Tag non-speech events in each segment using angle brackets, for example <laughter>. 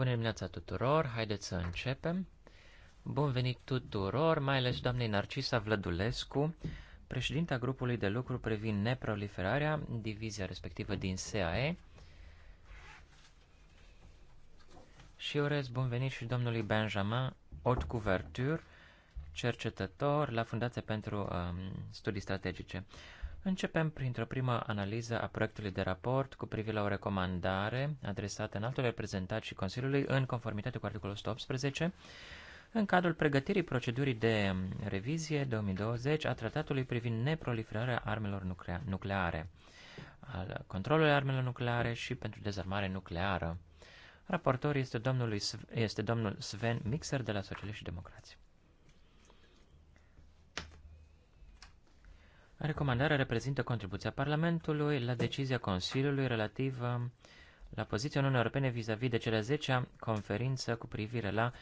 Bună dimineața tuturor, haideți să începem. Bun venit tuturor, mai ales doamnei Narcisa Vlădulescu, președinta grupului de lucru privind neproliferarea, divizia respectivă din SAE. Și urez bun venit și domnului Benjamin Haute cercetător la Fundația pentru um, Studii Strategice. Începem printr-o primă analiză a proiectului de raport cu privire la o recomandare adresată în altul reprezentat și Consiliului în conformitate cu articolul 118 în cadrul pregătirii procedurii de revizie 2020 a tratatului privind neproliferarea armelor nucleare, al controlului armelor nucleare și pentru dezarmare nucleară. Raportor este, domnul este domnul Sven Mixer de la Socialiști și Democrații. Recomandarea reprezintă contribuția Parlamentului la decizia Consiliului relativă um, la poziția Uniunii Europene vis-a-vis -vis de cele 10-a conferință cu privire la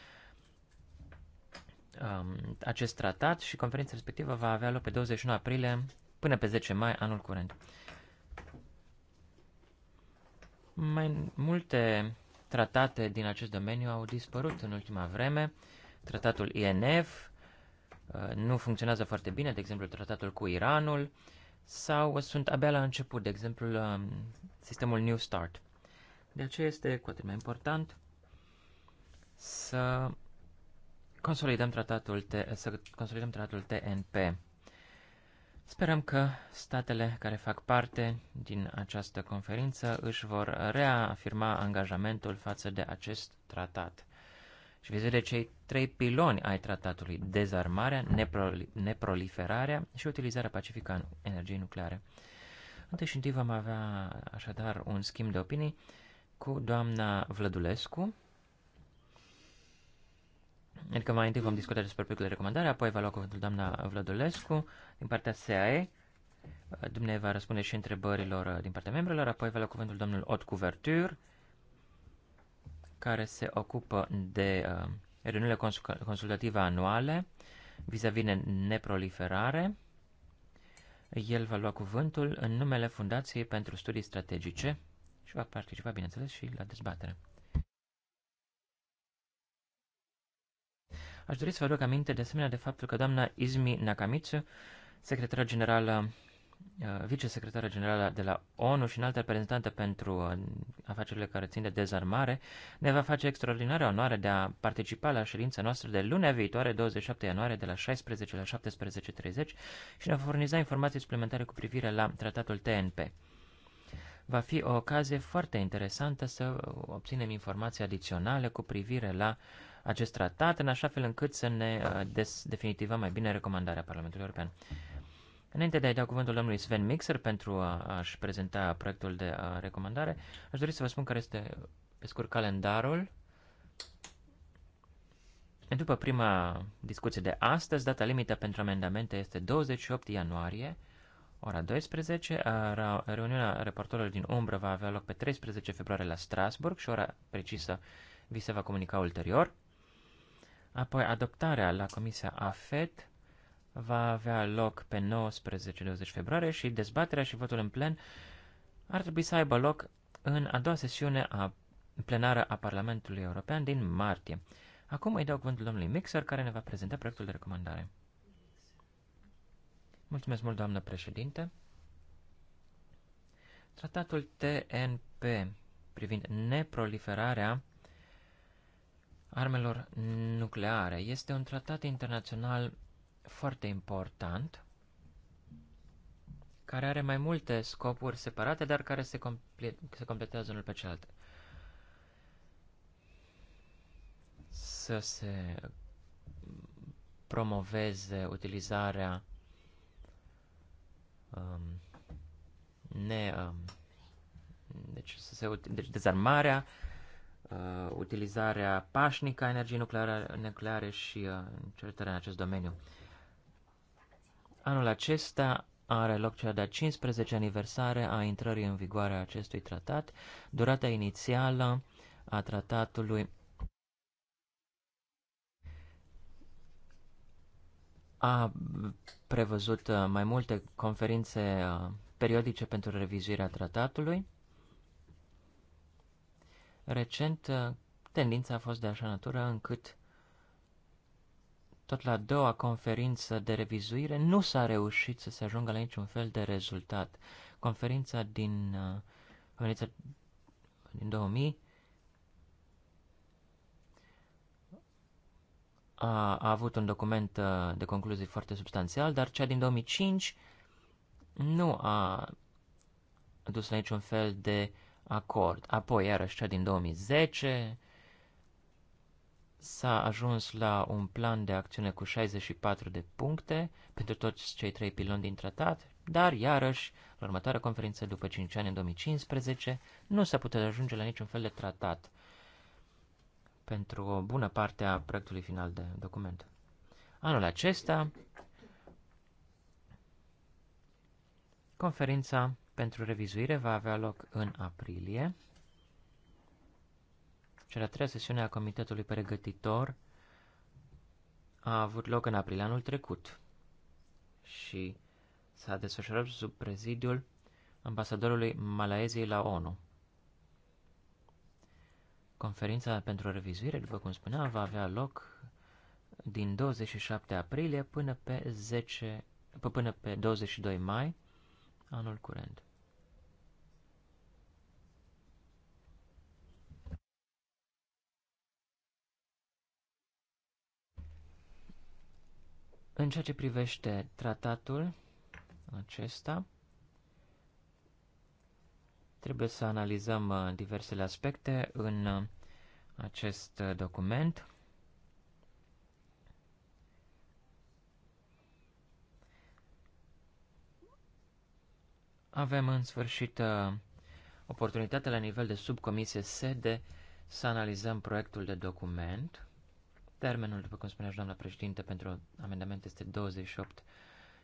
um, acest tratat și conferința respectivă va avea loc pe 21 aprilie până pe 10 mai anul curent. Mai multe tratate din acest domeniu au dispărut în ultima vreme. Tratatul INF, Uh, nu funcționează foarte bine, de exemplu tratatul cu Iranul, sau sunt abia la început, de exemplu um, sistemul New Start. De aceea este cu atât mai important să consolidăm tratatul, T, să consolidăm tratatul TNP. Sperăm că statele care fac parte din această conferință își vor reafirma angajamentul față de acest tratat și vizând de cei trei piloni ai tratatului, dezarmarea, neproliferarea și utilizarea pacifică a energiei nucleare. Întâi vom avea așadar un schimb de opinii cu doamna Vlădulescu, Adică mai întâi vom discuta despre proiectul de recomandare, apoi va lua cuvântul doamna Vlădulescu din partea SAE. Dumnezeu va răspunde și întrebărilor uh, din partea membrilor, apoi va lua cuvântul domnul Ot Couverture care se ocupă de uh, reuniunile consultative anuale vis-a-vis -vis neproliferare. El va lua cuvântul în numele Fundației pentru Studii Strategice și va participa, bineînțeles, și la dezbatere. Aș dori să vă aduc aminte de asemenea de faptul că doamna Izmi Nakamitsu, secretară generală Uh, vicesecretară generală de la ONU și înaltă reprezentantă pentru uh, afacerile care țin de dezarmare, ne va face extraordinară onoare de a participa la ședința noastră de lunea viitoare, 27 ianuarie, de la 16 la 17.30 și ne va furniza informații suplimentare cu privire la tratatul TNP. Va fi o ocazie foarte interesantă să obținem informații adiționale cu privire la acest tratat, în așa fel încât să ne uh, definitivăm mai bine recomandarea Parlamentului European. Înainte de a-i da cuvântul domnului Sven Mixer pentru a-și prezenta proiectul de recomandare, aș dori să vă spun care este, pe scurt, calendarul. După prima discuție de astăzi, data limită pentru amendamente este 28 ianuarie, ora 12. Reuniunea reportorilor din umbră va avea loc pe 13 februarie la Strasburg și ora precisă vi se va comunica ulterior. Apoi adoptarea la Comisia AFET va avea loc pe 19-20 februarie și dezbaterea și votul în plen ar trebui să aibă loc în a doua sesiune a plenară a Parlamentului European din martie. Acum îi dau cuvântul domnului Mixer, care ne va prezenta proiectul de recomandare. Mulțumesc mult, doamnă președinte. Tratatul TNP privind neproliferarea armelor nucleare este un tratat internațional foarte important, care are mai multe scopuri separate, dar care se, comple- se completează unul pe celălalt. Să se promoveze utilizarea um, ne, um, deci, să se, deci dezarmarea, uh, utilizarea pașnică a energiei nucleare, nucleare și uh, cercetarea în acest domeniu. Uh, Anul acesta are loc cea de-a 15 aniversare a intrării în vigoare a acestui tratat. Durata inițială a tratatului a prevăzut uh, mai multe conferințe uh, periodice pentru revizuirea tratatului. Recent, uh, tendința a fost de așa natură încât tot la a doua conferință de revizuire nu s-a reușit să se ajungă la niciun fel de rezultat. Conferința din, uh, conferința din 2000 a, a avut un document uh, de concluzii foarte substanțial, dar cea din 2005 nu a dus la niciun fel de acord. Apoi, iarăși, cea din 2010 s-a ajuns la un plan de acțiune cu 64 de puncte pentru toți cei trei piloni din tratat, dar, iarăși, la următoarea conferință, după 5 ani, în 2015, nu s-a putut ajunge la niciun fel de tratat pentru o bună parte a proiectului final de document. Anul acesta, conferința pentru revizuire va avea loc în aprilie cea de-a treia sesiune a Comitetului Pregătitor a avut loc în aprilie anul trecut și s-a desfășurat sub prezidiul ambasadorului Malaeziei la ONU. Conferința pentru revizuire, după cum spuneam, va avea loc din 27 aprilie până pe, 10, până pe 22 mai anul curent. În ceea ce privește tratatul acesta, trebuie să analizăm uh, diversele aspecte în uh, acest uh, document. Avem în sfârșit oportunitatea la nivel de subcomisie sede să analizăm proiectul de document Termenul, după cum spunea doamna președinte, pentru amendament este 28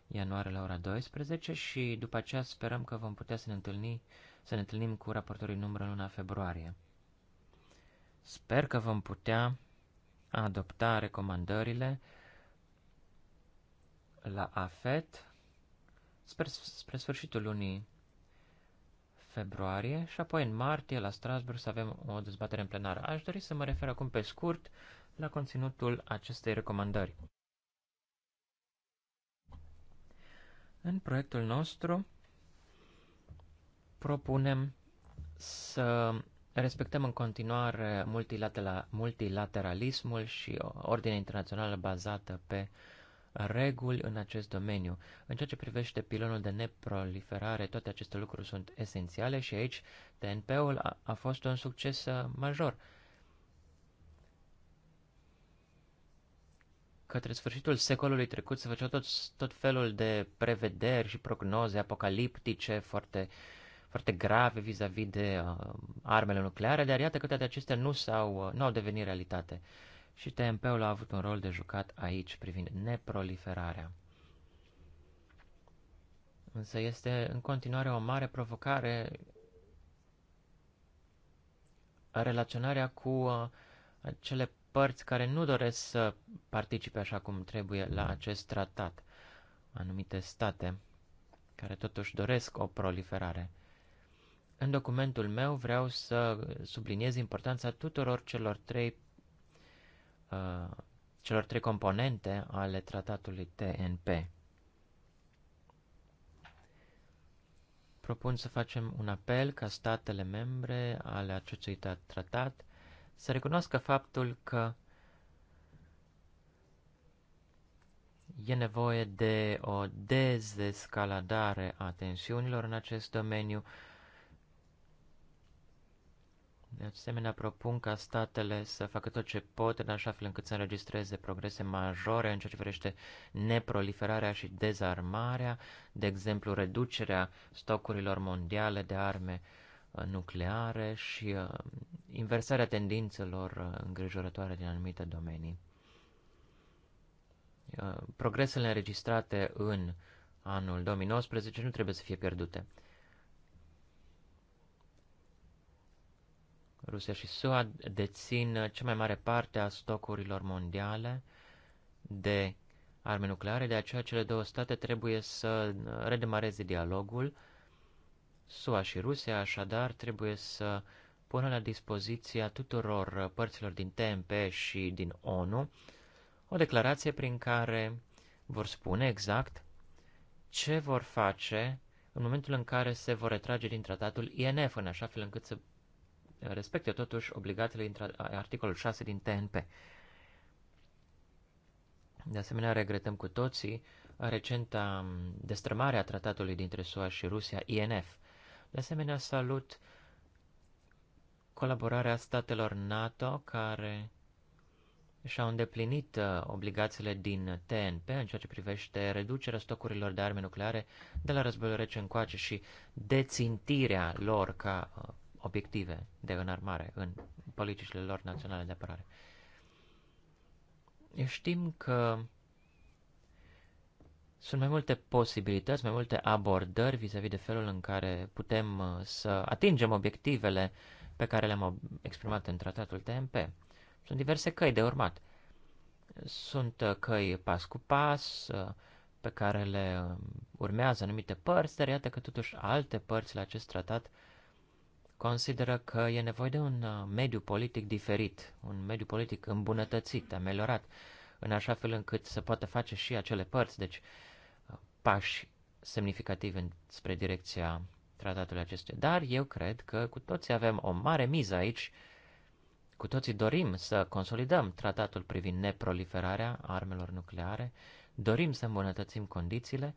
ianuarie la ora 12 și după aceea sperăm că vom putea să ne, întâlni, să ne întâlnim cu raportorii numără în luna februarie. Sper că vom putea adopta recomandările la AFET spre, spre sfârșitul lunii februarie și apoi în martie la Strasburg să avem o dezbatere în plenară. Aș dori să mă refer acum pe scurt la conținutul acestei recomandări. În proiectul nostru propunem să respectăm în continuare multilateralismul și ordinea internațională bazată pe reguli în acest domeniu. În ceea ce privește pilonul de neproliferare, toate aceste lucruri sunt esențiale și aici TNP-ul a, a fost un succes uh, major. Către sfârșitul secolului trecut se făceau tot, tot felul de prevederi și prognoze apocaliptice foarte, foarte grave vis-a-vis -vis de uh, armele nucleare, dar iată că toate acestea nu, s-au, uh, nu au devenit realitate. Și TMP-ul a avut un rol de jucat aici privind neproliferarea însă este în continuare o mare provocare relaționarea cu uh, cele părți care nu doresc să participe așa cum trebuie la acest tratat, anumite state care totuși doresc o proliferare. În documentul meu vreau să subliniez importanța tuturor celor trei, uh, celor trei componente ale tratatului TNP. Propun să facem un apel ca statele membre ale acestui tratat să recunoască faptul că e nevoie de o dezescaladare a tensiunilor în acest domeniu. De asemenea, propun ca statele să facă tot ce pot în așa fel încât să înregistreze progrese majore în ceea ce privește neproliferarea și dezarmarea, de exemplu, reducerea stocurilor mondiale de arme uh, Uh, nucleare și uh, inversarea tendințelor uh, îngrijorătoare din anumite domenii. Progresele înregistrate în anul 2019 nu trebuie să fie pierdute. Rusia și SUA dețin cea mai mare parte a stocurilor mondiale de arme nucleare, de aceea cele două state trebuie să redemareze dialogul SUA și Rusia, așadar, trebuie să pună la dispoziția tuturor părților din TMP și din ONU o declarație prin care vor spune exact ce vor face în momentul în care se vor retrage din tratatul INF, în așa fel încât să respecte totuși obligațiile din articolul 6 din TNP. De asemenea, regretăm cu toții recenta destrămare a tratatului dintre SUA și Rusia, INF. De asemenea, salut colaborarea statelor NATO care și-au îndeplinit uh, obligațiile din TNP în ceea ce privește reducerea stocurilor de arme nucleare de la războiul rece încoace și dețintirea lor ca uh, obiective de înarmare în politicile lor naționale de apărare. Știm că sunt mai multe posibilități, mai multe abordări vis-a-vis -vis de felul în care putem uh, să atingem obiectivele pe care le-am exprimat în tratatul TMP. Sunt diverse căi de urmat. Sunt uh, căi pas cu pas, uh, pe care le urmează anumite părți, dar iată că totuși alte părți la acest tratat consideră că e nevoie de un mediu politic diferit, un mediu politic îmbunătățit, ameliorat, în așa fel încât să poată face și acele părți, deci pași semnificativi spre direcția tratatului acestuia. Dar eu cred că cu toții avem o mare miză aici, cu toții dorim să consolidăm tratatul privind neproliferarea armelor nucleare, dorim să îmbunătățim condițiile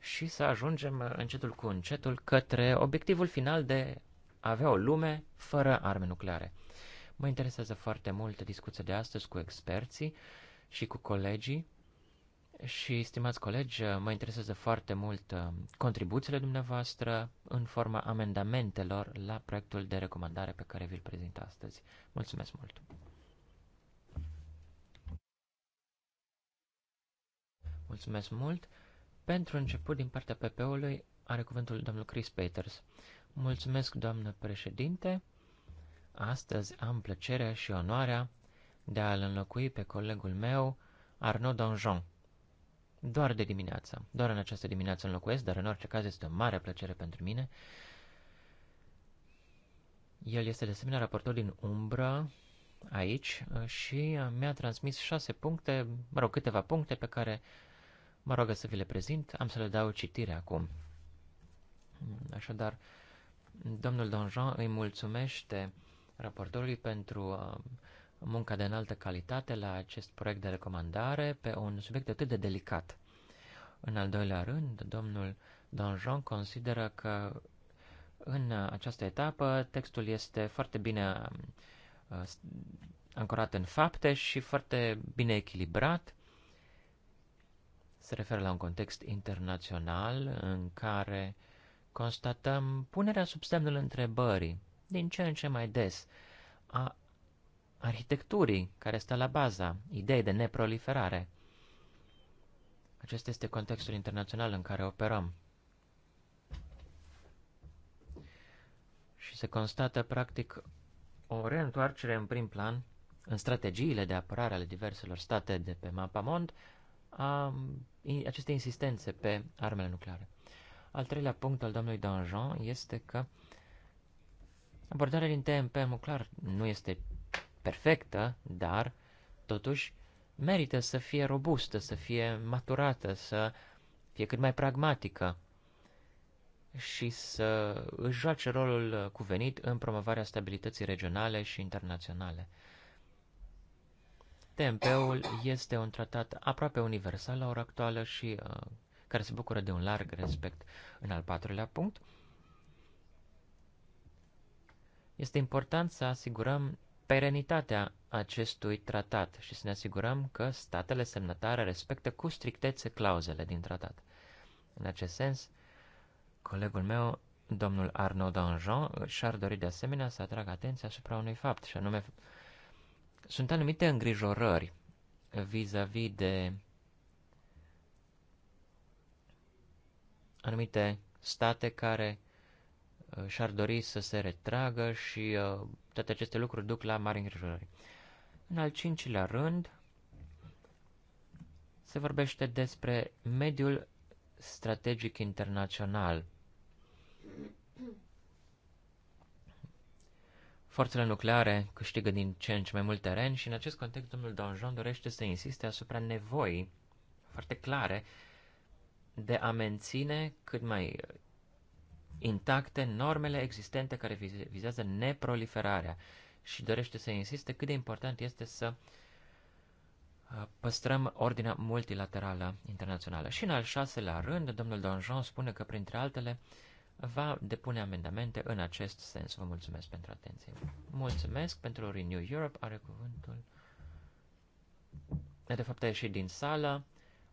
și să ajungem încetul cu încetul către obiectivul final de a avea o lume fără arme nucleare. Mă interesează foarte mult discuția de astăzi cu experții și cu colegii și, stimați colegi, mă interesează foarte mult uh, contribuțiile dumneavoastră în forma amendamentelor la proiectul de recomandare pe care vi-l prezint astăzi. Mulțumesc mult! Mulțumesc mult! Pentru început, din partea PP-ului, are cuvântul domnul Chris Peters. Mulțumesc, doamnă președinte! Astăzi am plăcerea și onoarea de a-l înlocui pe colegul meu, Arnaud Donjon doar de dimineață. Doar în această dimineață înlocuiesc, dar în orice caz este o mare plăcere pentru mine. El este de asemenea raportor din umbra aici uh, și uh, mi-a transmis șase puncte, mă rog, câteva puncte pe care mă rog să vi le prezint. Am să le dau citire acum. Așadar, domnul Donjon îi mulțumește raportorului pentru uh, munca de înaltă calitate la acest proiect de recomandare pe un subiect atât de delicat. În al doilea rând, domnul Donjon consideră că în această etapă textul este foarte bine uh, ancorat în fapte și foarte bine echilibrat. Se referă la un context internațional în care constatăm punerea sub semnul întrebării, din ce în ce mai des, a arhitecturii care stă la baza idei de neproliferare. Acesta este contextul internațional în care operăm. Și se constată, practic, o reîntoarcere în prim plan în strategiile de apărare ale diverselor state de pe mond a aceste insistențe pe armele nucleare. Al treilea punct al domnului Danjean este că abordarea din TMP nuclear nu este perfectă, dar totuși merită să fie robustă, să fie maturată, să fie cât mai pragmatică și să își joace rolul cuvenit în promovarea stabilității regionale și internaționale. TMP-ul este un tratat aproape universal la ora actuală și uh, care se bucură de un larg respect în al patrulea punct. Este important să asigurăm perenitatea acestui tratat și să ne asigurăm că statele semnătare respectă cu strictețe clauzele din tratat. În acest sens, colegul meu, domnul Arnaud Danjean, și-ar dori de asemenea să atragă atenția asupra unui fapt, și anume sunt anumite îngrijorări vis-a-vis -vis de anumite state care Uh, și-ar dori să se retragă și uh, toate aceste lucruri duc la mari îngrijorări. În al cincilea rând, se vorbește despre mediul strategic internațional. Forțele nucleare câștigă din ce în ce mai mult teren și în acest context domnul Donjon dorește să insiste asupra nevoii foarte clare de a menține cât mai intacte normele existente care vizează neproliferarea și dorește să insiste cât de important este să uh, păstrăm ordinea multilaterală internațională. Și în al șaselea rând, domnul Donjon spune că, printre altele, va depune amendamente în acest sens. Vă mulțumesc pentru atenție. Mulțumesc pentru Renew Europe. Are cuvântul. De fapt, a ieșit din sală.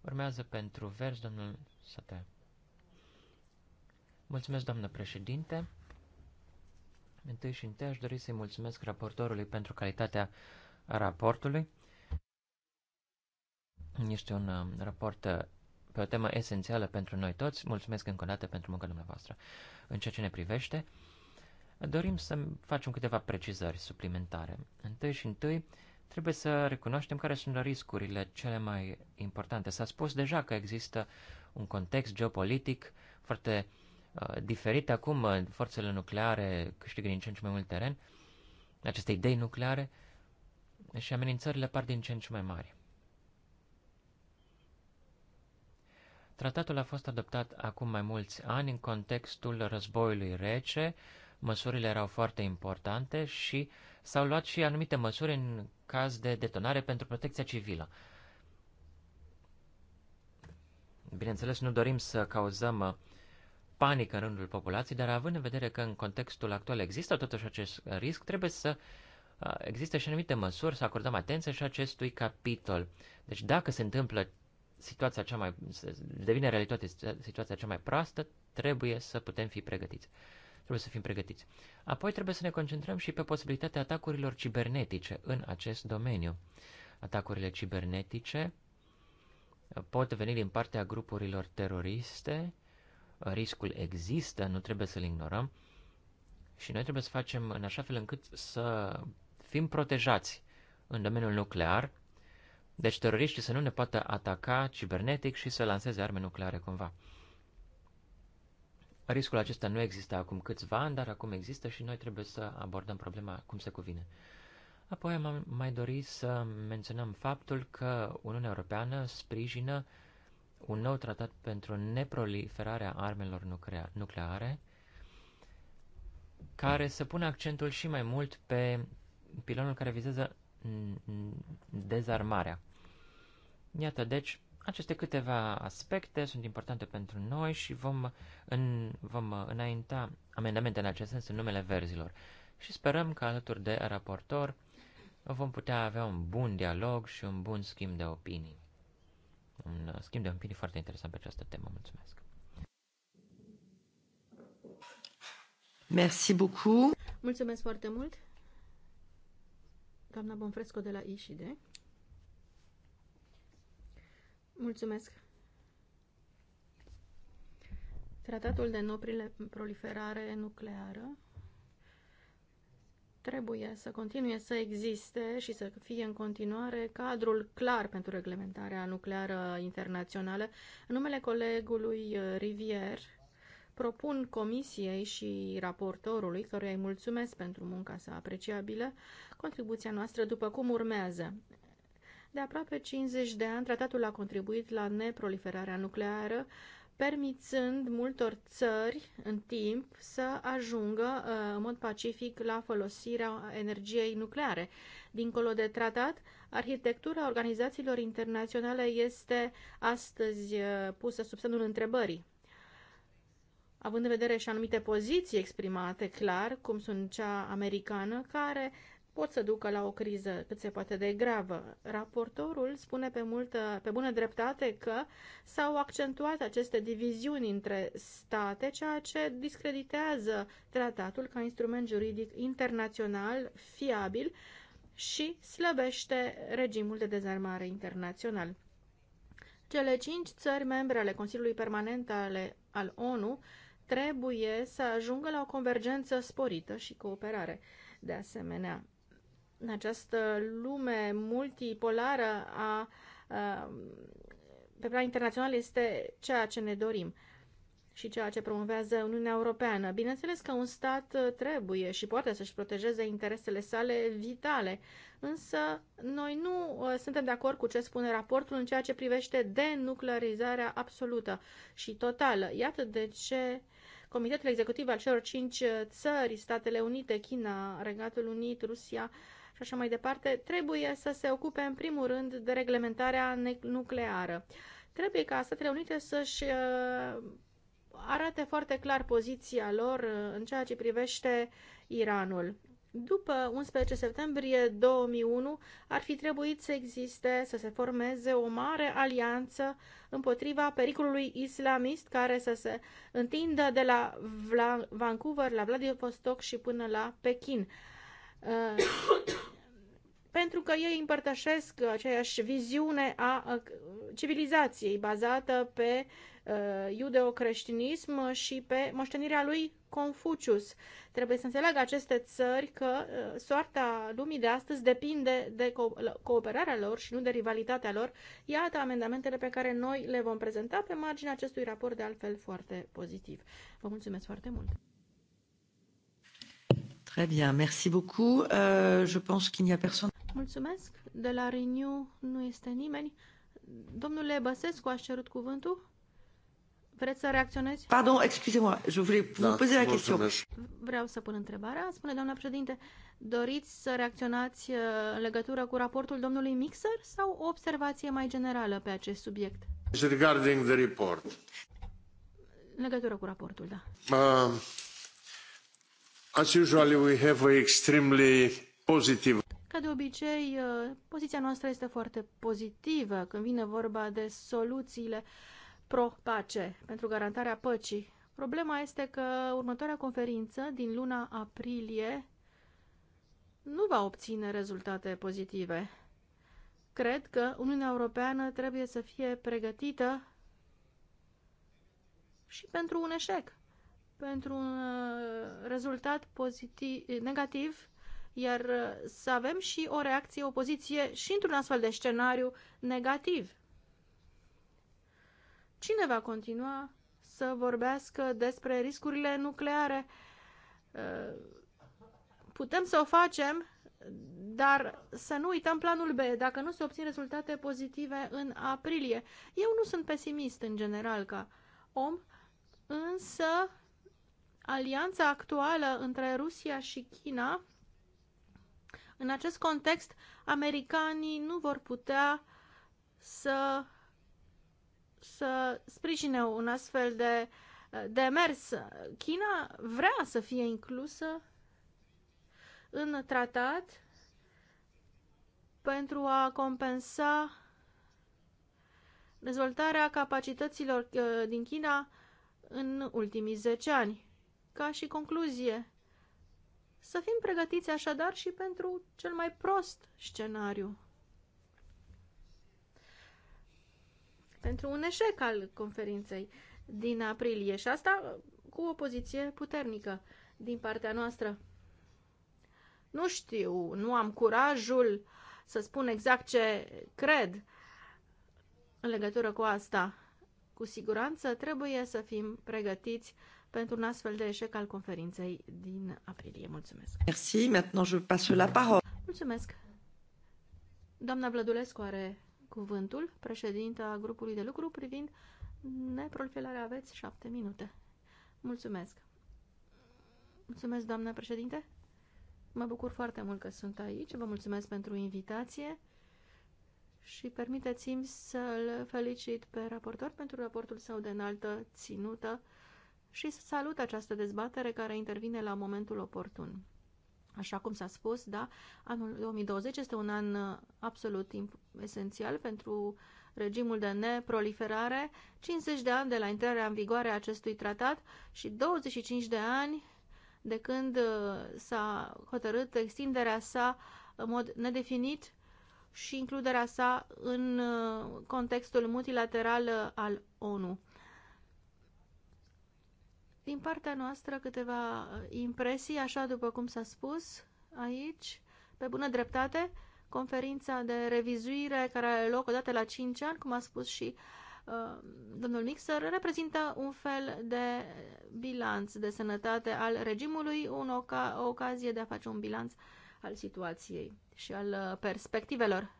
Urmează pentru vers domnul Satea. Mulțumesc, doamnă președinte. Întâi și întâi aș dori să-i mulțumesc raportorului pentru calitatea raportului. Este un uh, raport uh, pe o temă esențială pentru noi toți. Mulțumesc încă o dată pentru munca dumneavoastră. În ceea ce ne privește, dorim să facem câteva precizări suplimentare. Întâi și întâi, trebuie să recunoaștem care sunt riscurile cele mai importante. S-a spus deja că există un context geopolitic foarte Uh, diferite. Acum uh, forțele nucleare câștigă din ce în ce mai mult teren, aceste idei nucleare, și amenințările par din ce în ce mai mari. Tratatul a fost adoptat acum mai mulți ani în contextul războiului rece, măsurile erau foarte importante și s-au luat și anumite măsuri în caz de detonare pentru protecția civilă. Bineînțeles, nu dorim să cauzăm uh, panică în rândul populației, dar având în vedere că în contextul actual există totuși acest risc, trebuie să există și anumite măsuri, să acordăm atenție și acestui capitol. Deci dacă se întâmplă situația cea mai, devine realitate situația cea mai proastă, trebuie să putem fi pregătiți. Trebuie să fim pregătiți. Apoi trebuie să ne concentrăm și pe posibilitatea atacurilor cibernetice în acest domeniu. Atacurile cibernetice pot veni din partea grupurilor teroriste, riscul există, nu trebuie să-l ignorăm și noi trebuie să facem în așa fel încât să fim protejați în domeniul nuclear, deci teroriștii să nu ne poată ataca cibernetic și să lanseze arme nucleare cumva. Riscul acesta nu există acum câțiva ani, dar acum există și noi trebuie să abordăm problema cum se cuvine. Apoi am mai dori să menționăm faptul că Uniunea Europeană sprijină uh, un nou tratat pentru neproliferarea armelor nucleare, care să pună accentul și mai mult pe pilonul care vizează dezarmarea. Iată, deci, aceste câteva aspecte sunt importante pentru noi și vom, în, vom înainta amendamente în acest sens în numele verzilor. Și sperăm că alături de raportor vom putea avea un bun dialog și un bun schimb de opinii un uh, schimb de opinii foarte interesant pe această temă. Mulțumesc! Merci beaucoup! Mulțumesc foarte mult! Doamna Bonfresco de la ISIDE. Mulțumesc! Tratatul de noprile proliferare nucleară trebuie să continue să existe și să fie în continuare cadrul clar pentru reglementarea nucleară internațională. În numele colegului uh, Rivier, propun comisiei și raportorului, căruia îi mulțumesc pentru munca sa apreciabilă, contribuția noastră după cum urmează. De aproape 50 de ani, tratatul a contribuit la neproliferarea nucleară, permițând multor țări în timp să ajungă uh, în mod pacific la folosirea energiei nucleare. Dincolo de tratat, arhitectura organizațiilor internaționale este astăzi uh, pusă sub semnul întrebării. Având în vedere și anumite poziții exprimate clar, cum sunt cea americană, care pot să ducă la o criză cât se poate de gravă. Raportorul spune pe, multă, pe bună dreptate că s-au accentuat aceste diviziuni între state, ceea ce discreditează tratatul ca instrument juridic internațional fiabil și slăbește regimul de dezarmare internațional. Cele cinci țări membre ale Consiliului Permanent ale, al ONU trebuie să ajungă la o convergență sporită și cooperare. De asemenea, în această lume multipolară a, a, pe plan internațional este ceea ce ne dorim și ceea ce promovează Uniunea Europeană. Bineînțeles că un stat trebuie și poate să-și protejeze interesele sale vitale, însă noi nu ă, suntem de acord cu ce spune raportul în ceea ce privește denuclearizarea absolută și totală. Iată de ce Comitetul Executiv al celor cinci țări, Statele Unite, China, Regatul Unit, Rusia, așa mai departe, trebuie să se ocupe în primul rând de reglementarea nucleară. Trebuie ca Statele Unite să-și uh, arate foarte clar poziția lor uh, în ceea ce privește Iranul. După 11 septembrie 2001 ar fi trebuit să existe, să se formeze o mare alianță împotriva pericolului islamist care să se întindă de la Vla Vancouver, la Vladivostok și până la Pekin. Uh, pentru că ei împărtășesc aceeași viziune a civilizației bazată pe iudeo și pe moștenirea lui Confucius. Trebuie să înțeleagă aceste țări că soarta lumii de astăzi depinde de cooperarea lor și nu de rivalitatea lor. Iată amendamentele pe care noi le vom prezenta pe marginea acestui raport de altfel foarte pozitiv. Vă mulțumesc foarte mult! Très bien, merci beaucoup. Uh, je pense qu'il n'y a personne. Mulțumesc. De la Renew nu este nimeni. Domnule Băsescu, a cerut cuvântul? Vreți să reacționezi? Pardon, excusez-moi, je voulais vous da, poser la question. Vreau să pun întrebarea. Spune, doamna președinte, doriți să reacționați uh, în legătură cu raportul domnului Mixer sau o observație mai generală pe acest subiect? Regarding the report. În legătură cu raportul, da. Uh, As usual, we have extremely positive ca de obicei, uh, poziția noastră este foarte pozitivă când vine vorba de soluțiile pro-pace, pentru garantarea păcii. Problema este că următoarea conferință din luna aprilie nu va obține rezultate pozitive. Cred că Uniunea Europeană trebuie să fie pregătită și pentru un eșec pentru un uh, rezultat pozitiv, negativ, iar uh, să avem și o reacție, o poziție și într-un astfel de scenariu negativ. Cine va continua să vorbească despre riscurile nucleare? Uh, putem să o facem, dar să nu uităm planul B, dacă nu se obțin rezultate pozitive în aprilie. Eu nu sunt pesimist în general ca om, însă alianța actuală între Rusia și China, în acest context, americanii nu vor putea să, să sprijine un astfel de demers. China vrea să fie inclusă în tratat pentru a compensa dezvoltarea capacităților uh, din China în ultimii 10 ani ca și concluzie. Să fim pregătiți așadar și pentru cel mai prost scenariu. Pentru un eșec al conferinței din aprilie și asta cu o poziție puternică din partea noastră. Nu știu, nu am curajul să spun exact ce cred în legătură cu asta. Cu siguranță trebuie să fim pregătiți pentru un astfel de eșec al conferinței din aprilie. Mulțumesc! Merci, maintenant je passe la parole. Mulțumesc! Doamna Vlădulescu are cuvântul, președinta grupului de lucru privind neprofilarea. Aveți șapte minute. Mulțumesc! Mulțumesc, doamna președinte! Mă bucur foarte mult că sunt aici. Vă mulțumesc pentru invitație și permiteți-mi să-l felicit pe raportor pentru raportul său de înaltă ținută și salut această dezbatere care intervine la momentul oportun. Așa cum s-a spus, da, anul 2020 este un an uh, absolut esențial pentru regimul de neproliferare, 50 de ani de la intrarea în vigoare a acestui tratat și 25 de ani de când uh, s-a hotărât extinderea sa în mod nedefinit și includerea sa în uh, contextul multilateral al ONU. Din partea noastră câteva uh, impresii, așa după cum s-a spus aici, pe bună dreptate, conferința de revizuire care are loc odată la 5 ani, cum a spus și uh, domnul Mixer, reprezintă un fel de bilanț de sănătate al regimului, un oca o ocazie de a face un bilanț al situației și al uh, perspectivelor.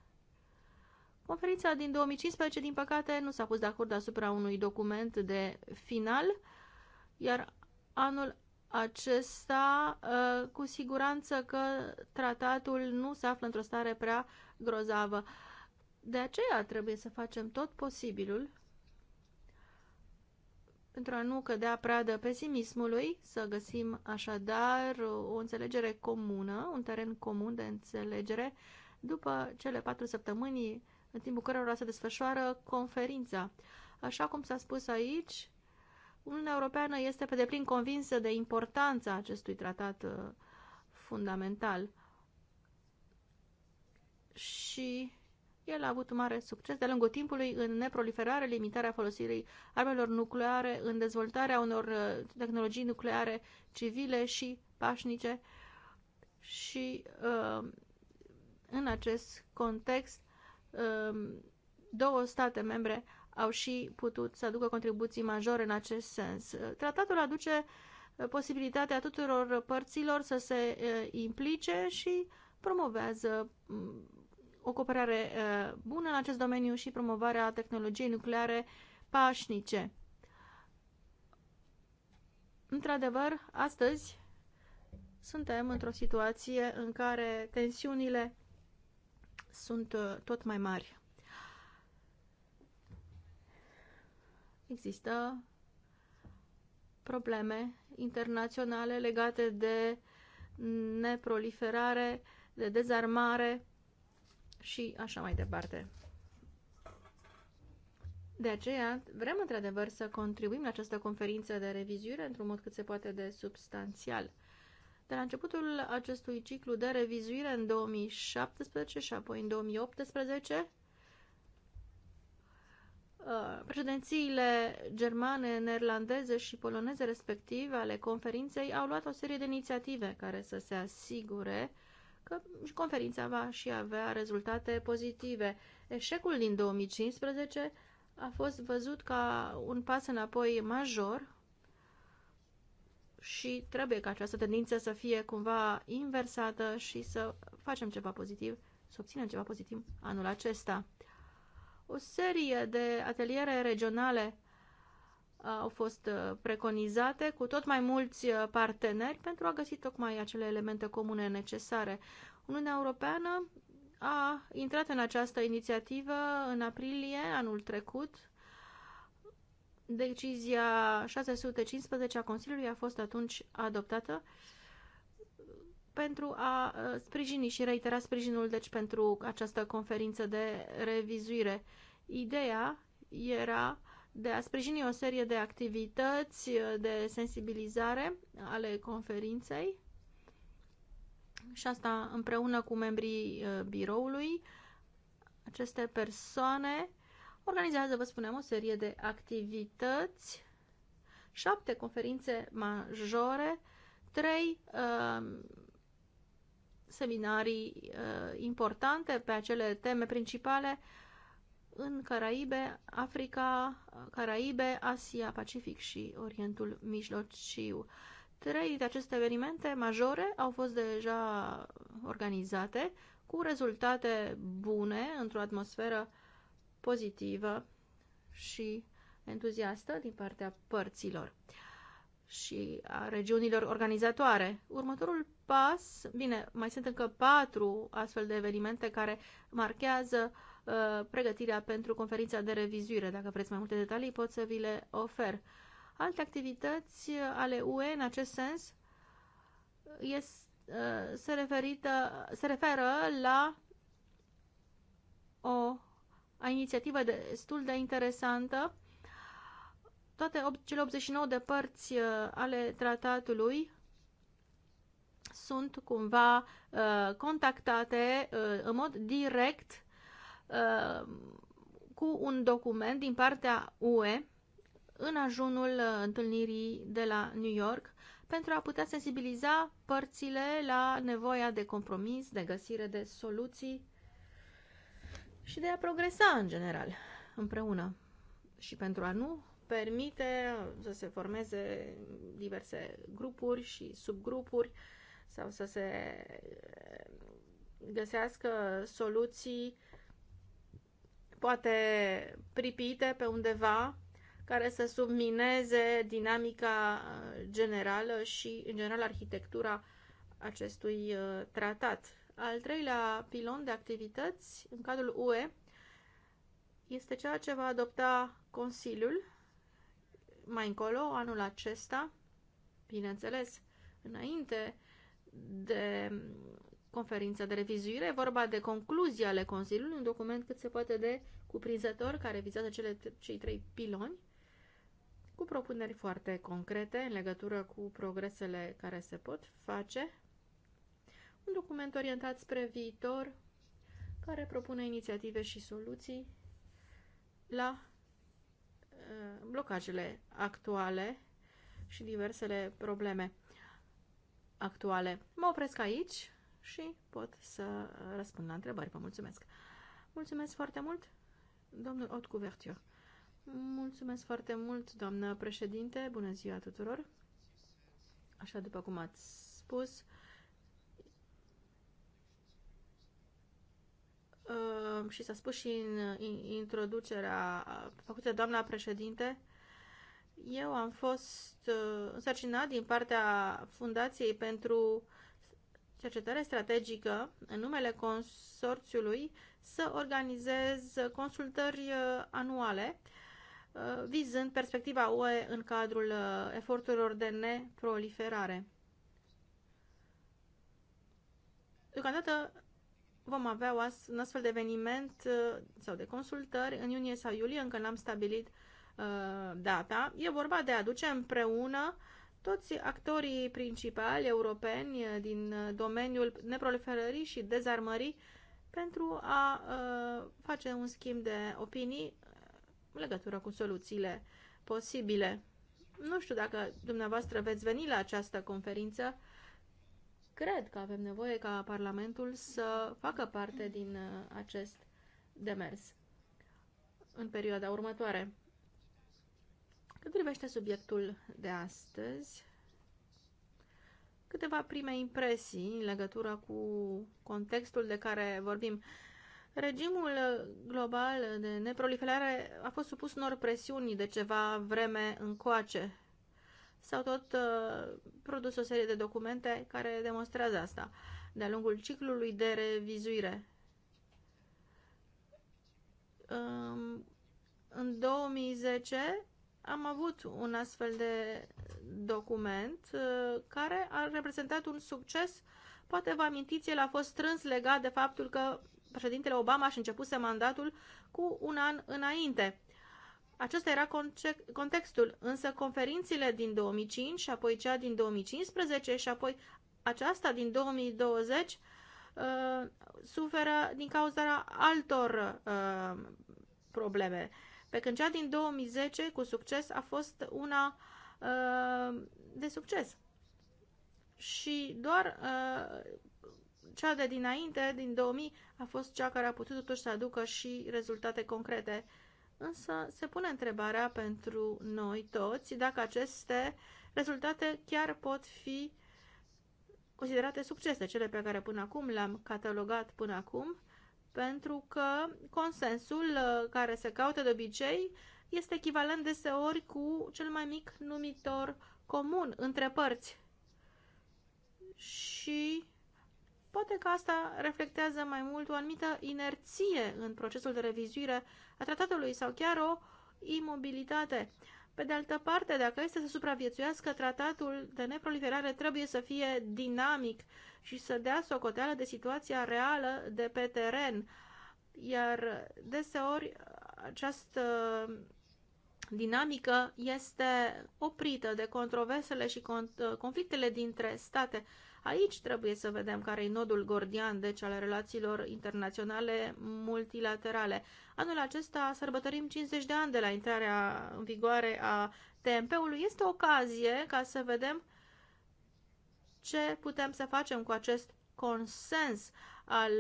Conferința din 2015, din păcate, nu s-a pus de acord asupra unui document de final, iar anul acesta, uh, cu siguranță că tratatul nu se află într-o stare prea grozavă. De aceea trebuie să facem tot posibilul pentru a nu cădea pradă pesimismului, să găsim așadar o înțelegere comună, un teren comun de înțelegere, după cele patru săptămâni în timpul cărora se desfășoară conferința. Așa cum s-a spus aici, Uniunea Europeană este pe deplin convinsă de importanța acestui tratat uh, fundamental și el a avut mare succes de-a lungul timpului în neproliferare, limitarea folosirii armelor nucleare, în dezvoltarea unor uh, tehnologii nucleare civile și pașnice și uh, în acest context două state membre au și putut să aducă contribuții majore în acest sens. Tratatul aduce uh, posibilitatea tuturor părților să se uh, implice și promovează mm, o cooperare uh, bună în acest domeniu și promovarea tehnologiei nucleare pașnice. Într-adevăr, astăzi suntem într-o situație în care tensiunile sunt tot mai mari. există probleme internaționale legate de neproliferare, de dezarmare și așa mai departe. De aceea, vrem într-adevăr să contribuim la această conferință de revizuire într-un mod cât se poate de substanțial. De la începutul acestui ciclu de revizuire în 2017 și apoi în 2018, Uh, președințiile germane, neerlandeze și poloneze respectiv ale conferinței au luat o serie de inițiative care să se asigure că conferința va și avea rezultate pozitive. Eșecul din 2015 a fost văzut ca un pas înapoi major și trebuie ca această tendință să fie cumva inversată și să facem ceva pozitiv, să obținem ceva pozitiv anul acesta. O serie de ateliere regionale uh, au fost uh, preconizate cu tot mai mulți uh, parteneri pentru a găsi tocmai acele elemente comune necesare. Uniunea Europeană a intrat în această inițiativă în aprilie anul trecut. Decizia 615 a Consiliului a fost atunci adoptată pentru a uh, sprijini și reitera sprijinul deci pentru această conferință de revizuire. Ideea era de a sprijini o serie de activități uh, de sensibilizare ale conferinței și asta împreună cu membrii uh, biroului. Aceste persoane organizează, vă spunem, o serie de activități, șapte conferințe majore, trei uh, seminarii uh, importante pe acele teme principale în Caraibe, Africa, Caraibe, Asia, Pacific și Orientul Mijlociu. Trei dintre aceste evenimente majore au fost deja organizate cu rezultate bune, într-o atmosferă pozitivă și entuziastă din partea părților și a regiunilor organizatoare. Următorul pas, bine, mai sunt încă patru astfel de evenimente care marchează uh, pregătirea pentru conferința de revizuire. Dacă vreți mai multe detalii, pot să vi le ofer. Alte activități ale UE în acest sens uh, este, uh, se, referită, se referă la o, o inițiativă destul de interesantă toate cele 89 de părți uh, ale tratatului sunt cumva uh, contactate uh, în mod direct cu un document din partea UE în ajunul întâlnirii de la New York pentru a putea sensibiliza părțile la nevoia de compromis, de găsire de soluții și de a progresa în general împreună și pentru a nu permite să se formeze diverse grupuri și subgrupuri sau să se eh, găsească soluții poate pripite pe undeva care să submineze dinamica generală și, în general, arhitectura acestui eh, tratat. Al treilea pilon de activități în cadrul UE este ceea ce va adopta Consiliul mai încolo, anul acesta, bineînțeles, înainte de conferința de revizuire, vorba de concluzia ale Consiliului, un document cât se poate de cuprinzător care vizează cele, cei trei piloni, cu propuneri foarte concrete în legătură cu progresele care se pot face. Un document orientat spre viitor, care propune inițiative și soluții la Uh, blocajele actuale și diversele probleme actuale. Mă opresc aici și pot să uh, răspund la întrebări. Vă mulțumesc! Mulțumesc foarte mult, domnul Otcuvertiu! Mulțumesc foarte mult, doamnă președinte. Bună ziua tuturor! Așa după cum ați spus, Ehm, și s-a spus și în introducerea făcută doamna președinte, eu am fost ehm, însărcinat din partea Fundației pentru Cercetare Strategică, în numele consorțiului, să organizez consultări ehm, anuale vizând perspectiva UE în cadrul eforturilor de neproliferare. Deocamdată vom avea un astfel de eveniment uh, sau de consultări în iunie sau iulie, încă n-am stabilit uh, data. E vorba de a aduce împreună toți actorii principali europeni uh, din domeniul neproliferării și dezarmării pentru a face un schimb de opinii în legătură cu soluțiile posibile. Nu știu dacă dumneavoastră veți veni la această conferință, Cred că avem nevoie ca Parlamentul să facă parte din uh, acest demers în perioada următoare. Cât privește subiectul de astăzi, câteva prime impresii în legătură cu contextul de care vorbim. Regimul global de neproliferare a fost supus unor presiuni de ceva vreme încoace s-au tot uh, produs o serie de documente care demonstrează asta de-a lungul ciclului de revizuire. Um, în 2010 am avut un astfel de document uh, care a reprezentat un succes. Poate vă amintiți, el a fost strâns legat de faptul că președintele Obama și începuse mandatul cu un an înainte. Acesta era contextul, însă conferințele din 2005 și apoi cea din 2015 și apoi aceasta din 2020 uh, suferă din cauza altor uh, probleme. Pe când cea din 2010 cu succes a fost una uh, de succes. Și doar uh, cea de dinainte, din 2000, a fost cea care a putut totuși să aducă și rezultate concrete uh, Însă se pune întrebarea pentru noi toți dacă aceste rezultate chiar pot fi considerate succese, cele pe care până acum le-am catalogat până acum, pentru că consensul uh, care se caută de obicei este echivalent deseori cu cel mai mic numitor comun între părți. Și poate că asta reflectează mai mult o anumită inerție în procesul de revizuire a tratatului sau chiar o imobilitate. Pe de altă parte, dacă este să supraviețuiască, tratatul de neproliferare trebuie să fie dinamic și să dea socoteală de situația reală de pe teren. Iar deseori această dinamică este oprită de controversele și conflictele dintre state. Aici trebuie să vedem care e nodul gordian, deci, al relațiilor internaționale multilaterale. Anul acesta sărbătorim 50 de ani de la intrarea în vigoare a TMP-ului. Este o ocazie ca să vedem ce putem să facem cu acest consens al,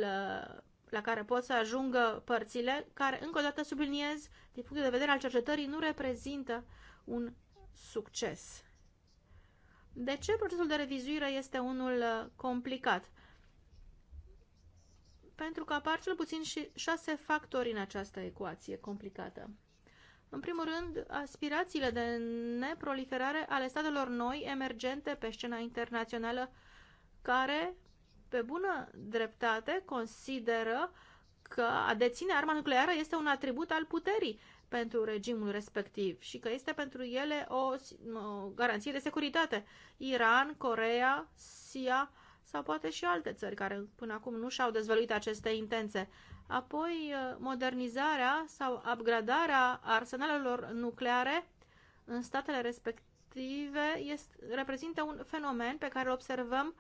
la care pot să ajungă părțile, care, încă o dată subliniez, din punct de vedere al cercetării, nu reprezintă un succes. De ce procesul de revizuire este unul uh, complicat? Pentru că apar cel puțin și șase factori în această ecuație complicată. În primul rând, aspirațiile de neproliferare ale statelor noi emergente pe scena internațională, care, pe bună dreptate, consideră că a deține arma nucleară este un atribut al puterii pentru regimul respectiv și că este pentru ele o, o garanție de securitate. Iran, Corea, SIA sau poate și alte țări care până acum nu și-au dezvăluit aceste intențe. Apoi, eh, modernizarea sau upgradarea arsenalelor nucleare în statele respective este, reprezintă un fenomen pe care îl observăm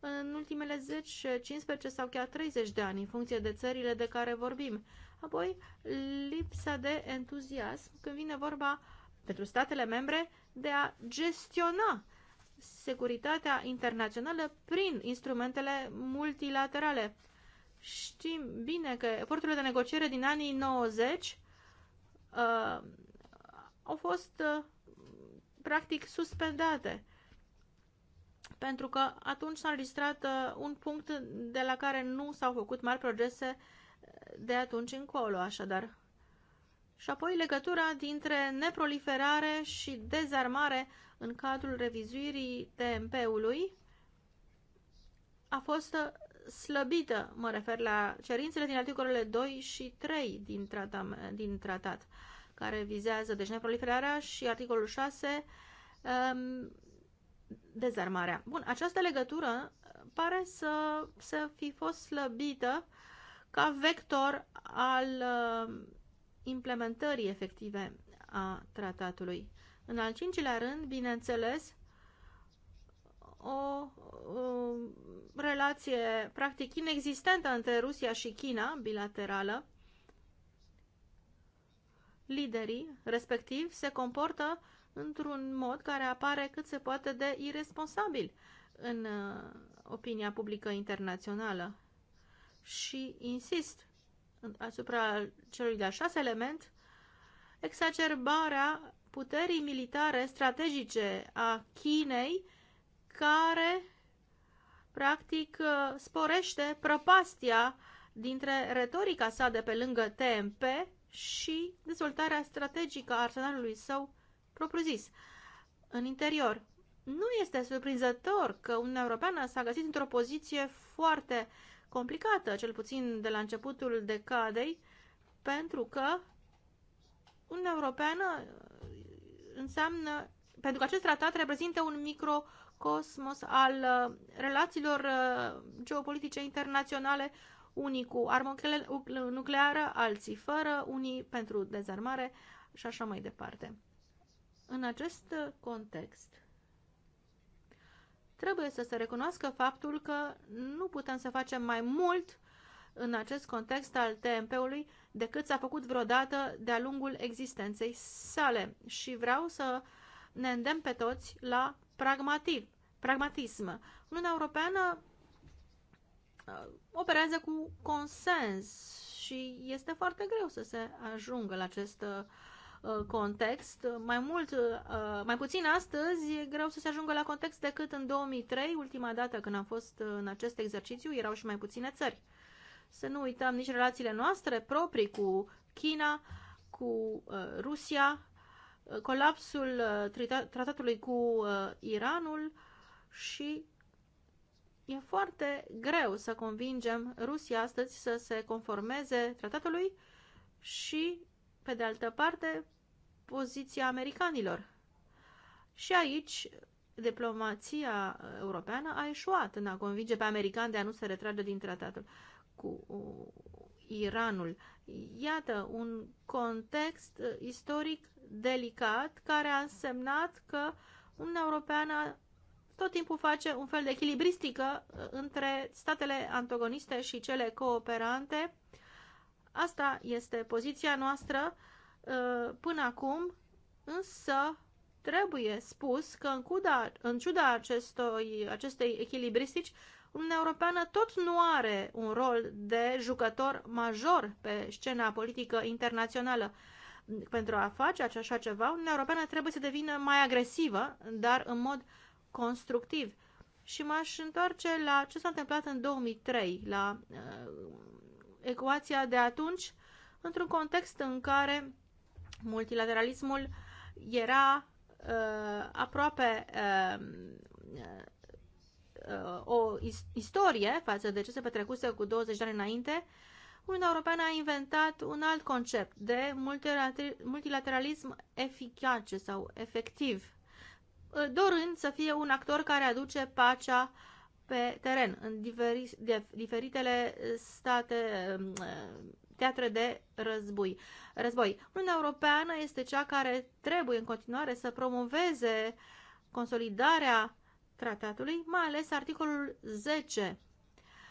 în ultimele 10, 15 sau chiar 30 de ani, în funcție de țările de care vorbim Apoi, lipsa de entuziasm când vine vorba pentru statele membre de a gestiona securitatea internațională prin instrumentele multilaterale. Știm bine că eforturile de negociere din anii 90 uh, au fost uh, practic suspendate pentru că atunci s-a înregistrat uh, un punct de la care nu s-au făcut mari progrese de atunci încolo, așadar. Și apoi legătura dintre neproliferare și dezarmare în cadrul revizuirii TMP-ului a fost slăbită, mă refer la cerințele din articolele 2 și 3 din, tratam, din tratat, care vizează deci neproliferarea și articolul 6 um, dezarmarea. Bun, această legătură pare să, să fi fost slăbită ca vector al uh, implementării efective a tratatului. În al cincilea rând, bineînțeles, o, o relație practic inexistentă între Rusia și China, bilaterală, liderii respectiv se comportă într-un mod care apare cât se poate de irresponsabil în uh, opinia publică internațională și insist asupra celui de-al șase element, exacerbarea puterii militare strategice a Chinei, care practic uh, sporește prăpastia dintre retorica sa de pe lângă TMP și dezvoltarea strategică a arsenalului său propriu-zis în interior. Nu este surprinzător că Uniunea Europeană s-a găsit într-o poziție foarte complicată, cel puțin de la începutul decadei, pentru că Uniunea Europeană uh, înseamnă, pentru că acest tratat reprezintă un microcosmos al uh, relațiilor uh, geopolitice internaționale, unii cu armă nucleară, alții fără, unii pentru dezarmare și așa mai departe. În acest context, trebuie să se recunoască faptul că nu putem să facem mai mult în acest context al TMP-ului decât s-a făcut vreodată de-a lungul existenței sale. Și vreau să ne îndemn pe toți la pragmatism. pragmatism. Uniunea Europeană uh, operează cu consens și este foarte greu să se ajungă la acest uh, Uh, context. Mai mult, uh, mai puțin astăzi e greu să se ajungă la context decât în 2003, ultima dată când am fost uh, în acest exercițiu, erau și mai puține țări. Să nu uităm nici relațiile noastre proprii cu China, cu Rusia, colapsul tratatului cu Iranul și e foarte greu să convingem Rusia astăzi să se conformeze tratatului și pe de altă parte, poziția americanilor. Și aici diplomația uh, europeană a eșuat în a convinge pe americani de a nu se retrage din tratatul cu uh, Iranul. Iată un context uh, istoric delicat care a însemnat că Uniunea Europeană tot timpul face un fel de echilibristică între statele antagoniste și cele cooperante Asta este poziția noastră uh, până acum, însă trebuie spus că în, ciuda, în ciuda acestui, acestei echilibristici, Uniunea Europeană tot nu are un rol de jucător major pe scena politică internațională. Pentru a face așa ceva, Uniunea Europeană trebuie să devină mai agresivă, dar în mod constructiv. Și m-aș întoarce la ce s-a întâmplat în 2003, la uh, ecuația de atunci într-un context în care multilateralismul era uh, aproape uh, uh, o istorie față de ce se petrecuse cu 20 de ani înainte, Uniunea Europeană a inventat un alt concept de multilateralism eficace sau efectiv, uh, dorând să fie un actor care aduce pacea uh, pe teren, în diferitele state, um, teatre de război. război. Uniunea Europeană este cea care trebuie în continuare să promoveze consolidarea tratatului, mai ales articolul 10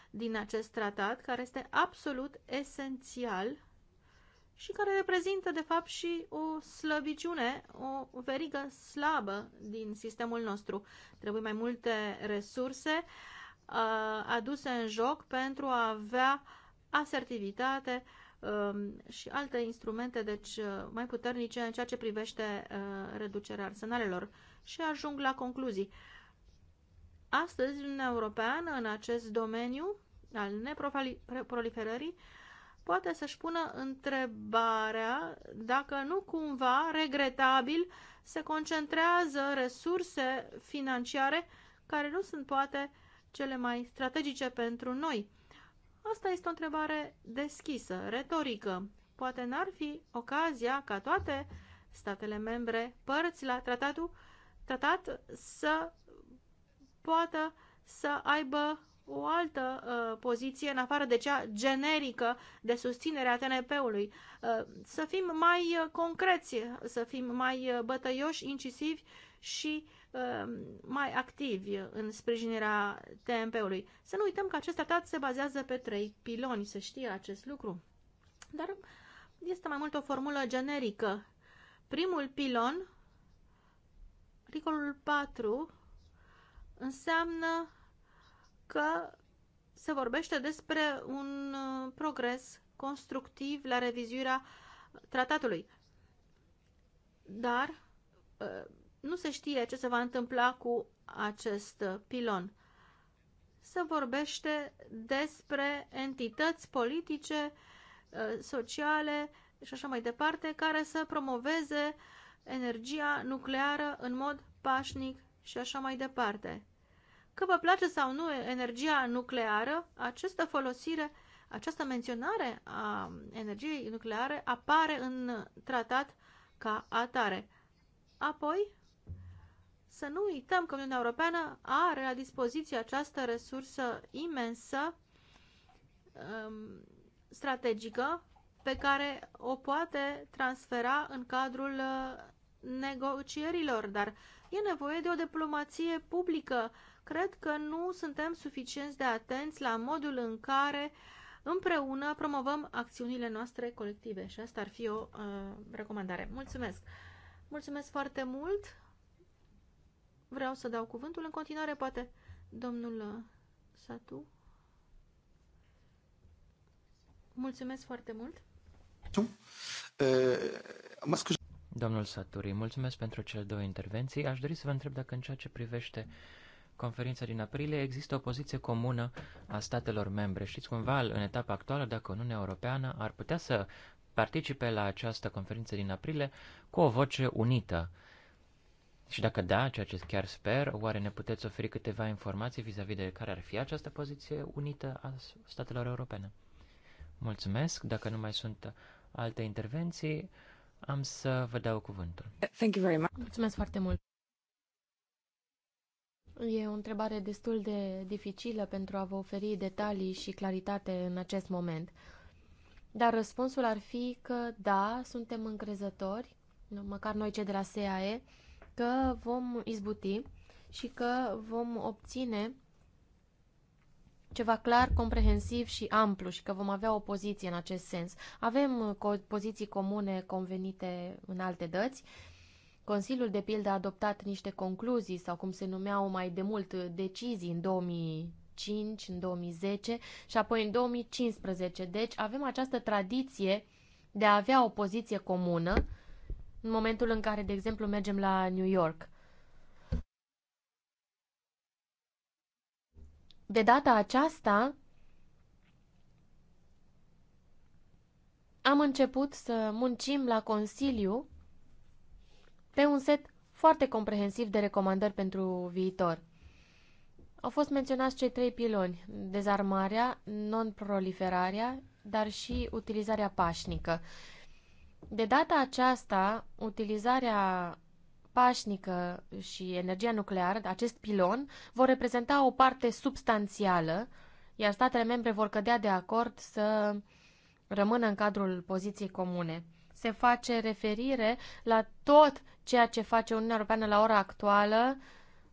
din acest tratat, care este absolut esențial și care reprezintă, de fapt, și o slăbiciune, o verigă slabă din sistemul nostru. Trebuie mai multe resurse uh, aduse în joc pentru a avea asertivitate um, și alte instrumente, deci uh, mai puternice în ceea ce privește uh, reducerea arsenalelor. Și ajung la concluzii. Astăzi, Uniunea Europeană, în acest domeniu al neproliferării, poate să-și pună întrebarea dacă nu cumva, regretabil, se concentrează resurse financiare care nu sunt poate cele mai strategice pentru noi. Asta este o întrebare deschisă, retorică. Poate n-ar fi ocazia ca toate statele membre, părți la tratatul, tratat să poată să aibă o altă uh, poziție în afară de cea generică de susținere a TNP-ului. Uh, să fim mai uh, concreți, să fim mai uh, bătăioși, incisivi și uh, mai activi în sprijinirea TNP-ului. Să nu uităm că acest tratat se bazează pe trei piloni, să știe acest lucru. Dar este mai mult o formulă generică. Primul pilon, articolul 4, înseamnă că se vorbește despre un uh, progres constructiv la revizuirea tratatului. Dar uh, nu se știe ce se va întâmpla cu acest uh, pilon. Se vorbește despre entități politice, sociale și așa mai departe, care să promoveze energia nucleară în mod pașnic și așa mai departe. Că vă place sau nu energia nucleară, această folosire, această menționare a energiei nucleare apare în tratat ca atare. Apoi, să nu uităm că Uniunea Europeană are la dispoziție această resursă imensă, um, strategică, pe care o poate transfera în cadrul uh, negocierilor, dar e nevoie de o diplomație publică cred că nu suntem suficienți de atenți la modul în care împreună promovăm acțiunile noastre colective și asta ar fi o uh, recomandare. Mulțumesc! Mulțumesc foarte mult! Vreau să dau cuvântul în continuare, poate domnul uh, Satu. Mulțumesc foarte mult! Domnul Saturi, mulțumesc pentru cele două intervenții. Aș dori să vă întreb dacă în ceea ce privește uh, conferința din aprilie, există o poziție comună a statelor membre. Știți cumva, în etapa actuală, dacă Uniunea Europeană ar putea să participe la această conferință din aprilie cu o voce unită. Și dacă da, ceea ce chiar sper, oare ne puteți oferi câteva informații vis-a-vis -vis de care ar fi această poziție unită a statelor europene? Mulțumesc. Dacă nu mai sunt alte intervenții, am să vă dau cuvântul. Thank you very much. Mulțumesc foarte mult. E o întrebare destul de dificilă pentru a vă oferi detalii și claritate în acest moment. Dar răspunsul ar fi că da, suntem încrezători, măcar noi cei de la SAE, că vom izbuti și că vom obține ceva clar, comprehensiv și amplu și că vom avea o poziție în acest sens. Avem uh, poziții comune convenite în alte dăți, Consiliul, de pildă, a adoptat niște concluzii sau, cum se numeau mai de mult, decizii în 2005, în 2010 și apoi în 2015. Deci avem această tradiție de a avea o poziție comună în momentul în care, de exemplu, mergem la New York. De data aceasta, am început să muncim la Consiliu pe un set foarte comprehensiv de recomandări pentru viitor. Au fost menționați cei trei piloni, dezarmarea, non-proliferarea, dar și utilizarea pașnică. De data aceasta, utilizarea pașnică și energia nucleară, acest pilon, vor reprezenta o parte substanțială, iar statele membre vor cădea de acord să rămână în cadrul poziției comune se face referire la tot ceea ce face Uniunea Europeană la ora actuală,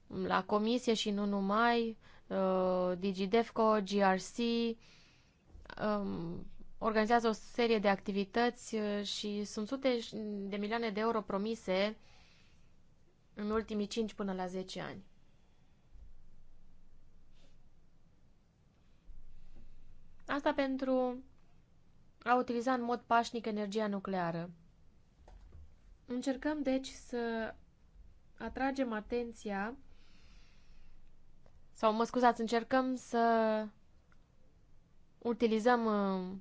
la comisie și nu numai, uh, DigiDefco, GRC, um, organizează o serie de activități uh, și sunt sute de milioane de euro promise în ultimii 5 până la 10 ani. Asta pentru a utiliza în mod pașnic energia nucleară. Încercăm, deci, să atragem atenția sau, mă scuzați, încercăm să utilizăm uh,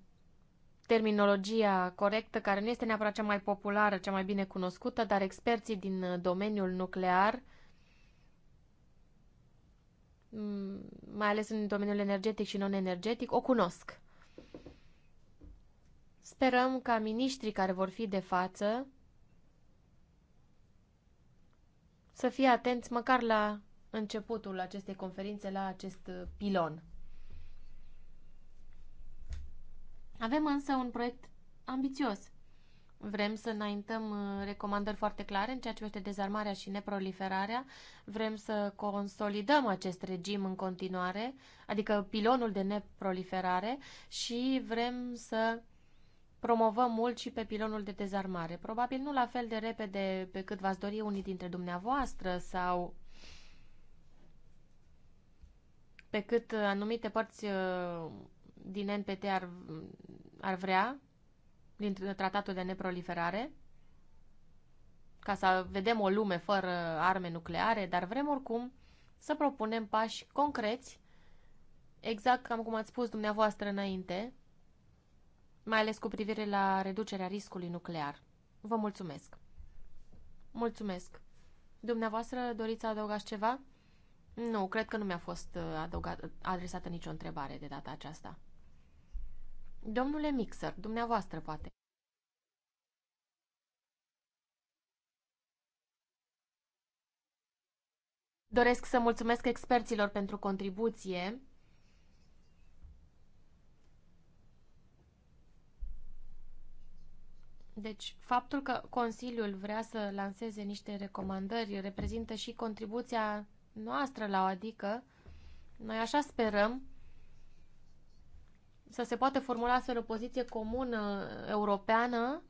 terminologia corectă, care nu este neapărat cea mai populară, cea mai bine cunoscută, dar experții din uh, domeniul nuclear, mai ales în domeniul energetic și non-energetic, o cunosc. Sperăm ca miniștrii care vor fi de față să fie atenți măcar la începutul acestei conferințe, la acest uh, pilon. Avem însă un proiect ambițios. Vrem să înaintăm uh, recomandări foarte clare în ceea ce privește dezarmarea și neproliferarea. Vrem să consolidăm acest regim în continuare, adică pilonul de neproliferare și vrem să promovăm mult și pe pilonul de dezarmare. Probabil nu la fel de repede pe cât v-ați dori unii dintre dumneavoastră sau pe cât anumite părți uh, din NPT ar, ar vrea, din tratatul de neproliferare, ca să vedem o lume fără arme nucleare, dar vrem oricum să propunem pași concreți, exact cam cum ați spus dumneavoastră înainte, mai ales cu privire la reducerea riscului nuclear. Vă mulțumesc! Mulțumesc! Dumneavoastră doriți să adăugați ceva? Nu, cred că nu mi-a fost uh, adăugat, adresată nicio întrebare de data aceasta. Domnule Mixer, dumneavoastră poate. Doresc să mulțumesc experților pentru contribuție Deci, faptul că Consiliul vrea să lanseze niște recomandări reprezintă și contribuția noastră la o adică. Noi așa sperăm să se poate formula astfel o poziție comună europeană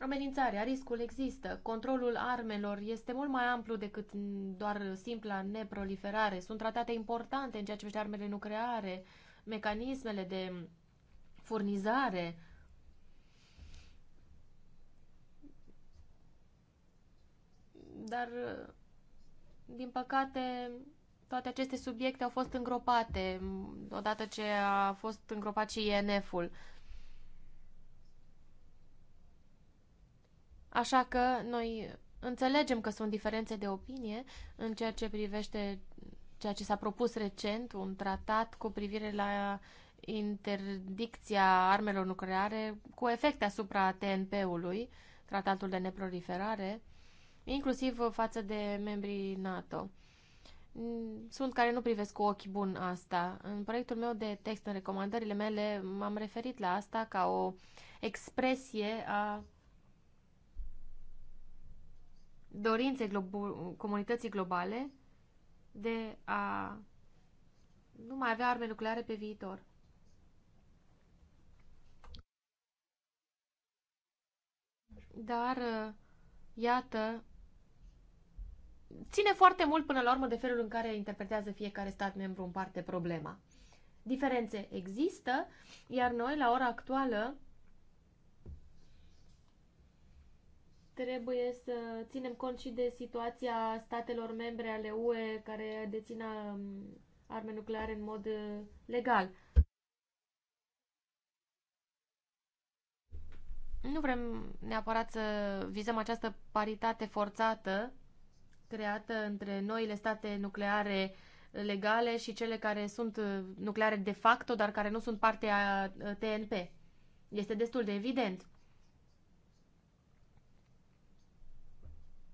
Amenințarea, riscul există. Controlul armelor este mult mai amplu decât doar simpla neproliferare. Sunt tratate importante în ceea ce privește armele nucleare, uh, mecanismele de furnizare dar din păcate toate aceste subiecte au fost îngropate odată ce a fost îngropat și INF-ul. Așa că noi înțelegem că sunt diferențe de opinie în ceea ce privește ceea ce s-a propus recent, un tratat cu privire la interdicția armelor nucleare cu efecte asupra TNP-ului, tratatul de neproliferare, inclusiv față de membrii NATO. Sunt care nu privesc cu ochi bun asta. În proiectul meu de text, în recomandările mele, m-am referit la asta ca o expresie a dorinței globu- comunității globale de a nu mai avea arme nucleare pe viitor. Dar, uh, iată, ține foarte mult până la urmă de felul în care interpretează fiecare stat membru în parte problema. Diferențe există, iar noi, la ora actuală, trebuie să ținem cont și de situația statelor membre ale UE care dețină um, arme nucleare în mod uh, legal. Nu vrem neapărat să vizăm această paritate forțată creată între noile state nucleare legale și cele care sunt uh, nucleare de facto, dar care nu sunt parte a uh, TNP. Este destul de evident.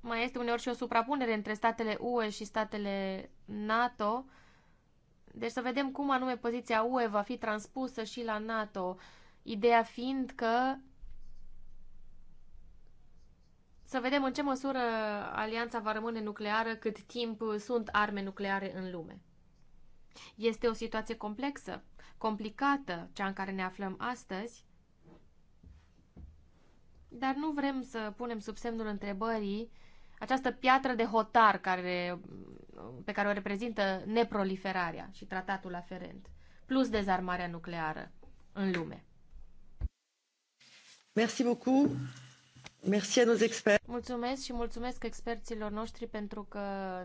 mai este uneori și o suprapunere între statele UE și statele NATO. Deci să vedem cum anume poziția UE va fi transpusă și la NATO. Ideea fiind că să vedem în ce măsură alianța va rămâne nucleară cât timp sunt arme nucleare în lume. Este o situație complexă, complicată, cea în care ne aflăm astăzi, dar nu vrem să punem sub semnul întrebării această piatră de hotar care, pe care o reprezintă neproliferarea și tratatul aferent, plus dezarmarea nucleară în lume. Merci beaucoup. Merci à nos experts. Mulțumesc și mulțumesc experților noștri pentru că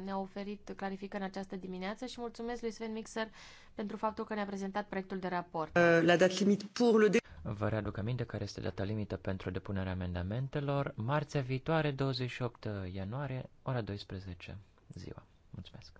ne-au oferit clarificări în această dimineață și mulțumesc lui Sven Mixer pentru faptul că ne-a prezentat proiectul de raport. Uh, la dat limit pour le Vă readuc aminte care este data limită pentru depunerea amendamentelor, marțea viitoare, 28 ianuarie, ora 12 ziua. Mulțumesc!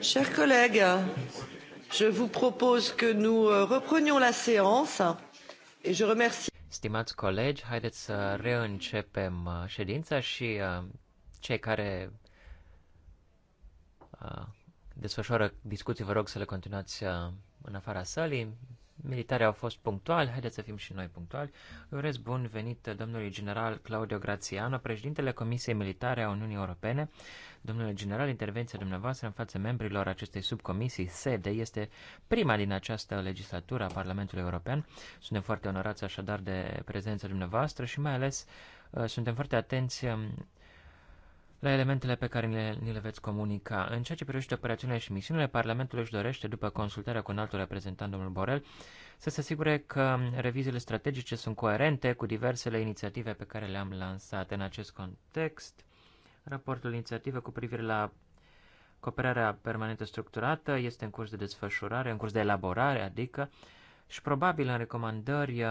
Chers collègues, je vous propose que nous euh, reprenions la séance et je remercie. Stimați colegi, haideți să reîncepem uh, ședința și uh, cei care uh, desfășoară discuții, vă rog să le continuați în afara sălii militare au fost punctuali, haideți să fim și noi punctuali. Urez bun venit domnului general Claudio Grațiano, președintele Comisiei Militare a Uniunii Europene. Domnule general, intervenția dumneavoastră în fața membrilor acestei subcomisii sede este prima din această legislatură a Parlamentului European. Suntem foarte onorați așadar de prezența dumneavoastră și mai ales uh, suntem foarte atenți um, la elementele pe care ni le, le veți comunica. În ceea ce privește operațiunile și misiunile, Parlamentul își dorește, după consultarea cu un altul reprezentant, domnul Borel, să se asigure că reviziile strategice sunt coerente cu diversele inițiative pe care le-am lansat. În acest context, raportul inițiativă cu privire la cooperarea permanentă structurată este în curs de desfășurare, în curs de elaborare, adică, și probabil în recomandări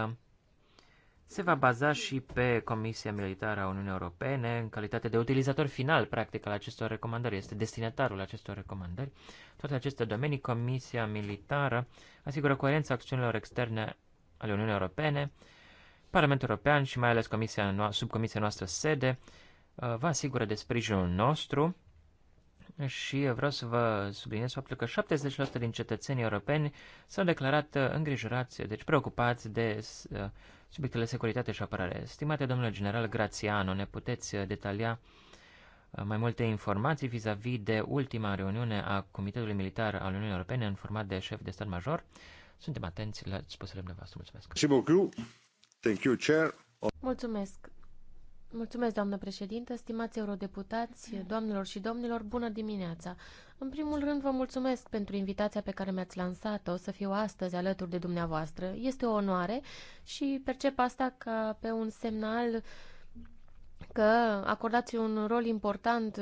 se va baza și pe Comisia Militară a Uniunii Europene în calitate de utilizator final, practic, al acestor recomandări. Este destinatarul acestor recomandări. Toate aceste domenii, Comisia Militară asigură coerența acțiunilor externe ale Uniunii Europene, Parlamentul European și mai ales comisia no- Comisia noastră sede uh, vă asigură de sprijinul nostru și vreau să vă subliniez faptul că 70% din cetățenii europeni s-au declarat uh, îngrijorați, deci preocupați de uh, subiectele securitate și apărare. Stimate domnule general Grațiano, ne puteți uh, detalia uh, mai multe informații vis-a-vis -vis de ultima reuniune a Comitetului Militar al Uniunii Europene în format de șef de stat major. Suntem atenți la spusele dumneavoastră. Mulțumesc. Mulțumesc. Mulțumesc. Mulțumesc, doamnă președintă, stimați eurodeputați, doamnelor și domnilor, bună dimineața! În primul rând, vă mulțumesc pentru invitația pe care mi-ați lansat-o să fiu astăzi alături de dumneavoastră. Este o onoare și percep asta ca pe un semnal că acordați un rol important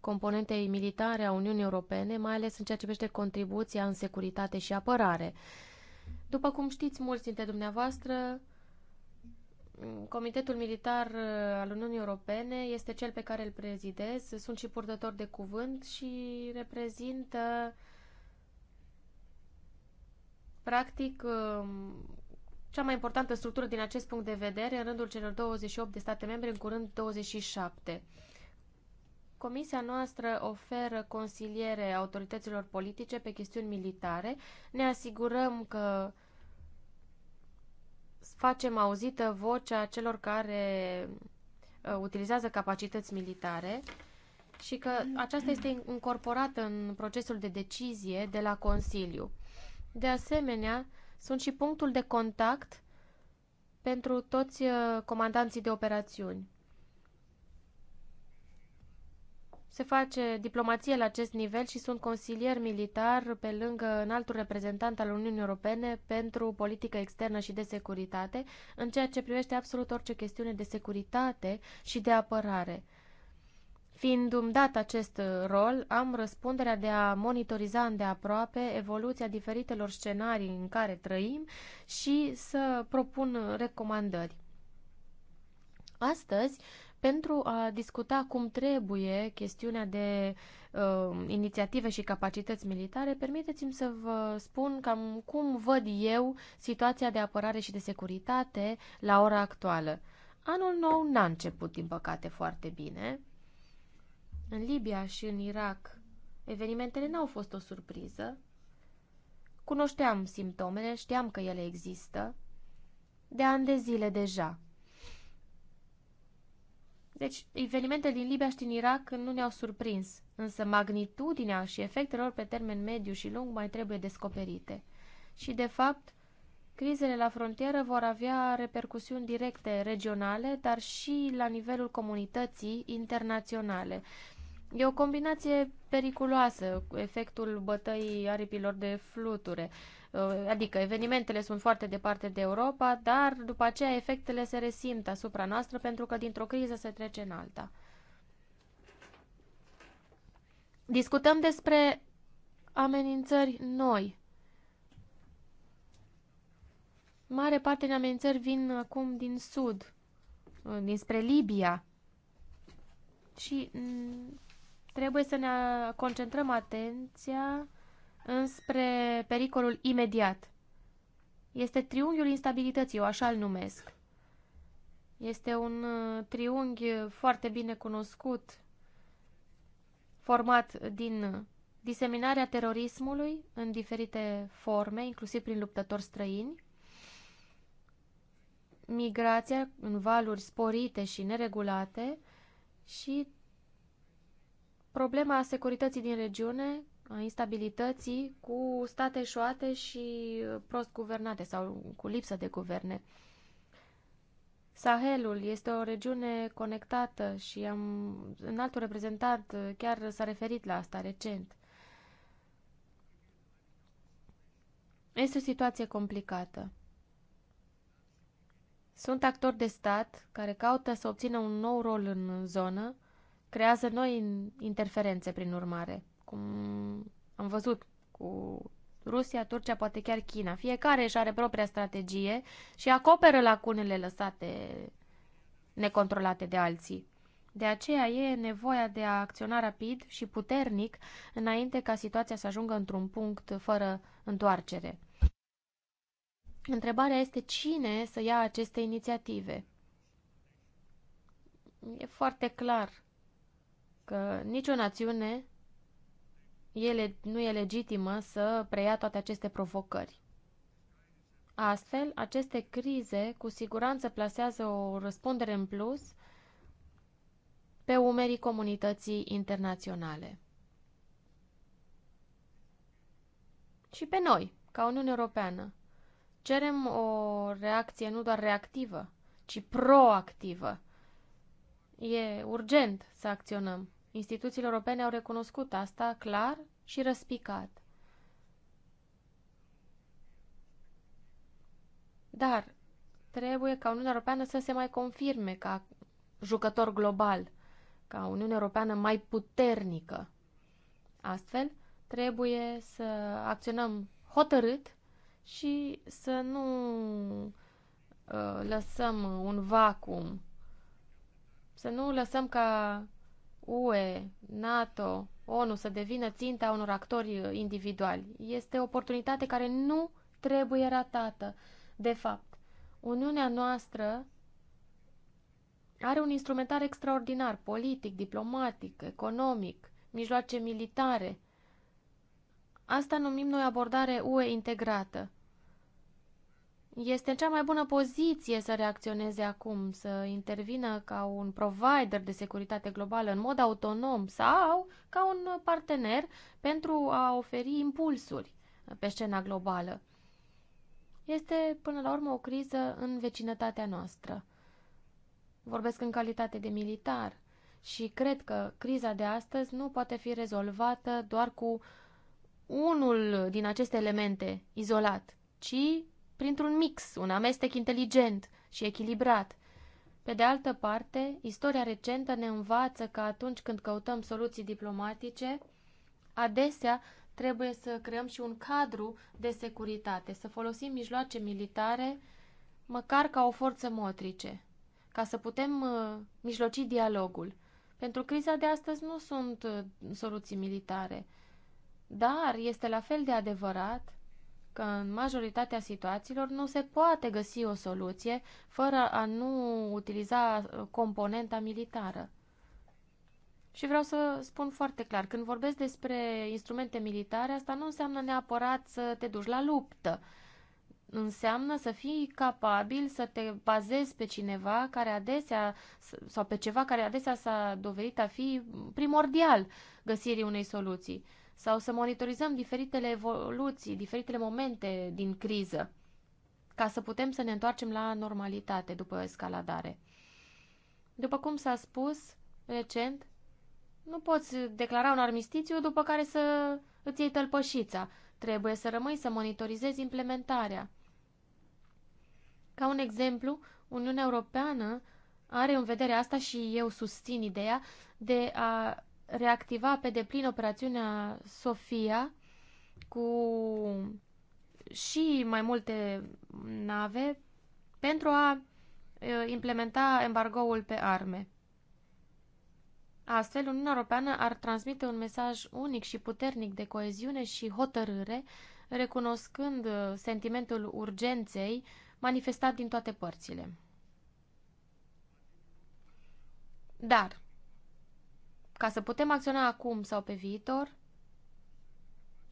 componentei militare a Uniunii Europene, mai ales în ceea ce privește contribuția în securitate și apărare. După cum știți mulți dintre dumneavoastră, Comitetul Militar uh, al Uniunii Europene este cel pe care îl prezidez. Sunt și purtător de cuvânt și reprezintă practic um, cea mai importantă structură din acest punct de vedere în rândul celor 28 de state membre, în curând 27. Comisia noastră oferă consiliere autorităților politice pe chestiuni militare. Ne asigurăm că uh, facem auzită vocea celor care uh, utilizează capacități militare și că aceasta este incorporată în procesul de decizie de la Consiliu. De asemenea, sunt și punctul de contact pentru toți uh, comandanții de operațiuni. Se face diplomație la acest nivel și sunt consilier militar pe lângă înaltul reprezentant al Uniunii Europene pentru politică externă și de securitate, în ceea ce privește absolut orice chestiune de securitate și de apărare. Fiind mi dat acest rol, am răspunderea de a monitoriza îndeaproape evoluția diferitelor scenarii în care trăim și să propun recomandări. Astăzi pentru a discuta cum trebuie chestiunea de uh, inițiative și capacități militare, permiteți-mi să vă spun cam cum văd eu situația de apărare și de securitate la ora actuală. Anul nou n-a început, din păcate, foarte bine. În Libia și în Irak, evenimentele n-au fost o surpriză. Cunoșteam simptomele, știam că ele există. De ani de zile deja – deci, evenimentele din Libia și din Irak nu ne-au surprins, însă magnitudinea și efectele lor pe termen mediu și lung mai trebuie descoperite. Și, de fapt, Crizele la frontieră vor avea repercusiuni directe regionale, dar și la nivelul comunității internaționale. E o combinație periculoasă, efectul bătăii aripilor de fluture. Uh, Uh, adică evenimentele sunt foarte departe de Europa, dar după aceea efectele se resimt asupra noastră pentru că dintr-o criză se trece în alta. Discutăm despre amenințări noi. Mare parte din amenințări vin acum din sud, uh, dinspre Libia. Și mm, trebuie să ne concentrăm atenția înspre pericolul imediat. Este triunghiul instabilității, eu așa l numesc. Este un uh, triunghi foarte bine cunoscut, format din diseminarea terorismului în diferite forme, inclusiv prin luptători străini, migrația în valuri sporite și neregulate și problema securității din regiune instabilității cu state șoate și prost guvernate sau cu lipsă de guverne. Sahelul este o regiune conectată și am, în altul reprezentant chiar s-a referit la asta recent. Este o situație complicată. Sunt actori de stat care caută să obțină un nou rol în zonă, creează noi interferențe prin urmare cum am văzut cu Rusia, Turcia, poate chiar China. Fiecare își are propria strategie și acoperă lacunele lăsate necontrolate de alții. De aceea e nevoia de a acționa rapid și puternic înainte ca situația să ajungă într-un punct fără întoarcere. Întrebarea este cine să ia aceste inițiative. E foarte clar că nicio națiune ele, nu e legitimă să preia toate aceste provocări. Astfel, aceste crize cu siguranță plasează o răspundere în plus pe umerii comunității internaționale. Și pe noi, ca Uniune Europeană, cerem o reacție nu doar reactivă, ci proactivă. E urgent să acționăm. Instituțiile europene au recunoscut asta clar și răspicat. Dar trebuie ca Uniunea Europeană să se mai confirme ca jucător global, ca Uniunea Europeană mai puternică. Astfel, trebuie să acționăm hotărât și să nu uh, lăsăm un vacuum, să nu lăsăm ca UE, NATO, ONU să devină ținta unor actori individuali. Este o oportunitate care nu trebuie ratată. De fapt, Uniunea noastră are un instrumentar extraordinar, politic, diplomatic, economic, mijloace militare. Asta numim noi abordare UE integrată este în cea mai bună poziție să reacționeze acum, să intervină ca un provider de securitate globală în mod autonom sau ca un partener pentru a oferi impulsuri pe scena globală. Este, până la urmă, o criză în vecinătatea noastră. Vorbesc în calitate de militar și cred că criza de astăzi nu poate fi rezolvată doar cu unul din aceste elemente izolat, ci printr-un mix, un amestec inteligent și echilibrat. Pe de altă parte, istoria recentă ne învață că atunci când căutăm soluții diplomatice, adesea trebuie să creăm și un cadru de securitate, să folosim mijloace militare măcar ca o forță motrice, ca să putem uh, mijloci dialogul. Pentru criza de astăzi nu sunt uh, soluții militare, dar este la fel de adevărat că în majoritatea situațiilor nu se poate găsi o soluție fără a nu utiliza uh, componenta militară. Și vreau să spun foarte clar, când vorbesc despre instrumente militare, asta nu înseamnă neapărat să te duci la luptă înseamnă să fii capabil să te bazezi pe cineva care adesea, sau pe ceva care adesea s-a dovedit a fi primordial găsirii unei soluții sau să monitorizăm diferitele evoluții, diferitele momente din criză ca să putem să ne întoarcem la normalitate după escaladare. După cum s-a spus recent, nu poți declara un armistițiu după care să îți iei tălpășița. Trebuie să rămâi să monitorizezi implementarea. Ca un exemplu, Uniunea Europeană are în vedere asta și eu susțin ideea de a reactiva pe deplin operațiunea Sofia cu și mai multe nave pentru a implementa embargoul pe arme. Astfel, Uniunea Europeană ar transmite un mesaj unic și puternic de coeziune și hotărâre, recunoscând uh, sentimentul urgenței manifestat din toate părțile. Dar, ca să putem acționa acum sau pe viitor,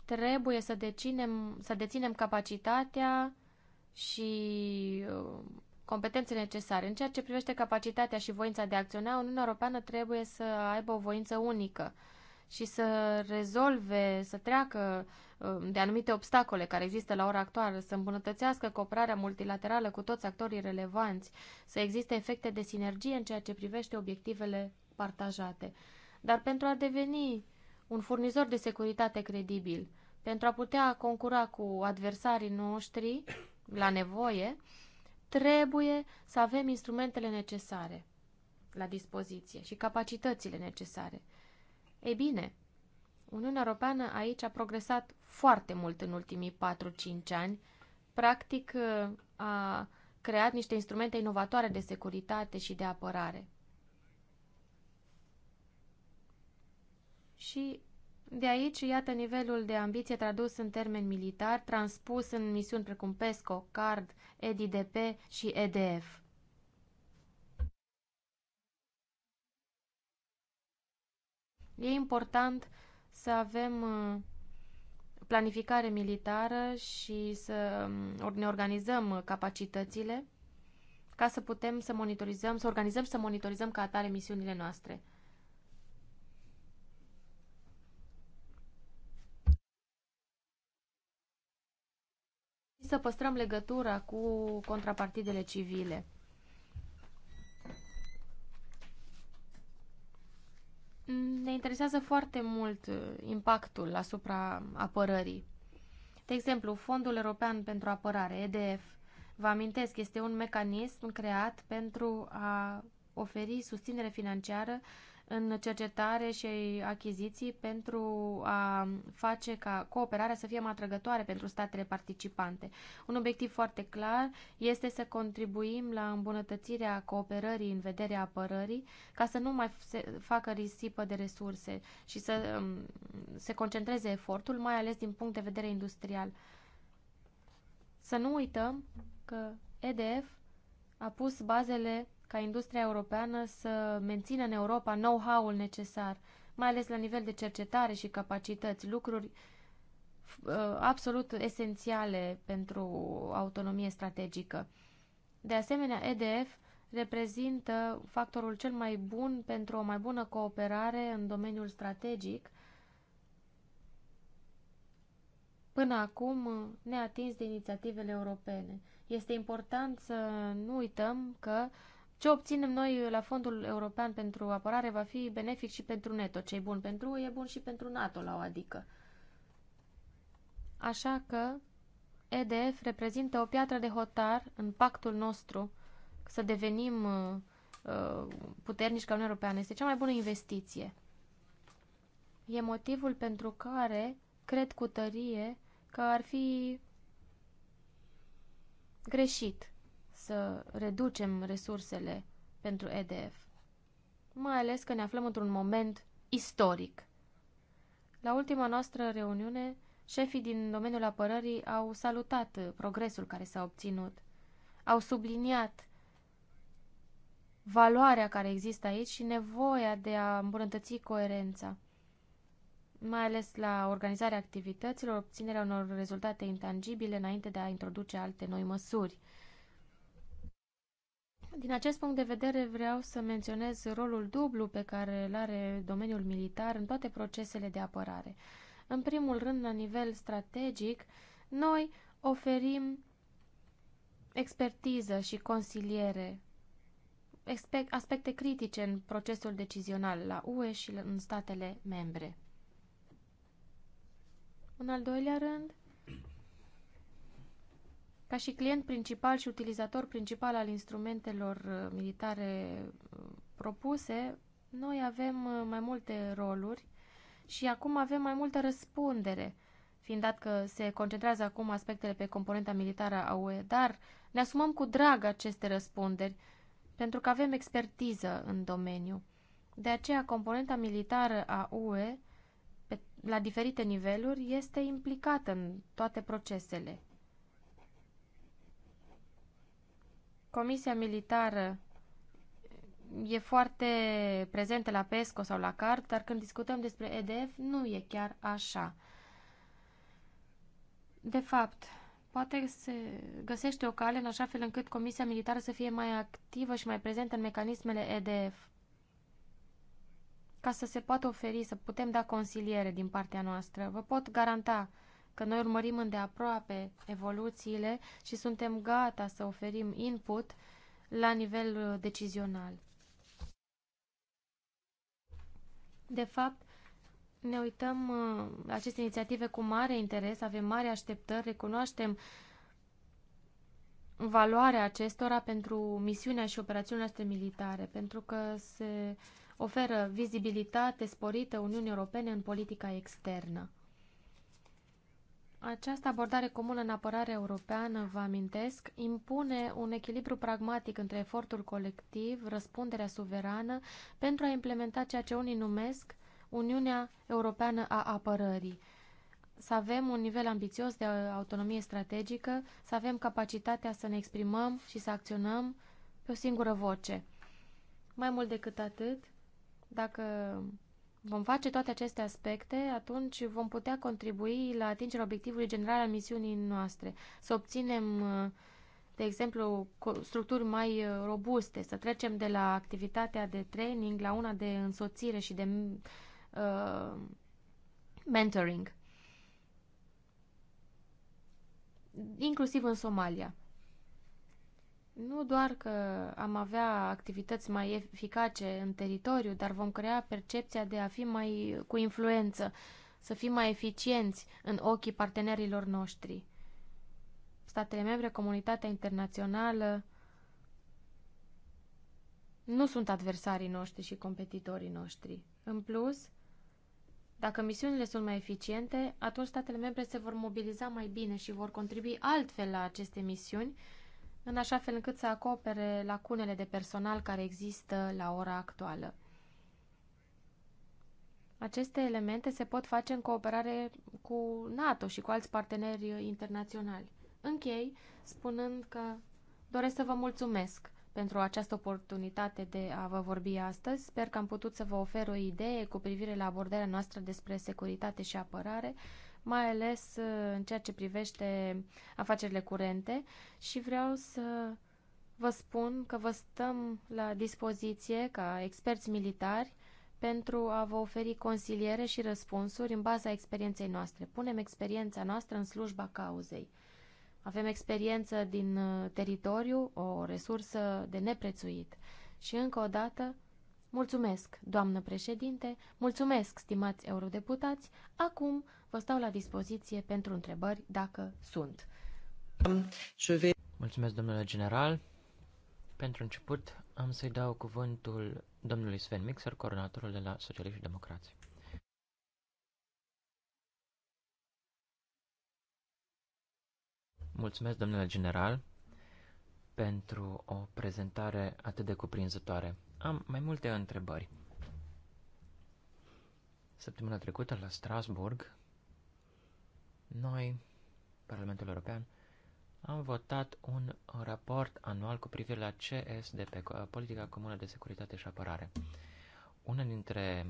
trebuie să, decinem, să deținem capacitatea și uh, competențe necesare. În ceea ce privește capacitatea și voința de a acționa, Uniunea Europeană trebuie să aibă o voință unică și să rezolve, să treacă Uh, de anumite obstacole care există la ora actuală, să îmbunătățească cooperarea multilaterală cu toți actorii relevanți, să existe efecte de sinergie în ceea ce privește obiectivele partajate. Dar pentru a deveni un furnizor de securitate credibil, pentru a putea concura cu adversarii noștri la nevoie, trebuie să avem instrumentele necesare la dispoziție și capacitățile necesare. Ei bine, Uniunea Europeană aici a progresat foarte mult în ultimii 4-5 ani. Practic uh, a creat niște instrumente inovatoare de securitate și de apărare. Și de aici, iată nivelul de ambiție tradus în termen militar, transpus în misiuni precum PESCO, CARD, EDDP și EDF. E important să avem uh, planificare militară și să um, ne organizăm uh, capacitățile ca să putem să monitorizăm, să organizăm și să monitorizăm ca atare misiunile noastre. să păstrăm legătura cu contrapartidele civile. Mm, ne interesează foarte mult uh, impactul asupra apărării. De exemplu, Fondul European pentru Apărare, EDF, vă amintesc, este un mecanism creat pentru a oferi susținere financiară uh, în cercetare și achiziții pentru a face ca cooperarea să fie mai atrăgătoare pentru statele participante. Un obiectiv foarte clar este să contribuim la îmbunătățirea cooperării în vederea apărării ca să nu mai se facă risipă de resurse și să um, se concentreze efortul, mai ales din punct de vedere industrial. Să nu uităm că EDF a pus bazele ca industria europeană să mențină în Europa know-how-ul necesar, mai ales la nivel de cercetare și capacități, lucruri uh, absolut esențiale pentru autonomie strategică. De asemenea, EDF reprezintă factorul cel mai bun pentru o mai bună cooperare în domeniul strategic. Până acum, neatins de inițiativele europene. Este important să nu uităm că ce obținem noi la Fondul European pentru Apărare va fi benefic și pentru NATO. Ce e bun pentru e bun și pentru NATO, la o adică. Așa că EDF reprezintă o piatră de hotar în pactul nostru să devenim uh, uh, puternici ca Uniunea Europeană. Este cea mai bună investiție. E motivul pentru care cred cu tărie că ar fi greșit să reducem resursele pentru EDF. Mai ales că ne aflăm într-un moment istoric. La ultima noastră reuniune, șefii din domeniul apărării au salutat progresul care s-a obținut. Au subliniat valoarea care există aici și nevoia de a îmbunătăți coerența, mai ales la organizarea activităților, obținerea unor rezultate intangibile înainte de a introduce alte noi măsuri. Din acest punct de vedere vreau să menționez rolul dublu pe care îl are domeniul militar în toate procesele de apărare. În primul rând, la nivel strategic, noi oferim expertiză și consiliere, aspecte critice în procesul decizional la UE și în statele membre. În al doilea rând, ca și client principal și utilizator principal al instrumentelor uh, militare uh, propuse, noi avem uh, mai multe roluri și acum avem mai multă răspundere, fiind dat că se concentrează acum aspectele pe componenta militară a UE, dar ne asumăm cu drag aceste răspunderi, pentru că avem expertiză în domeniu. De aceea, componenta militară a UE, pe, la diferite niveluri, este implicată în toate procesele. Comisia Militară e foarte prezentă la PESCO sau la CART, dar când discutăm despre EDF nu e chiar așa. De fapt, poate se găsește o cale în așa fel încât Comisia Militară să fie mai activă și mai prezentă în mecanismele EDF, ca să se poată oferi, să putem da consiliere din partea noastră. Vă pot garanta că noi urmărim îndeaproape evoluțiile și suntem gata să oferim input la nivel uh, decizional. De fapt, ne uităm uh, la aceste inițiative cu mare interes, avem mari așteptări, recunoaștem valoarea acestora pentru misiunea și operațiunile noastre militare, pentru că se oferă vizibilitate sporită Uniunii Europene în politica externă. Această abordare comună în apărare europeană, vă amintesc, impune un echilibru pragmatic între efortul colectiv, răspunderea suverană, pentru a implementa ceea ce unii numesc Uniunea Europeană a Apărării. Să avem un nivel ambițios de autonomie strategică, să avem capacitatea să ne exprimăm și să acționăm pe o singură voce. Mai mult decât atât, dacă vom face toate aceste aspecte, atunci vom putea contribui la atingerea obiectivului general al misiunii noastre, să obținem, de exemplu, structuri mai uh, robuste, să trecem de la activitatea de training la una de însoțire și de uh, mentoring, inclusiv în Somalia nu doar că am avea activități mai eficace în teritoriu, dar vom crea percepția de a fi mai cu influență, să fim mai eficienți în ochii partenerilor noștri. Statele membre, comunitatea internațională nu sunt adversarii noștri și competitorii noștri. În plus, dacă misiunile sunt mai eficiente, atunci statele membre se vor mobiliza mai bine și vor contribui altfel la aceste misiuni, în așa fel încât să acopere lacunele de personal care există la ora actuală. Aceste elemente se pot face în cooperare cu NATO și cu alți parteneri internaționali. Închei spunând că doresc să vă mulțumesc pentru această oportunitate de a vă vorbi astăzi. Sper că am putut să vă ofer o idee cu privire la abordarea noastră despre securitate și apărare mai ales uh, în ceea ce privește afacerile curente și vreau să vă spun că vă stăm la dispoziție ca experți militari pentru a vă oferi consiliere și răspunsuri în baza experienței noastre. Punem experiența noastră în slujba cauzei. Avem experiență din uh, teritoriu, o resursă de neprețuit. Și încă o dată, mulțumesc, doamnă președinte, mulțumesc, stimați eurodeputați. Acum Vă stau la dispoziție pentru întrebări dacă sunt. Mulțumesc, domnule general. Pentru început, am să-i dau cuvântul domnului Sven Mixer, coordonatorul de la Socialiști și Democrații. Mulțumesc, domnule general, pentru o prezentare atât de cuprinzătoare. Am mai multe întrebări. Săptămâna trecută la Strasburg noi, Parlamentul European, am votat un raport anual cu privire la CSDP, uh, Politica Comună de Securitate și Apărare. Una dintre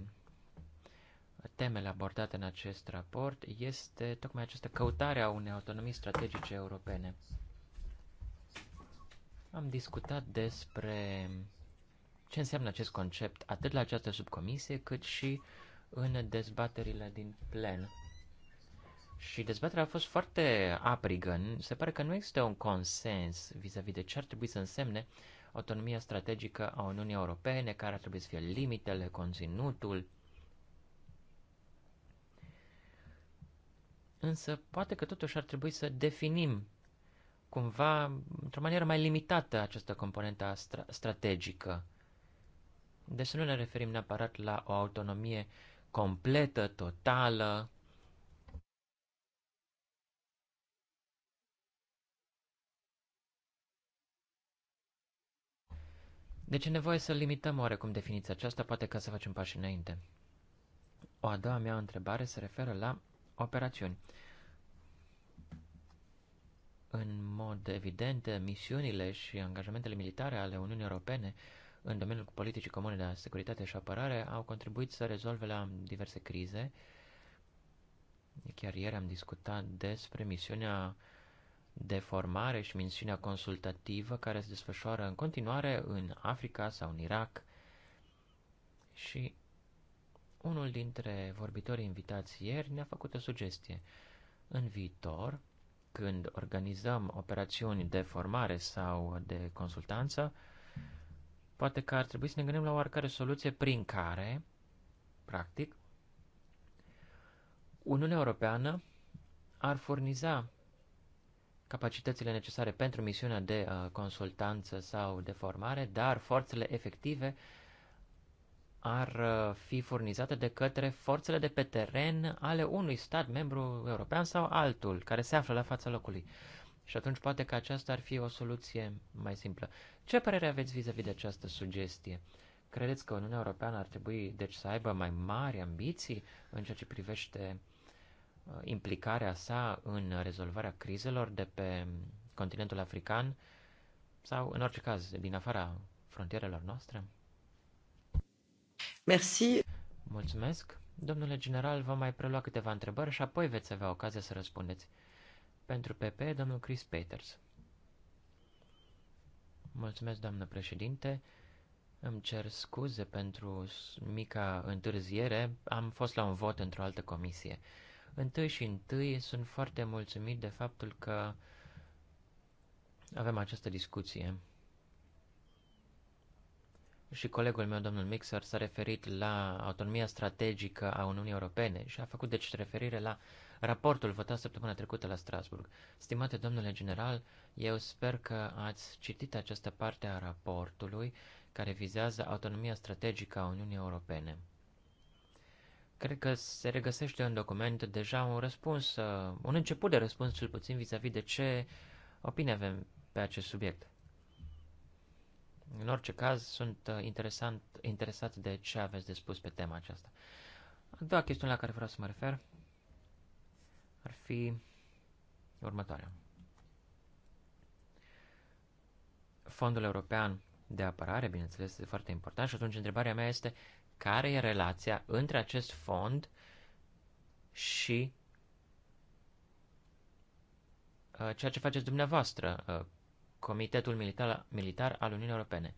temele abordate în acest raport este tocmai această căutare a unei autonomii strategice europene. Am discutat despre ce înseamnă acest concept atât la această subcomisie cât și în dezbaterile din plen. Și dezbaterea a fost foarte aprigă. Se pare că nu există un consens vis-a-vis -vis de ce ar trebui să însemne autonomia strategică a Uniunii Europene, care ar trebui să fie limitele, conținutul. Însă poate că totuși ar trebui să definim cumva, într-o manieră mai limitată, această componentă stra- strategică. Deci să nu ne referim neapărat la o autonomie completă, totală, Deci e nevoie să limităm oarecum definiția aceasta, poate ca să facem pași înainte. O a doua mea întrebare se referă la operațiuni. În mod evident, misiunile și angajamentele militare ale Uniunii Europene în domeniul politicii comune de securitate și apărare au contribuit să rezolve la diverse crize. Chiar ieri am discutat despre misiunea de formare și misiunea consultativă care se desfășoară în continuare în Africa sau în Irak. Și unul dintre vorbitorii invitați ieri ne-a făcut o sugestie. În viitor, când organizăm operațiuni de formare sau de consultanță, poate că ar trebui să ne gândim la oarecare soluție prin care, practic, Uniunea Europeană ar furniza capacitățile necesare pentru misiunea de uh, consultanță sau de formare, dar forțele efective ar uh, fi furnizate de către forțele de pe teren ale unui stat membru european sau altul care se află la fața locului. Și atunci poate că aceasta ar fi o soluție mai simplă. Ce părere aveți vis-a-vis -vis de această sugestie? Credeți că Uniunea Europeană ar trebui deci să aibă mai mari ambiții în ceea ce privește Uh, implicarea sa în rezolvarea crizelor de pe continentul african sau, în orice caz, din afara frontierelor noastre? Merci. Mulțumesc. Domnule general, vă mai prelua câteva întrebări și apoi veți avea ocazia să răspundeți. Pentru PP, domnul Chris Peters. Mulțumesc, doamnă președinte. Îmi cer scuze pentru mica întârziere. Am fost la un vot într-o altă comisie. Întâi și întâi sunt foarte mulțumit de faptul că avem această discuție. Și colegul meu, domnul Mixer, s-a referit la autonomia strategică a Uniunii Europene și a făcut deci referire la raportul votat săptămâna trecută la Strasburg. Stimate domnule general, eu sper că ați citit această parte a raportului care vizează autonomia strategică a Uniunii Europene. Cred că se regăsește în document deja un răspuns, uh, un început de răspuns cel puțin vis-a-vis -vis de ce opinie avem pe acest subiect. În orice caz, sunt uh, interesant, interesat de ce aveți de spus pe tema aceasta. A doua chestiune la care vreau să mă refer ar fi următoarea. Fondul European de Apărare, bineînțeles, este foarte important și atunci întrebarea mea este care e relația între acest fond și uh, ceea ce faceți dumneavoastră, uh, Comitetul Militar, Militar al Uniunii Europene.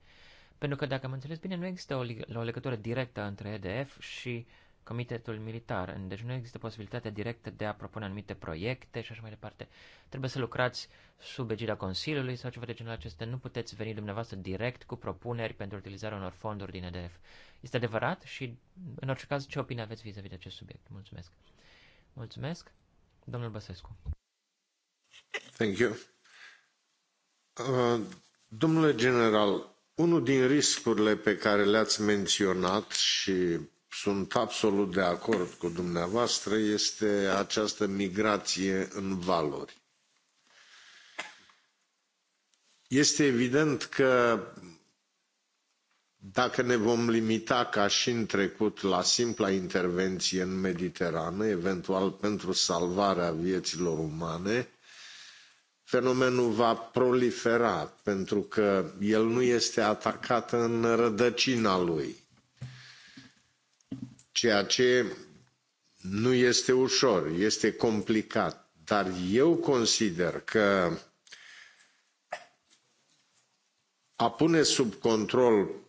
Pentru că, dacă am înțeles bine, nu există o, o legătură directă între EDF și Comitetul Militar, deci nu există posibilitatea directă de a propune anumite proiecte și așa mai departe. Trebuie să lucrați sub egida Consiliului sau ceva de genul acesta. Nu puteți veni dumneavoastră direct cu propuneri pentru utilizarea unor fonduri din EDF. Este adevărat și, în orice caz, ce opinie aveți vis-a-vis de acest subiect? Mulțumesc. Mulțumesc, domnul Băsescu. Thank you. Uh, domnule general, unul din riscurile pe care le-ați menționat și sunt absolut de acord cu dumneavoastră este această migrație în valori. Este evident că dacă ne vom limita ca și în trecut la simpla intervenție în Mediterană, eventual pentru salvarea vieților umane, fenomenul va prolifera pentru că el nu este atacat în rădăcina lui, ceea ce nu este ușor, este complicat, dar eu consider că a pune sub control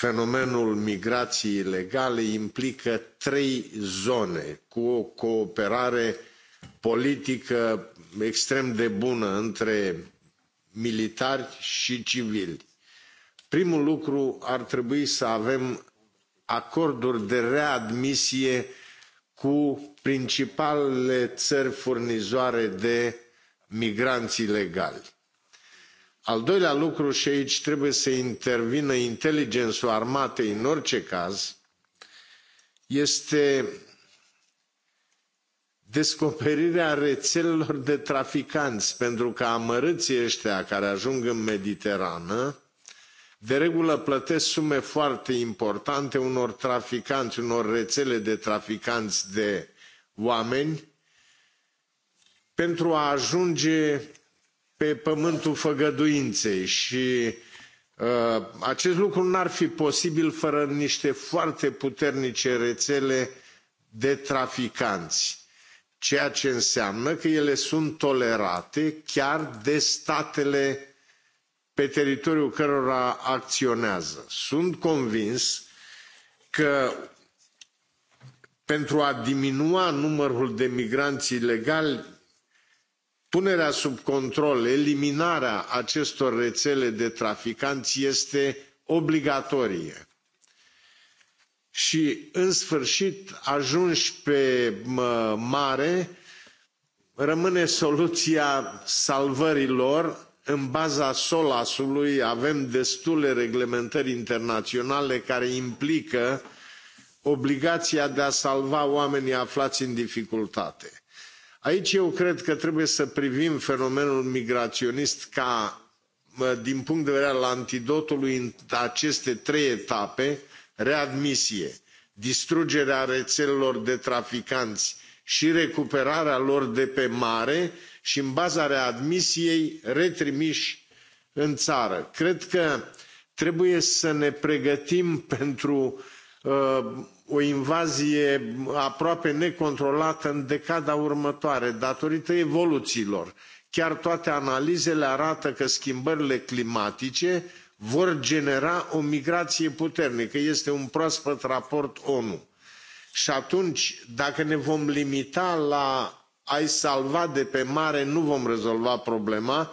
fenomenul migrației ilegale implică trei zone cu o cooperare politică extrem de bună între militari și civili. Primul lucru ar trebui să avem acorduri de readmisie cu principalele țări furnizoare de migranți ilegali al doilea lucru și aici trebuie să intervină inteligența armatei în orice caz este descoperirea rețelelor de traficanți pentru că amărâții ăștia care ajung în mediterană de regulă plătesc sume foarte importante unor traficanți unor rețele de traficanți de oameni pentru a ajunge pe pământul făgăduinței și uh, acest lucru n-ar fi posibil fără niște foarte puternice rețele de traficanți, ceea ce înseamnă că ele sunt tolerate chiar de statele pe teritoriul cărora acționează. Sunt convins că pentru a diminua numărul de migranți ilegali punerea sub control eliminarea acestor rețele de traficanți este obligatorie și în sfârșit ajunși pe mare rămâne soluția salvării lor în baza solas ului avem destule reglementări internaționale care implică obligația de a salva oamenii aflați în dificultate. Aici eu cred că trebuie să privim fenomenul migraționist ca, din punct de vedere al antidotului, în aceste trei etape, readmisie, distrugerea rețelelor de traficanți și recuperarea lor de pe mare și, în baza readmisiei, retrimiși în țară. Cred că trebuie să ne pregătim <laughs> pentru uh, o invazie aproape necontrolată în decada următoare, datorită evoluțiilor. Chiar toate analizele arată că schimbările climatice vor genera o migrație puternică. Este un proaspăt raport ONU. Și atunci, dacă ne vom limita la a-i salva de pe mare, nu vom rezolva problema,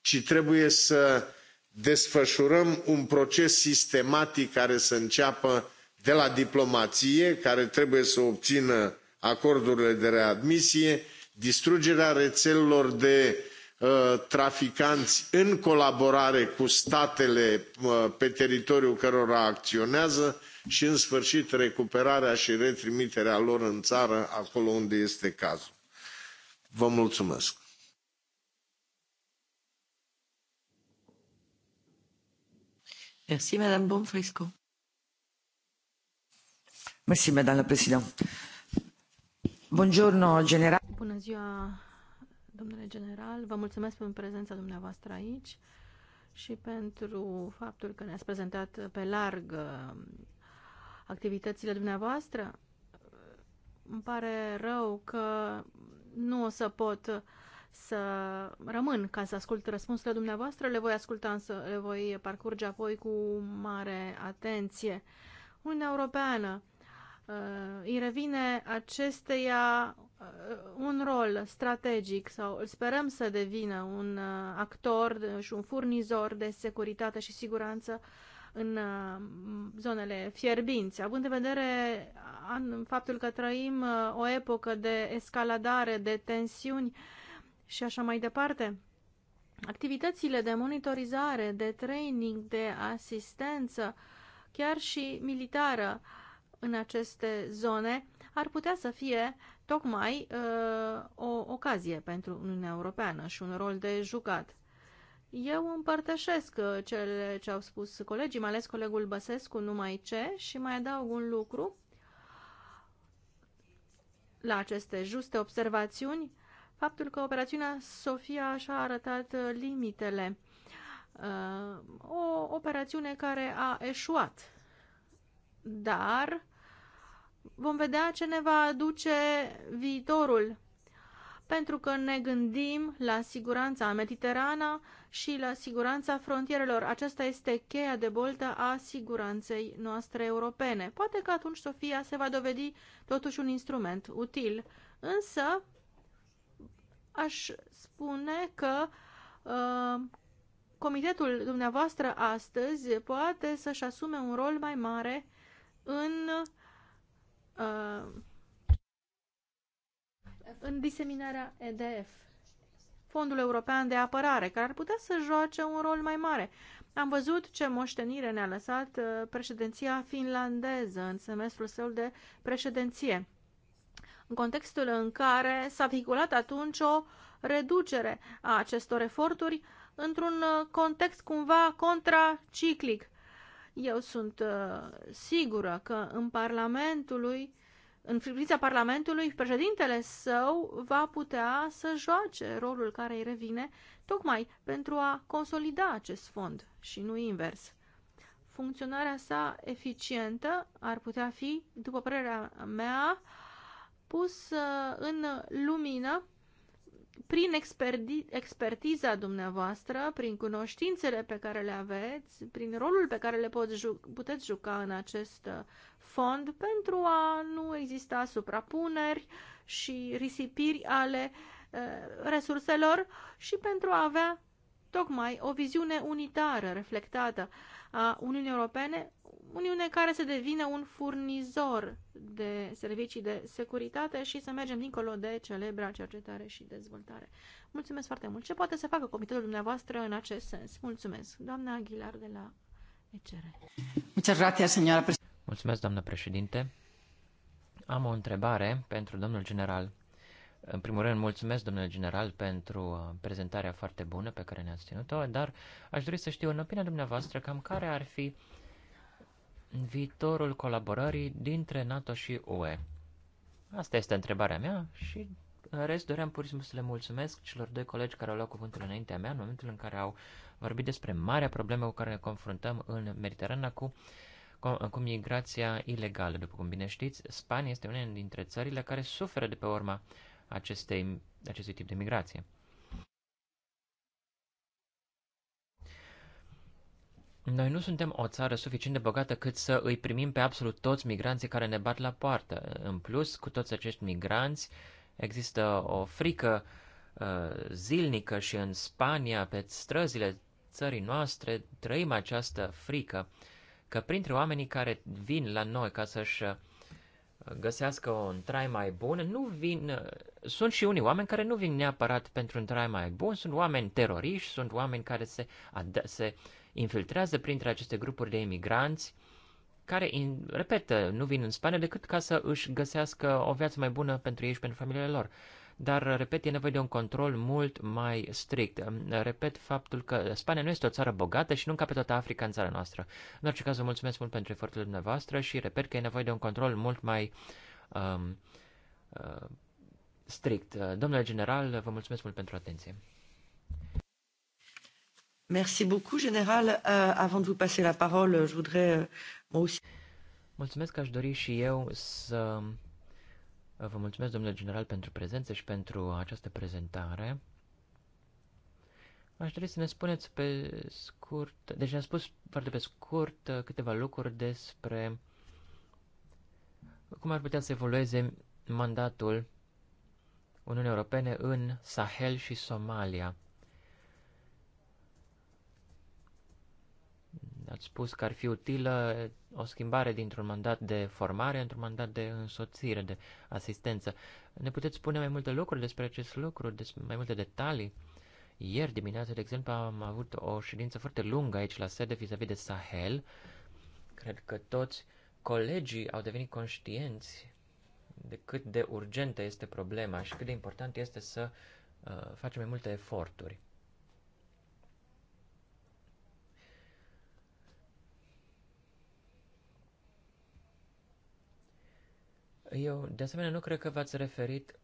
ci trebuie să desfășurăm un proces sistematic care să înceapă de la diplomație care trebuie să obțină acordurile de readmisie distrugerea rețelelor de uh, traficanți în colaborare cu statele uh, pe teritoriul cărora acționează și în sfârșit recuperarea și retrimiterea lor în țară acolo unde este cazul. Vă mulțumesc. Merci, Madame Bonfrisco. Mersi, doamnă președinte. Bună ziua, domnule general. Vă mulțumesc pentru prezența dumneavoastră aici și pentru faptul că ne-ați prezentat pe larg uh, activitățile dumneavoastră. Îmi pare rău că nu o să pot să rămân ca să ascult răspunsurile dumneavoastră. Le voi asculta, însă le voi parcurge apoi cu mare atenție. Uniunea Europeană Uh, îi revine acesteia uh, un rol strategic sau îl sperăm să devină un uh, actor și un furnizor de securitate și siguranță în zonele fierbinți, având în vedere faptul că trăim o epocă de escaladare, de tensiuni și așa mai departe. Activitățile de monitorizare, de training, de asistență, chiar și militară, uh, în aceste zone ar putea să fie tocmai uh, o ocazie pentru Uniunea Europeană și un rol de jucat. Eu împărtășesc uh, cele ce au spus colegii, mai ales colegul Băsescu, numai ce, și mai adaug un lucru la aceste juste observațiuni, faptul că operațiunea Sofia și-a arătat uh, limitele. Uh, o operațiune care a eșuat, dar vom vedea ce ne va aduce viitorul. Pentru că ne gândim la siguranța mediterană și la siguranța frontierelor. Aceasta este cheia de boltă a siguranței noastre europene. Poate că atunci Sofia se va dovedi totuși un instrument util. Însă, aș spune că uh, comitetul dumneavoastră astăzi poate să-și asume un rol mai mare în uh, Uh, în diseminarea EDF, Fondul European de Apărare, care ar putea să joace un rol mai mare. Am văzut ce moștenire ne-a lăsat uh, președinția finlandeză în semestrul său de președinție, în contextul în care s-a vehiculat atunci o reducere a acestor eforturi într-un uh, context cumva contraciclic eu sunt uh, sigură că în Parlamentului, în privința Parlamentului, președintele său va putea să joace rolul care îi revine, tocmai pentru a consolida acest fond și nu invers. Funcționarea sa eficientă ar putea fi, după părerea mea, pus în lumină prin expertiza dumneavoastră, prin cunoștințele pe care le aveți, prin rolul pe care le pot ju puteți juca în acest uh, fond pentru a nu exista suprapuneri și risipiri ale uh, resurselor și pentru a avea tocmai o viziune unitară reflectată a Uniunii Europene Uniune care să devină un furnizor de servicii de securitate și să mergem dincolo de celebra cercetare și dezvoltare. Mulțumesc foarte mult. Ce poate să facă comitetul dumneavoastră în acest sens? Mulțumesc. Doamna Aguilar de la ECR. Mulțumesc, doamnă președinte. Am o întrebare pentru domnul general. În primul rând, mulțumesc, domnule general, pentru uh, prezentarea foarte bună pe care ne-ați ținut-o, dar aș dori să știu, în opinia dumneavoastră, cam care ar fi uh, viitorul colaborării dintre NATO și UE? Asta este întrebarea mea și în rest doream pur și simplu să le mulțumesc celor doi colegi care au luat cuvântul înaintea mea în momentul în care au vorbit despre marea problemă cu care ne confruntăm în Mediterana cu, cu, cu migrația ilegală. După cum bine știți, Spania este una dintre țările care suferă de pe urma acestei, acestui tip de migrație. Noi nu suntem o țară suficient de bogată cât să îi primim pe absolut toți migranții care ne bat la poartă. În plus, cu toți acești migranți, există o frică uh, zilnică și în Spania, pe străzile țării noastre, trăim această frică că printre oamenii care vin la noi ca să-și uh, găsească un trai mai bun, nu vin, uh, sunt și unii oameni care nu vin neapărat pentru un trai mai bun, sunt oameni teroriști, sunt oameni care se, se infiltrează printre aceste grupuri de imigranți care, in, repetă, nu vin în Spania decât ca să își găsească o viață mai bună pentru ei și pentru familiile lor. Dar, repet, e nevoie de un control mult mai strict. Repet faptul că Spania nu este o țară bogată și nu încape pe toată Africa în țara noastră. În orice caz, vă mulțumesc mult pentru eforturile dumneavoastră și repet că e nevoie de un control mult mai um, uh, strict. Domnule general, vă mulțumesc mult pentru atenție. Merci beaucoup, Général. Uh, avant de vous passer la parole, je voudrais euh, moi aussi... Mulțumesc, aș dori și eu să uh, vă mulțumesc, domnule general, pentru prezență și pentru această prezentare. Aș dori să ne spuneți pe scurt, deci ne-a spus foarte pe scurt uh, câteva lucruri despre cum ar putea să evolueze mandatul Uniunii Europene în Sahel și Somalia. Ați spus că ar fi utilă o schimbare dintr-un mandat de formare într-un mandat de însoțire, de asistență. Ne puteți spune mai multe lucruri despre acest lucru, despre mai multe detalii? Ieri dimineață, de exemplu, am avut o ședință foarte lungă aici la sede vis-a-vis de Sahel. Cred că toți colegii au devenit conștienți de cât de urgentă este problema și cât de important este să uh, facem mai multe eforturi. Eu, de asemenea, nu cred că v-ați referit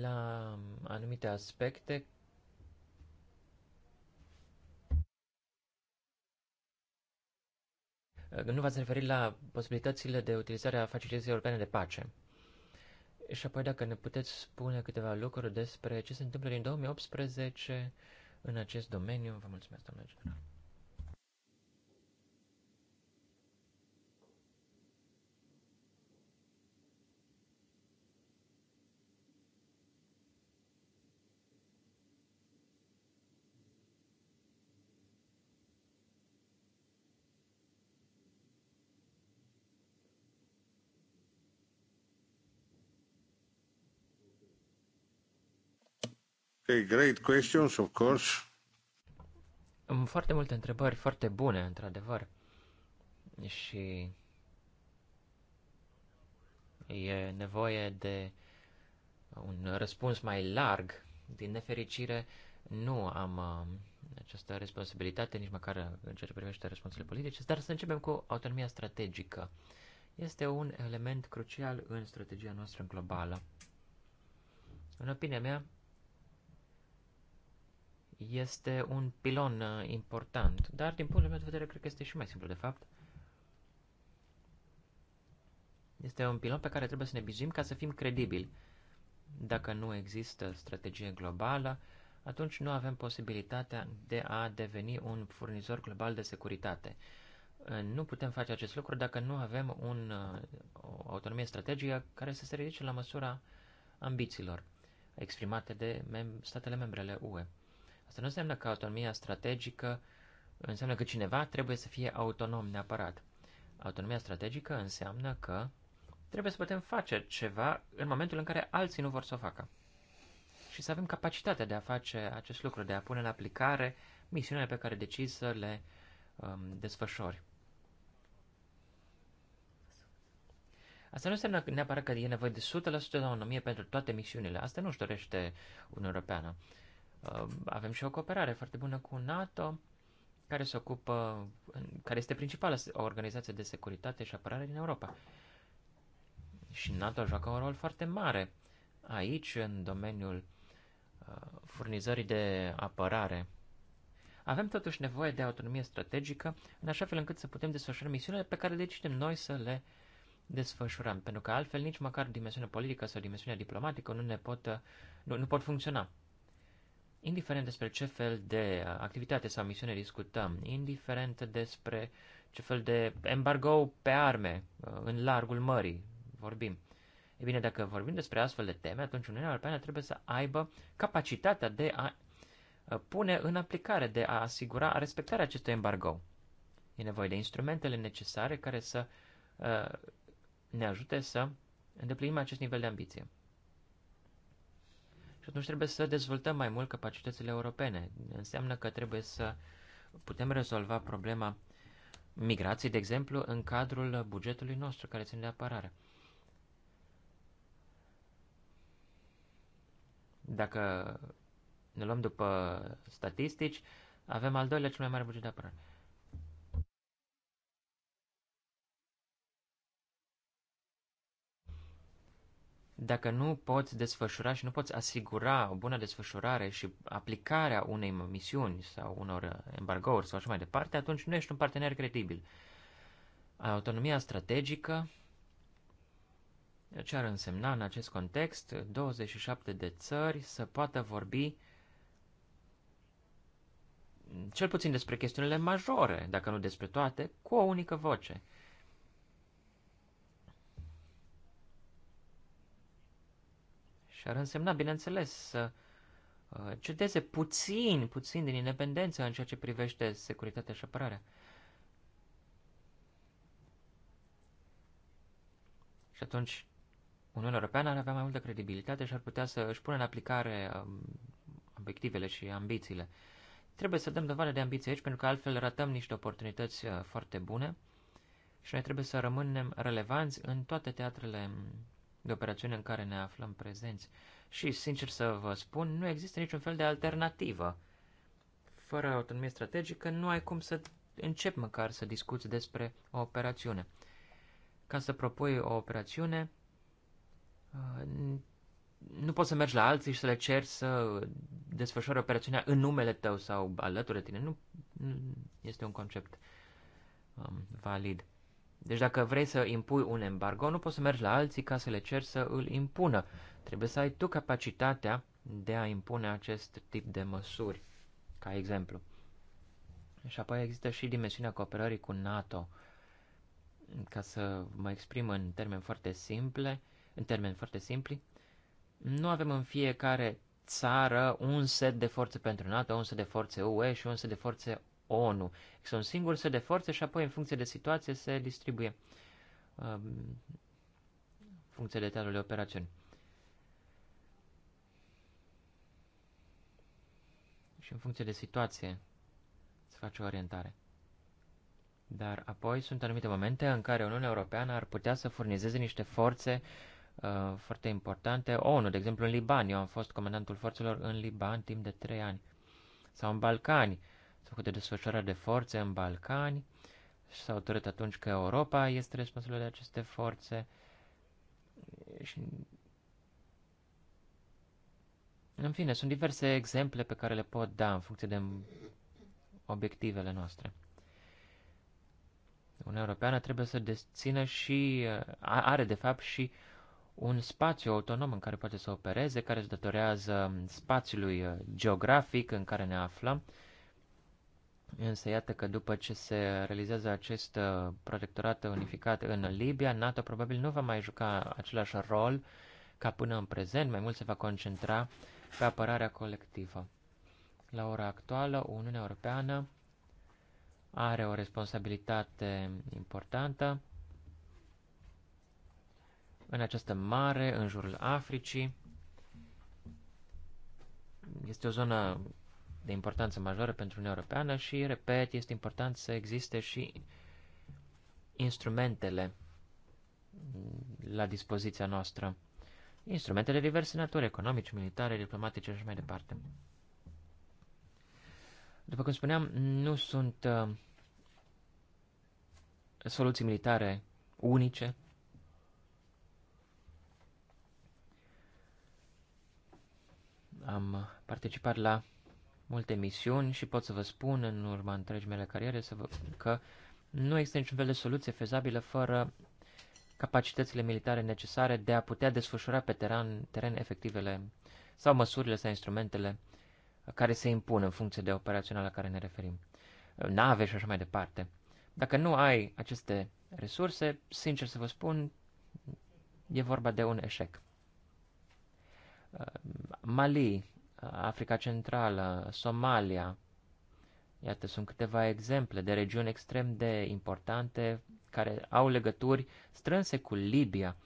la anumite aspecte Nu v-ați referit la posibilitățile de utilizare a facilității europene de pace. Și apoi dacă ne puteți spune câteva lucruri despre ce se întâmplă din 2018 în acest domeniu. Vă mulțumesc, domnule general. Great questions, of course. Foarte multe întrebări, foarte bune, într-adevăr. Și e nevoie de un răspuns mai larg. Din nefericire, nu am uh, această responsabilitate, nici măcar în ceea ce privește răspunsurile politice, dar să începem cu autonomia strategică. Este un element crucial în strategia noastră globală. În opinia mea, este un pilon uh, important, dar din punctul meu de vedere cred că este și mai simplu de fapt. Este un pilon pe care trebuie să ne bijim ca să fim credibili. Dacă nu există strategie globală, atunci nu avem posibilitatea de a deveni un furnizor global de securitate. Uh, nu putem face acest lucru dacă nu avem un, uh, o autonomie strategică care să se ridice la măsura ambițiilor exprimate de mem- statele membrele UE. Asta nu înseamnă că autonomia strategică înseamnă că cineva trebuie să fie autonom neapărat. Autonomia strategică înseamnă că trebuie să putem face ceva în momentul în care alții nu vor să o facă. Și să avem capacitatea de a face acest lucru, de a pune în aplicare misiunile pe care decizi să le um, desfășori. Asta nu înseamnă neapărat că e nevoie de 100% de autonomie pentru toate misiunile. Asta nu își dorește Uniunea Europeană. Uh, Uh, avem și o cooperare foarte bună cu NATO, care se ocupă, care este principala organizație de securitate și apărare din Europa. Și NATO joacă un rol foarte mare aici, în domeniul uh, furnizării de apărare. Avem totuși nevoie de autonomie strategică, în așa fel încât să putem desfășura misiunile pe care decidem noi să le desfășurăm, pentru că altfel nici măcar dimensiunea politică sau dimensiunea diplomatică nu ne pot, uh, nu, nu pot funcționa indiferent despre ce fel de uh, activitate sau misiune discutăm, indiferent despre ce fel de embargo pe arme uh, în largul mării vorbim. E bine, dacă vorbim despre astfel de teme, atunci Uniunea Europeană trebuie să aibă capacitatea de a uh, pune în aplicare, de a asigura respectarea acestui embargo. E nevoie de instrumentele necesare care să ne ajute să îndeplinim acest nivel de ambiție. Și atunci trebuie să dezvoltăm mai mult capacitățile europene. Înseamnă că trebuie să putem rezolva problema migrației, de exemplu, în cadrul bugetului nostru care ține de apărare. Dacă ne luăm după statistici, avem al doilea cel mai mare buget de apărare. Dacă nu poți desfășura și nu poți asigura o bună desfășurare și aplicarea unei misiuni sau unor embargouri sau așa mai departe, atunci nu ești un partener credibil. Autonomia strategică, ce deci ar însemna în acest context 27 de țări să poată vorbi cel puțin despre chestiunile majore, dacă nu despre toate, cu o unică voce. Și ar însemna, bineînțeles, să uh, cedeze puțin, puțin din independență în ceea ce privește securitatea și apărarea. Și atunci Uniunea Europeană ar avea mai multă credibilitate și ar putea să își pună în aplicare um, obiectivele și ambițiile. Trebuie să dăm dovadă de ambiție aici, pentru că altfel ratăm niște oportunități uh, foarte bune și noi trebuie să rămânem relevanți în toate teatrele de operațiune în care ne aflăm prezenți. Și, sincer să vă spun, nu există niciun fel de alternativă. Fără autonomie strategică nu ai cum să începi măcar să discuți despre o operațiune. Ca să propui o operațiune, uh, nu poți să mergi la alții și să le ceri să desfășoare operațiunea în numele tău sau alături de tine. Nu, nu este un concept um, valid. Deci dacă vrei să impui un embargo, nu poți să mergi la alții ca să le ceri să îl impună. Trebuie să ai tu capacitatea de a impune acest tip de măsuri, ca exemplu. Și apoi există și dimensiunea cooperării cu NATO. Ca să mă exprim în termeni foarte simple, în termeni foarte simpli, nu avem în fiecare țară un set de forțe pentru NATO, un set de forțe UE și un set de forțe ONU. Există un singur set de forțe și apoi, în funcție de situație, se distribuie um, funcție de teatrul de operațiuni. Și în funcție de situație se face o orientare. Dar apoi sunt anumite momente în care Uniunea Europeană ar putea să furnizeze niște forțe uh, foarte importante. ONU, de exemplu, în Liban. Eu am fost comandantul forțelor în Liban timp de trei ani. Sau în Balcani de desfășurare de forțe în Balcani și s-a hotărât atunci că Europa este responsabilă de aceste forțe și în fine, sunt diverse exemple pe care le pot da în funcție de obiectivele noastre. Uniunea Europeană trebuie să dețină și, are de fapt și un spațiu autonom în care poate să opereze, care se datorează spațiului geografic în care ne aflăm, Însă iată că după ce se realizează acest uh, protectorat unificat în Libia, NATO probabil nu va mai juca același rol ca până în prezent, mai mult se va concentra pe apărarea colectivă. La ora actuală, Uniunea Europeană are o responsabilitate importantă în această mare, în jurul Africii. Este o zonă de importanță majoră pentru Uniunea Europeană și, repet, este important să existe și instrumentele la dispoziția noastră. Instrumentele diverse naturi, economice, militare, diplomatice și așa mai departe. După cum spuneam, nu sunt uh, soluții militare unice. Am participat la multe misiuni și pot să vă spun în urma întregii mele cariere să vă, că nu există niciun fel de soluție fezabilă fără capacitățile militare necesare de a putea desfășura pe teren, teren efectivele sau măsurile sau instrumentele care se impun în funcție de operațiunea la care ne referim. Nave și așa mai departe. Dacă nu ai aceste resurse, sincer să vă spun, e vorba de un eșec. Mali, Africa Centrală, Somalia. Iată, sunt câteva exemple de regiuni extrem de importante care au legături strânse cu Libia,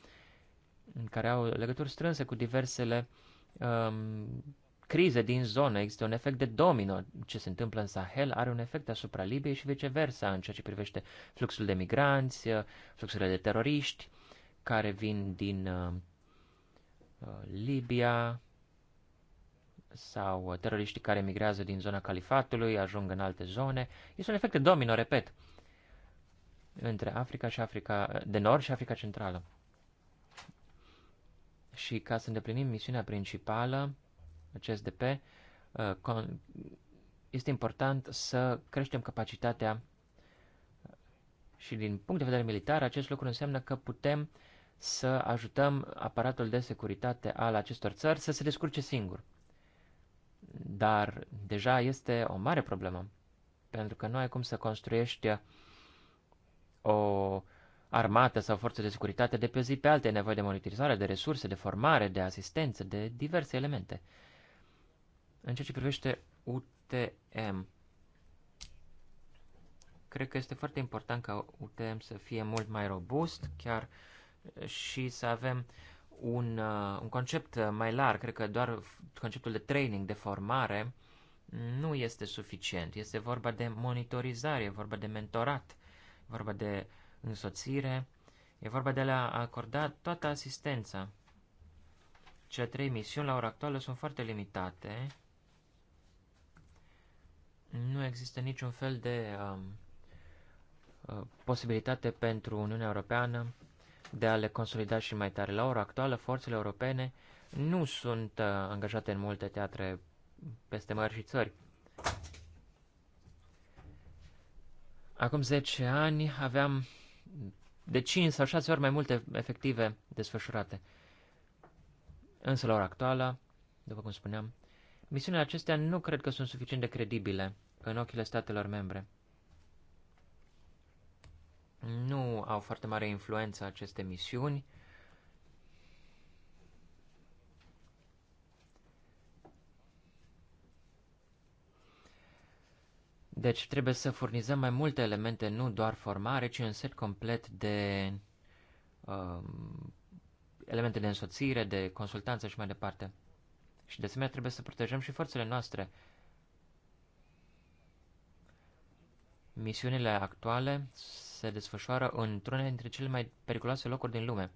care au legături strânse cu diversele um, crize din zonă. Există un efect de domino. Ce se întâmplă în Sahel are un efect asupra Libiei și viceversa în ceea ce privește fluxul de migranți, uh, fluxurile de teroriști care vin din uh, uh Libia, sau uh, teroriștii care migrează din zona califatului, ajung în alte zone. Este un efect domino, repet, între Africa și Africa uh, de Nord și Africa Centrală. Și ca să îndeplinim misiunea principală, acest DP, uh, este important să creștem capacitatea și din punct de vedere militar, acest lucru înseamnă că putem să ajutăm aparatul de securitate al acestor țări să se descurce singur dar deja este o mare problemă, pentru că nu ai cum să construiești o armată sau forță de securitate de pe zi pe alte, nevoie de monitorizare, de resurse, de formare, de asistență, de diverse elemente. În ceea ce privește UTM, cred că este foarte important ca UTM să fie mult mai robust, chiar și să avem uh, un, uh, un concept uh, mai larg, cred că doar conceptul de training, de formare, nu este suficient. Este vorba de monitorizare, e vorba de mentorat, e vorba de însoțire, e vorba de a acorda toată asistența. Cele trei misiuni la ora actuală sunt foarte limitate. Nu există niciun fel de um, uh, posibilitate pentru Uniunea Europeană de a le consolida și mai tare. La ora actuală, forțele europene nu sunt uh, angajate în multe teatre peste mări și țări. Acum 10 ani aveam de 5 sau 6 ori mai multe efective desfășurate. Însă, la ora actuală, după cum spuneam, misiunile acestea nu cred că sunt suficient de credibile în ochile statelor membre nu au foarte mare influență aceste misiuni. Deci trebuie să furnizăm mai multe elemente, nu doar formare, ci un set complet de uh, elemente de însoțire, de consultanță și mai departe. Și de asemenea trebuie să protejăm și forțele noastre. Misiunile actuale se desfășoară într-unele dintre cele mai periculoase locuri din lume.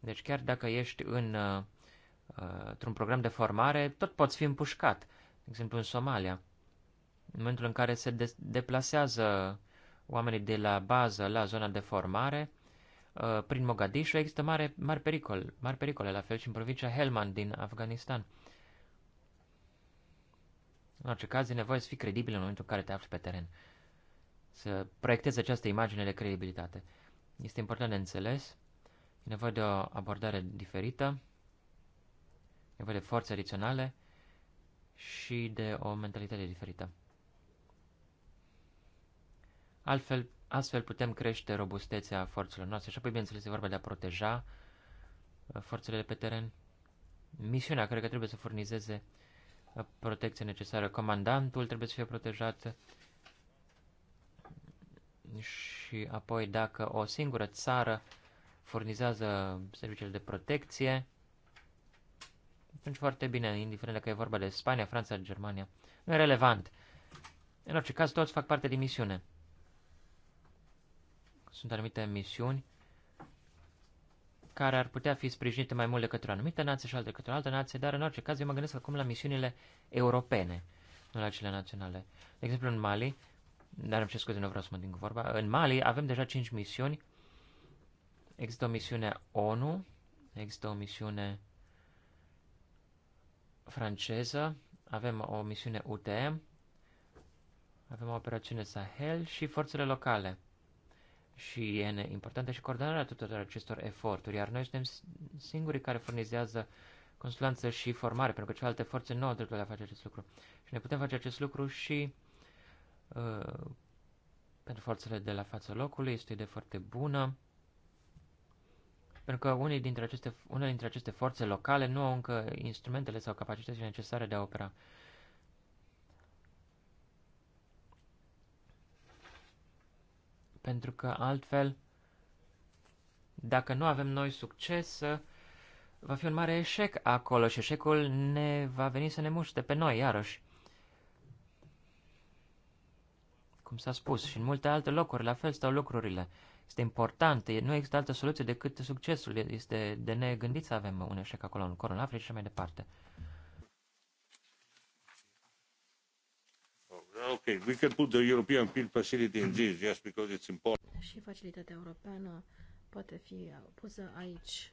Deci chiar dacă ești în, uh, uh, într-un program de formare, tot poți fi împușcat. De exemplu, în Somalia. În momentul în care se de- deplasează oamenii de la bază la zona de formare, uh, prin Mogadishu există mare, mare pericol, mari pericole, la fel și în provincia Helmand din Afganistan. În orice caz, e nevoie să fii credibil în momentul în care te afli pe teren să proiecteze această imagine de credibilitate. Este important de înțeles, e nevoie de o abordare diferită, e nevoie de forțe adiționale și de o mentalitate diferită. Altfel, astfel putem crește robustețea forțelor noastre și apoi, bineînțeles, e vorba de a proteja uh, forțele de pe teren. Misiunea care trebuie să furnizeze uh, protecție necesară. Comandantul trebuie să fie protejat și apoi dacă o singură țară furnizează serviciile de protecție, atunci foarte bine, indiferent dacă e vorba de Spania, Franța, Germania. Nu e relevant. În orice caz, toți fac parte din misiune. Sunt anumite misiuni care ar putea fi sprijinite mai mult de către o anumită nație și alte către o altă nație, dar în orice caz eu mă gândesc acum la misiunile europene, nu la cele naționale. De exemplu, în Mali dar îmi ce scuze, nu vreau să mă din cu vorba. În Mali avem deja 5 misiuni. Există o misiune ONU, există o misiune franceză, avem o misiune UTM, avem o operațiune Sahel și forțele locale. Și e importantă și coordonarea tuturor acestor eforturi, iar noi suntem singurii care furnizează consulanță și formare, pentru că celelalte forțe nu au dreptul de a face acest lucru. Și ne putem face acest lucru și Uh, pentru forțele de la fața locului, este de foarte bună, pentru că unii dintre aceste, unele dintre aceste forțe locale nu au încă instrumentele sau capacitățile necesare de a opera. Pentru că altfel, dacă nu avem noi succes, va fi un mare eșec acolo și eșecul ne va veni să ne muște pe noi iarăși. cum s-a spus, și în multe alte locuri la fel stau lucrurile. Este important, nu există altă soluție decât succesul. Este de negândit să avem un eșec acolo un coron Africii și mai departe. Oh, ok, we can put the European Peel Facility in this just because it's important. Și facilitatea europeană poate fi pusă aici.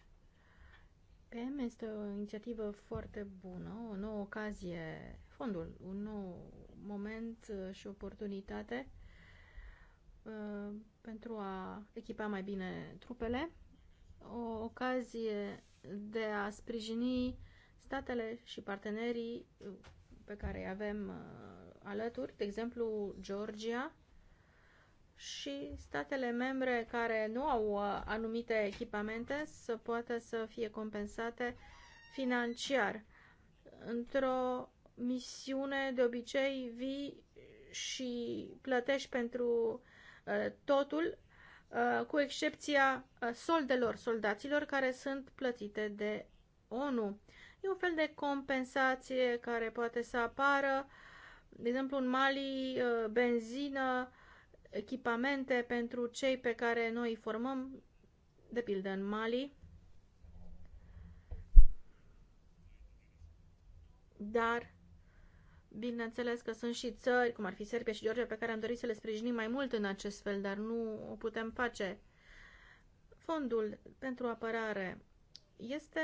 PM este o inițiativă foarte bună, o nouă ocazie fondul, un nou moment uh, și oportunitate uh, pentru a echipa mai bine trupele, o ocazie de a sprijini statele și partenerii uh, pe care îi avem alături, de exemplu Georgia și statele membre care nu au anumite echipamente să poată să fie compensate financiar într-o misiune, de obicei vii și plătești pentru uh, totul, uh, cu excepția uh, soldelor soldaților care sunt plătite de ONU. E un fel de compensație care poate să apară, de exemplu în Mali, benzină, echipamente pentru cei pe care noi îi formăm, de pildă în Mali. Dar Bineînțeles că sunt și țări, cum ar fi Serbia și Georgia, pe care am dorit să le sprijinim mai mult în acest fel, dar nu o putem face. Fondul pentru apărare este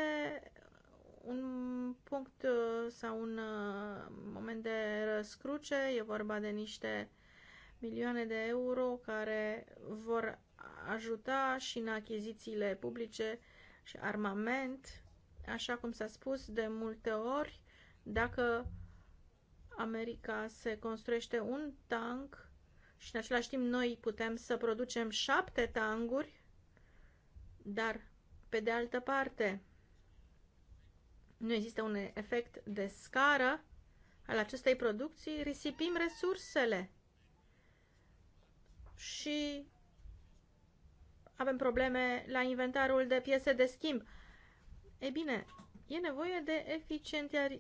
un punct uh, sau un uh, moment de răscruce, e vorba de niște milioane de euro care vor ajuta și în achizițiile publice și armament, așa cum s-a spus de multe ori, dacă America se construiește un tank și în același timp noi putem să producem șapte tanguri, dar pe de altă parte nu există un efect de scară al acestei producții, risipim resursele și avem probleme la inventarul de piese de schimb. Ei bine, e nevoie de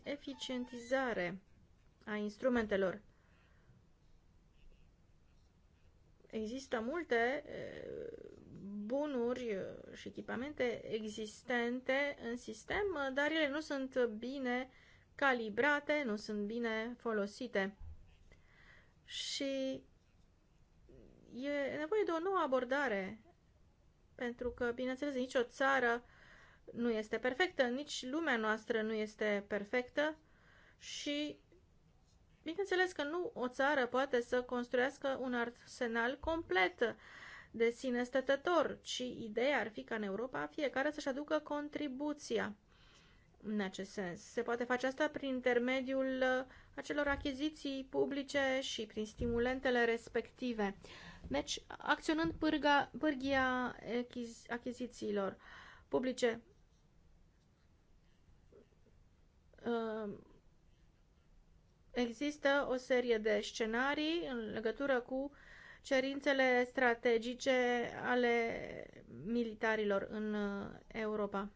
eficientizare a instrumentelor. Există multe bunuri și echipamente existente în sistem, dar ele nu sunt bine calibrate, nu sunt bine folosite. Și e nevoie de o nouă abordare, pentru că, bineînțeles, nicio țară nu este perfectă, nici lumea noastră nu este perfectă și Bineînțeles că nu o țară poate să construiască un arsenal complet de sine stătător, ci ideea ar fi ca în Europa fiecare să-și aducă contribuția în acest sens. Se poate face asta prin intermediul uh, acelor achiziții publice și prin stimulentele respective. Deci, acționând pârga, pârghia achizițiilor publice, uh, Există o serie de scenarii în legătură cu cerințele strategice ale militarilor în uh, Europa.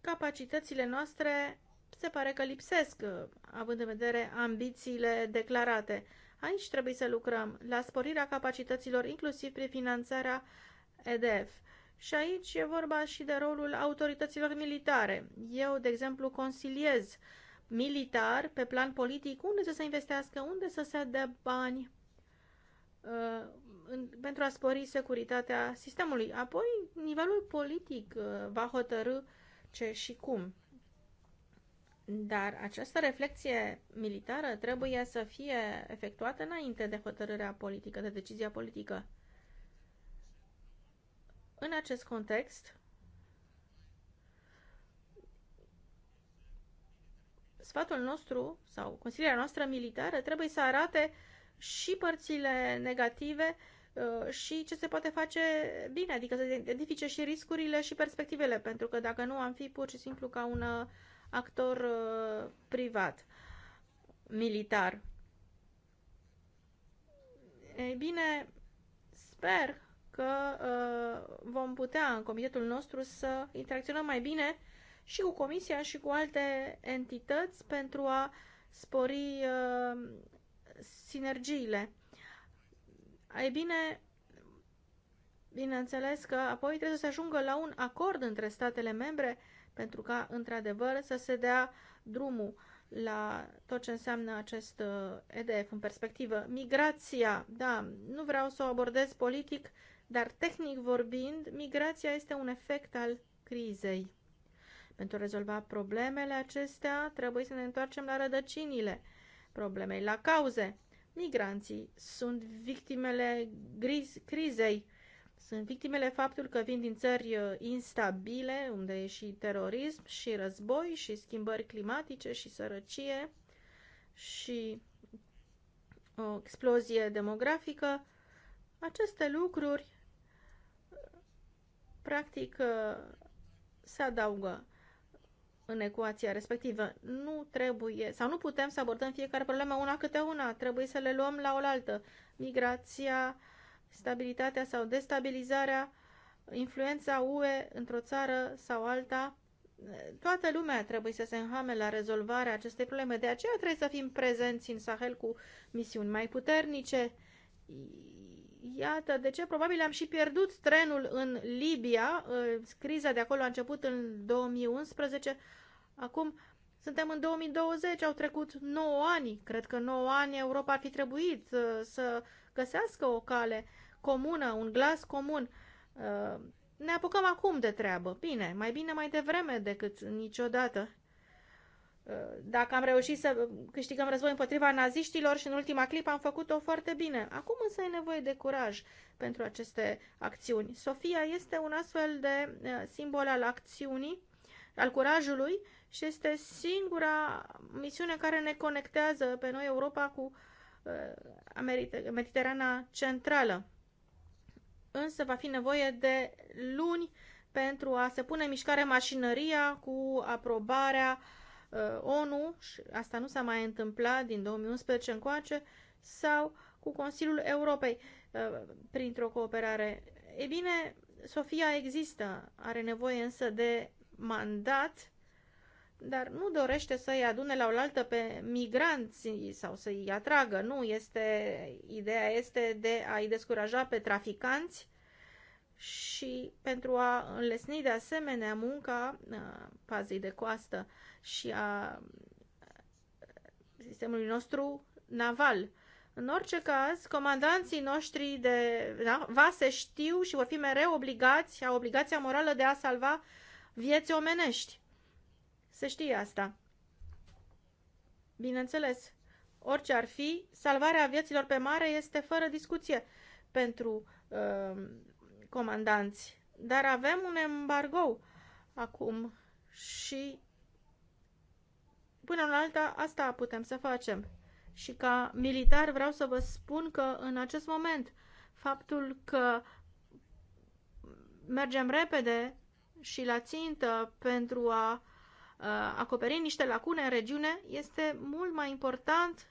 Capacitățile noastre se pare că lipsesc, uh, având în vedere ambițiile declarate. Aici trebuie să lucrăm la sporirea capacităților, inclusiv prin finanțarea EDF. Și aici e vorba și de rolul autorităților militare. Eu, de exemplu, consiliez militar pe plan politic unde să se investească, unde să se dea bani uh, în, pentru a spori securitatea sistemului. Apoi, nivelul politic uh, va hotărâ ce și cum. Dar această reflexie militară trebuie să fie efectuată înainte de hotărârea politică, de decizia politică. În acest context, sfatul nostru sau consilierea noastră militară trebuie să arate și părțile negative uh, și ce se poate face bine, adică să identifice și riscurile și perspectivele, pentru că dacă nu am fi pur și simplu ca un uh, actor uh, privat, militar. Ei bine, sper că uh, vom putea în comitetul nostru să interacționăm mai bine și cu Comisia și cu alte entități pentru a spori uh, sinergiile. Ai bine, bineînțeles că apoi trebuie să se ajungă la un acord între statele membre pentru ca, într-adevăr, să se dea drumul la tot ce înseamnă acest uh, EDF în perspectivă. Migrația, da, nu vreau să o abordez politic, dar, tehnic vorbind, migrația este un efect al crizei. Pentru a rezolva problemele acestea, trebuie să ne întoarcem la rădăcinile problemei, la cauze. Migranții sunt victimele crizei, sunt victimele faptul că vin din țări uh, instabile, unde e și terorism, și război, și schimbări climatice, și sărăcie, și o uh, explozie demografică. Aceste lucruri practic uh, se adaugă în ecuația respectivă. Nu trebuie sau nu putem să abordăm fiecare problemă una câte una, trebuie să le luăm la oaltă. Migrația, stabilitatea sau destabilizarea, influența UE într-o țară sau alta, toată lumea trebuie să se înhame la rezolvarea acestei probleme. De aceea trebuie să fim prezenți în Sahel cu misiuni mai puternice. Iată de ce probabil am și pierdut trenul în Libia. Uh, criza de acolo a început în 2011. Acum suntem în 2020, au trecut 9 ani. Cred că 9 ani Europa ar fi trebuit uh, să găsească o cale comună, un glas comun. Uh, ne apucăm acum de treabă. Bine, mai bine mai devreme decât niciodată dacă am reușit să câștigăm război împotriva naziștilor și în ultima clipă am făcut-o foarte bine. Acum însă e nevoie de curaj pentru aceste acțiuni. Sofia este un astfel de eh, simbol al acțiunii, al curajului și este singura misiune care ne conectează pe noi Europa cu eh, Mediterana Centrală. Însă va fi nevoie de luni pentru a se pune în mișcare mașinăria cu aprobarea uh, Uh, ONU, și asta nu s-a mai întâmplat din 2011 încoace, sau cu Consiliul Europei uh, printr-o cooperare. E bine, Sofia există, are nevoie însă de mandat, dar nu dorește să-i adune la oaltă pe migranți sau să-i atragă. Nu, este, ideea este de a-i descuraja pe traficanți și pentru a înlesni de asemenea munca uh, pazei de coastă și a uh, sistemului nostru naval. În orice caz, comandanții noștri de vase știu și vor fi mereu obligați, au obligația morală de a salva vieți omenești. Se știe asta. Bineînțeles, orice ar fi, salvarea vieților pe mare este fără discuție pentru uh, comandanți. Dar avem un embargo acum și până în alta asta putem să facem. Și ca militar vreau să vă spun că în acest moment faptul că mergem repede și la țintă pentru a acoperi niște lacune în regiune este mult mai important,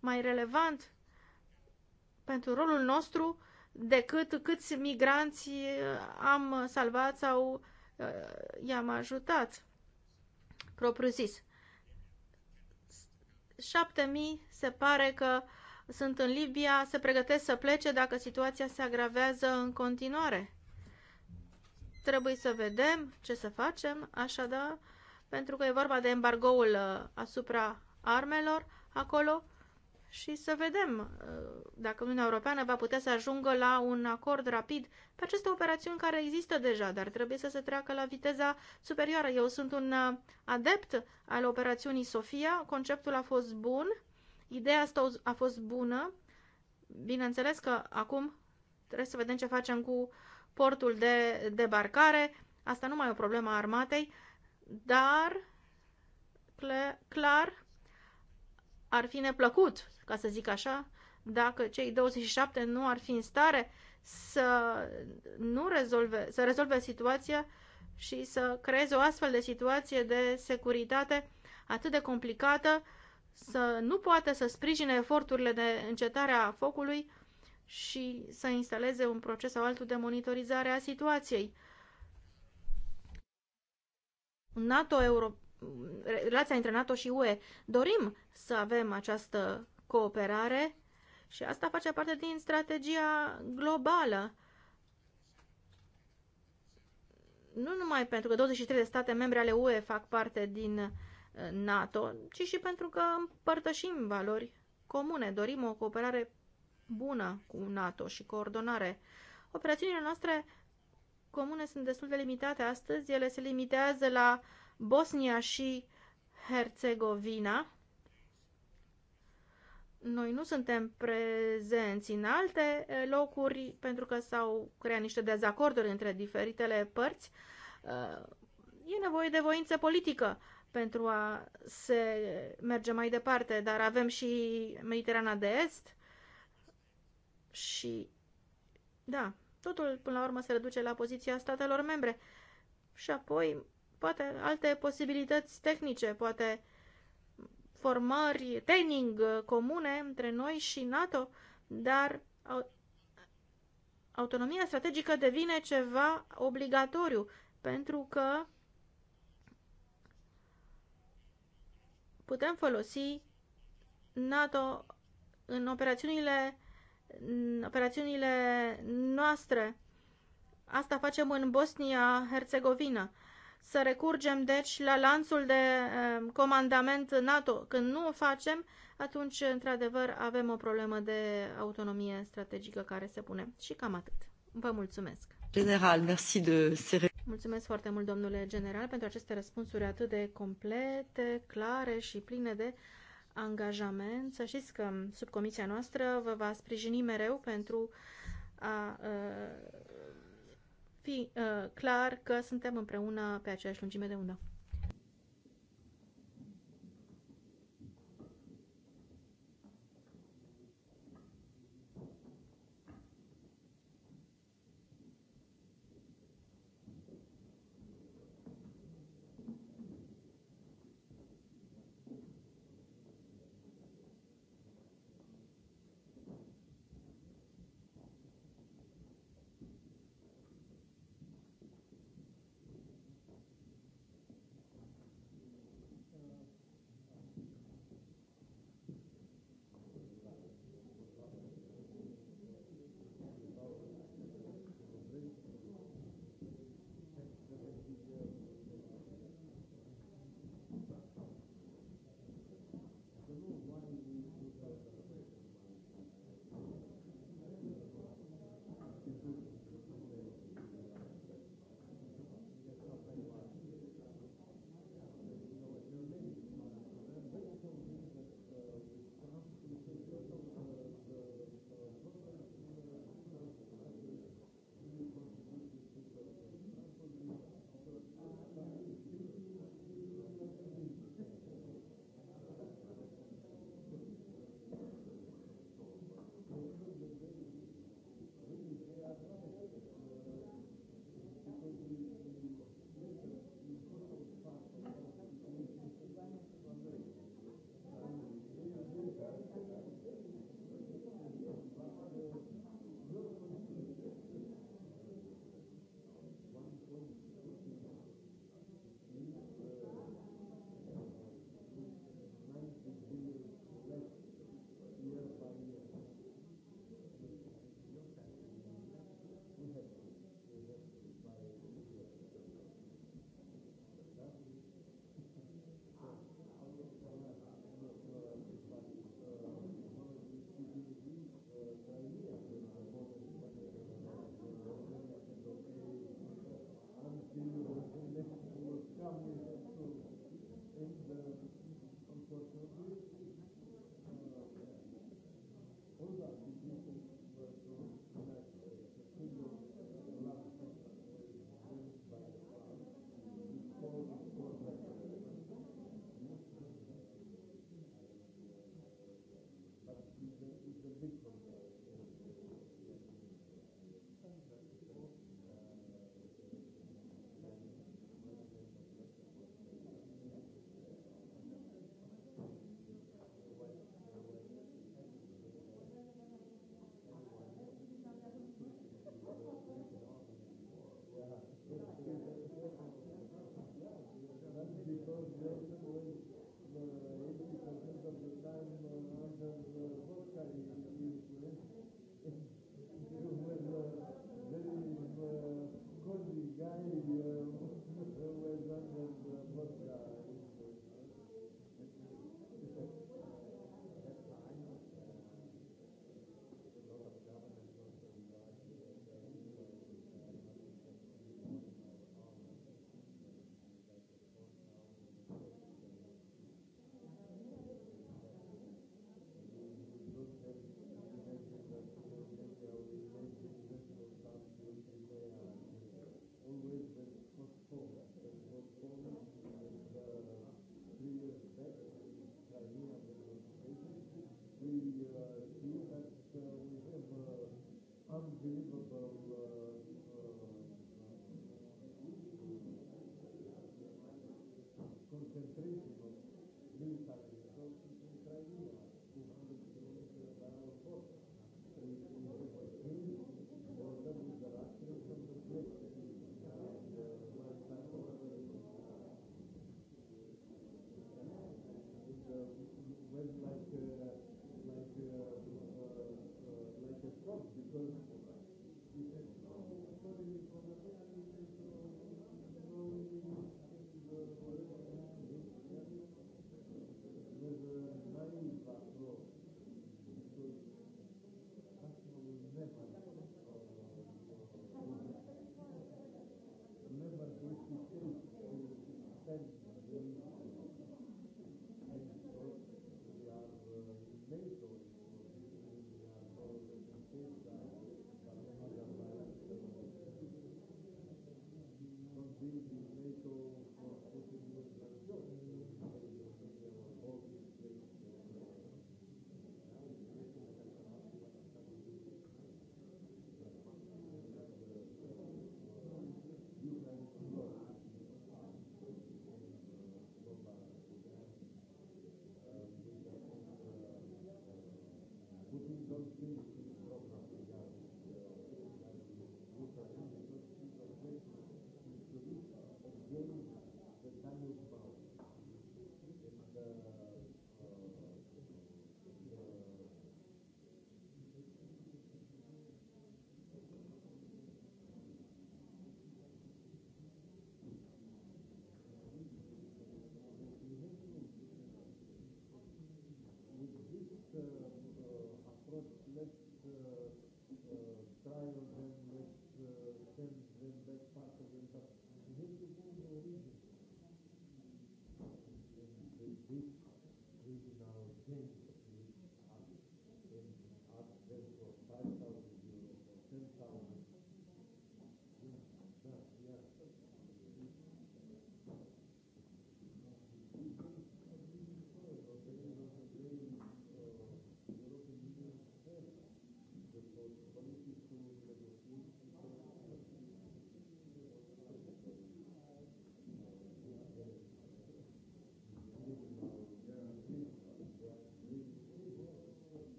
mai relevant pentru rolul nostru decât câți migranți am salvat sau uh, i-am ajutat, propriu zis. 7000 se pare că sunt în Libia, se pregătesc să plece dacă situația se agravează în continuare. Trebuie să vedem ce să facem, așadar, pentru că e vorba de embargoul uh, asupra armelor acolo și să vedem uh, dacă Uniunea Europeană va putea să ajungă la un acord rapid pe aceste operațiuni care există deja, dar trebuie să se treacă la viteza superioară. Eu sunt un uh, adept al operațiunii Sofia, conceptul a fost bun, ideea asta a fost bună. Bineînțeles că acum trebuie să vedem ce facem cu portul de debarcare. Asta nu mai e o problemă a armatei, dar clar ar fi neplăcut, ca să zic așa, dacă cei 27 nu ar fi în stare să nu rezolve, să rezolve situația și să creeze o astfel de situație de securitate atât de complicată să nu poată să sprijine eforturile de încetare a focului și să instaleze un proces sau altul de monitorizare a situației. NATO euro relația între NATO și UE. Dorim să avem această cooperare și asta face parte din strategia globală. Nu numai pentru că 23 de state membre ale UE fac parte din uh, NATO, ci și pentru că împărtășim valori comune, dorim o cooperare bună cu NATO și coordonare. Operațiunile noastre comune sunt destul de limitate astăzi, ele se limitează la uh, Bosnia și Herțegovina. Noi nu suntem prezenți în alte locuri pentru că s-au creat niște dezacorduri între diferitele părți. E nevoie de voință politică pentru a se merge mai departe, dar avem și Mediterana de Est și da, totul până la urmă se reduce la poziția statelor membre. Și apoi poate alte posibilități tehnice, poate formări, training uh, comune între noi și NATO, dar autonomia strategică devine ceva obligatoriu, pentru că putem folosi NATO în operațiunile, în operațiunile noastre. Asta facem în Bosnia-Herzegovina să recurgem, deci, la lanțul de ehm, comandament NATO. Când nu o facem, atunci, într-adevăr, avem o problemă de autonomie strategică care se pune. Și cam atât. Vă mulțumesc. General, merci de Mulțumesc foarte mult, domnule general, pentru aceste răspunsuri atât de complete, clare și pline de angajament. Să știți că subcomisia noastră vă va sprijini mereu pentru a uh, fi uh, clar că suntem împreună pe aceeași lungime de undă.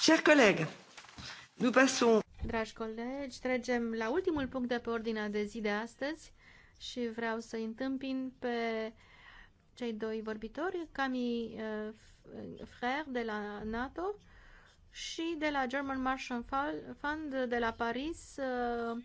Chers collègues, nous passons. Dragi colegi, trecem la ultimul punct de pe ordinea de zi de astăzi și vreau să întâmpin pe cei doi vorbitori, Cami uh, Frère de la NATO și de la German Marshall Fund de la Paris, uh,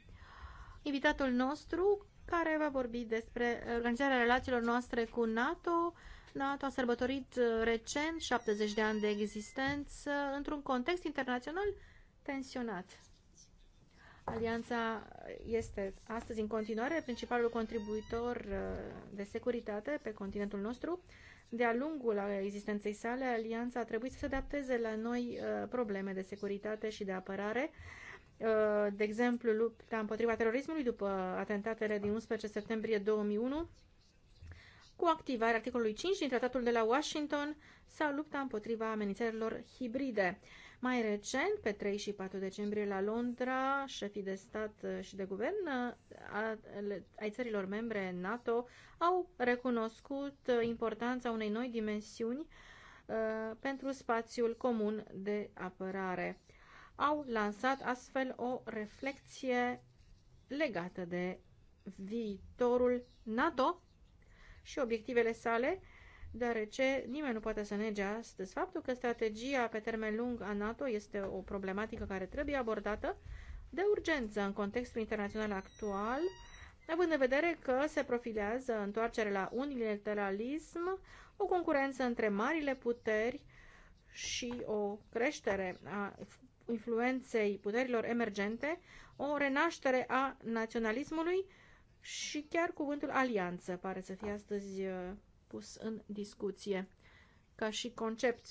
invitatul nostru care va vorbi despre organizarea relațiilor noastre cu NATO. NATO a sărbătorit uh, recent 70 de ani de existență într-un context internațional tensionat. Alianța este astăzi în continuare principalul contribuitor uh, de securitate pe continentul nostru. De-a lungul existenței sale, Alianța a trebuit să se adapteze la noi uh, probleme de securitate și de apărare, uh, de exemplu, lupta împotriva terorismului după atentatele din 11 septembrie 2001, cu activarea articolului 5 din Tratatul de la Washington sau lupta împotriva amenințărilor hibride. Mai recent, pe 3 și 4 decembrie la Londra, șefii de stat și de guvern ai țărilor membre NATO au recunoscut importanța unei noi dimensiuni pentru spațiul comun de apărare. Au lansat astfel o reflexie legată de viitorul NATO și obiectivele sale deoarece nimeni nu poate să nege astăzi faptul că strategia pe termen lung a NATO este o problematică care trebuie abordată de urgență în contextul internațional actual, având în vedere că se profilează întoarcerea la unilateralism, o concurență între marile puteri și o creștere a influenței puterilor emergente, o renaștere a naționalismului și chiar cuvântul alianță pare să fie astăzi uh, pus în discuție ca și concept.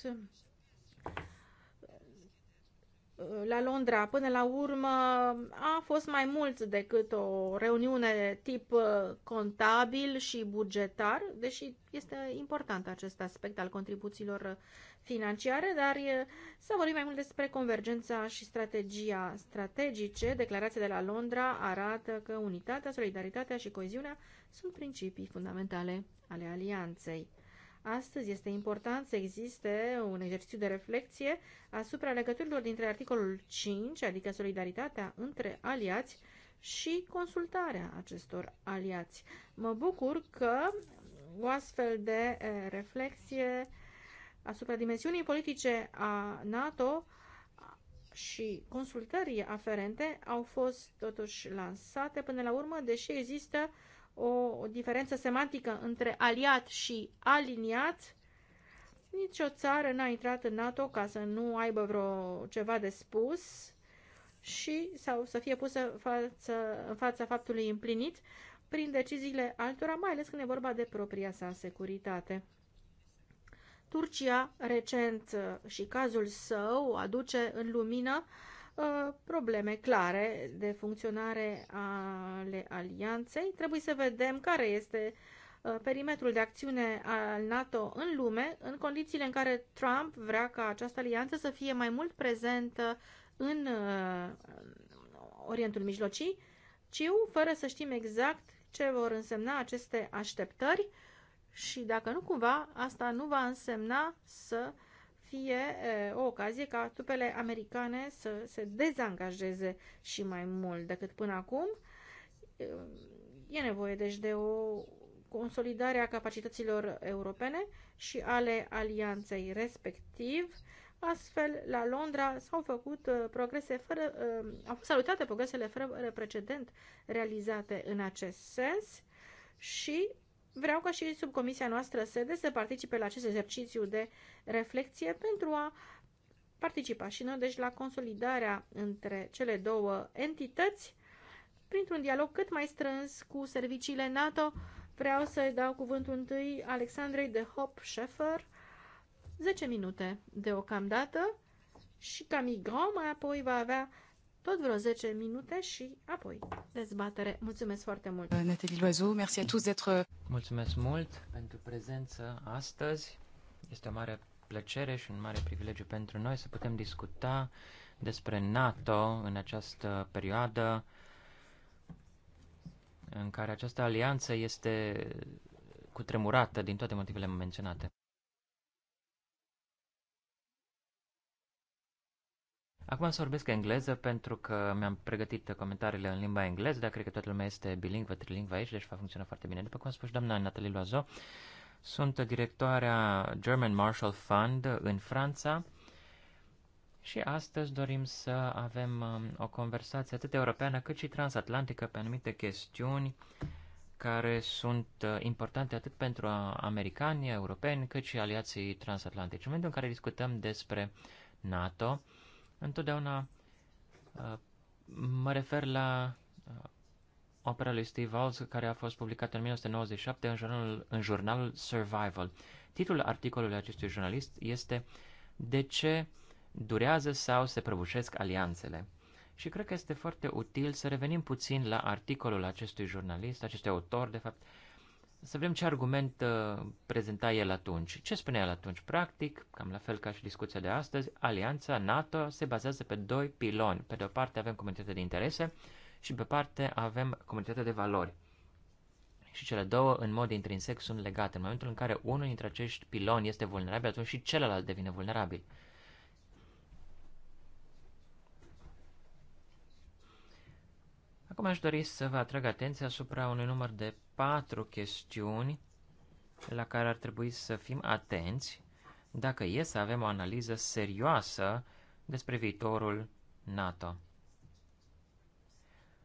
La Londra, până la urmă, a fost mai mult decât o reuniune tip uh, contabil și bugetar, deși este important acest aspect al contribuțiilor financiare, dar uh, să vorbit mai mult despre convergența și strategia strategice. Declarația de la Londra arată că unitatea, solidaritatea și coeziunea sunt principii fundamentale ale alianței. Astăzi este important să existe un exercițiu de reflexie asupra legăturilor dintre articolul 5, adică solidaritatea între aliați, și consultarea acestor aliați. Mă bucur că o astfel de eh, reflexie asupra dimensiunii politice a NATO și consultării aferente au fost totuși lansate până la urmă, deși există uh, o diferență semantică între aliat și aliniat, Nicio țară n-a intrat în NATO ca să nu aibă vreo ceva de spus și sau să fie pusă față, în fața faptului împlinit prin deciziile altora, mai ales când e vorba de propria sa securitate. Turcia, recent și cazul său, aduce în lumină uh, Uh, probleme clare de funcționare ale alianței. Trebuie să vedem care este uh, perimetrul de acțiune al NATO în lume, în condițiile în care Trump vrea ca această alianță să fie mai mult prezentă în uh, Orientul Mijlociu, ciu, fără să știm exact ce vor însemna aceste așteptări și dacă nu cumva, asta nu va însemna să uh, fie o ocazie ca trupele americane să se dezangajeze și mai mult decât până acum. E nevoie deci de o consolidare a capacităților europene și ale alianței respectiv. Astfel, la Londra s-au făcut uh, progrese fără, uh, au fost salutate progresele fără precedent realizate în acest sens și Vreau ca și subcomisia noastră sede să participe la acest exercițiu de reflexie pentru a participa și noi deci la consolidarea între cele două entități printr-un dialog cât mai strâns cu serviciile NATO. Vreau să-i dau cuvântul întâi Alexandrei de Hop Scheffer, 10 minute deocamdată și Camille Grand mai apoi va avea tot vreo 10 minute și apoi dezbatere. Mulțumesc foarte mult! Nathalie Loiseau, merci à tous d'être... Mulțumesc mult pentru prezență astăzi. Este o mare plăcere și un mare privilegiu pentru noi să putem discuta despre NATO în această perioadă în care această alianță este cutremurată din toate motivele menționate. Acum să vorbesc engleză pentru că mi-am pregătit comentariile în limba engleză, dar cred că toată lumea este bilingvă, trilingvă aici, deci va funcționa foarte bine. După cum a spus doamna Natalie Loazo, sunt directoarea German Marshall Fund în Franța și astăzi dorim să avem um, o conversație atât europeană cât și transatlantică pe anumite chestiuni care sunt uh, importante atât pentru uh, americani, europeni, cât și aliații transatlantici. În momentul în care discutăm despre NATO, Întotdeauna uh, mă refer la uh, opera lui Steve Walsh, care a fost publicată în 1997 în jurnalul, în jurnalul Survival. Titlul articolului acestui jurnalist este De ce durează sau se prăbușesc alianțele? Și cred că este foarte util să revenim puțin la articolul acestui jurnalist, acestui autor, de fapt, uh, să vedem ce argument uh, prezenta el atunci. Ce spunea el atunci? Practic, cam la fel ca și discuția de astăzi, alianța NATO se bazează pe doi piloni. Pe de o parte avem comunitatea de interese și pe parte avem comunitatea de valori. Și cele două, în mod intrinsec, sunt legate. În momentul în care unul dintre acești piloni este vulnerabil, atunci și celălalt devine vulnerabil. Acum aș dori să vă atrag atenția asupra unui număr de patru chestiuni la care ar trebui să fim atenți dacă e să avem o analiză serioasă despre viitorul NATO.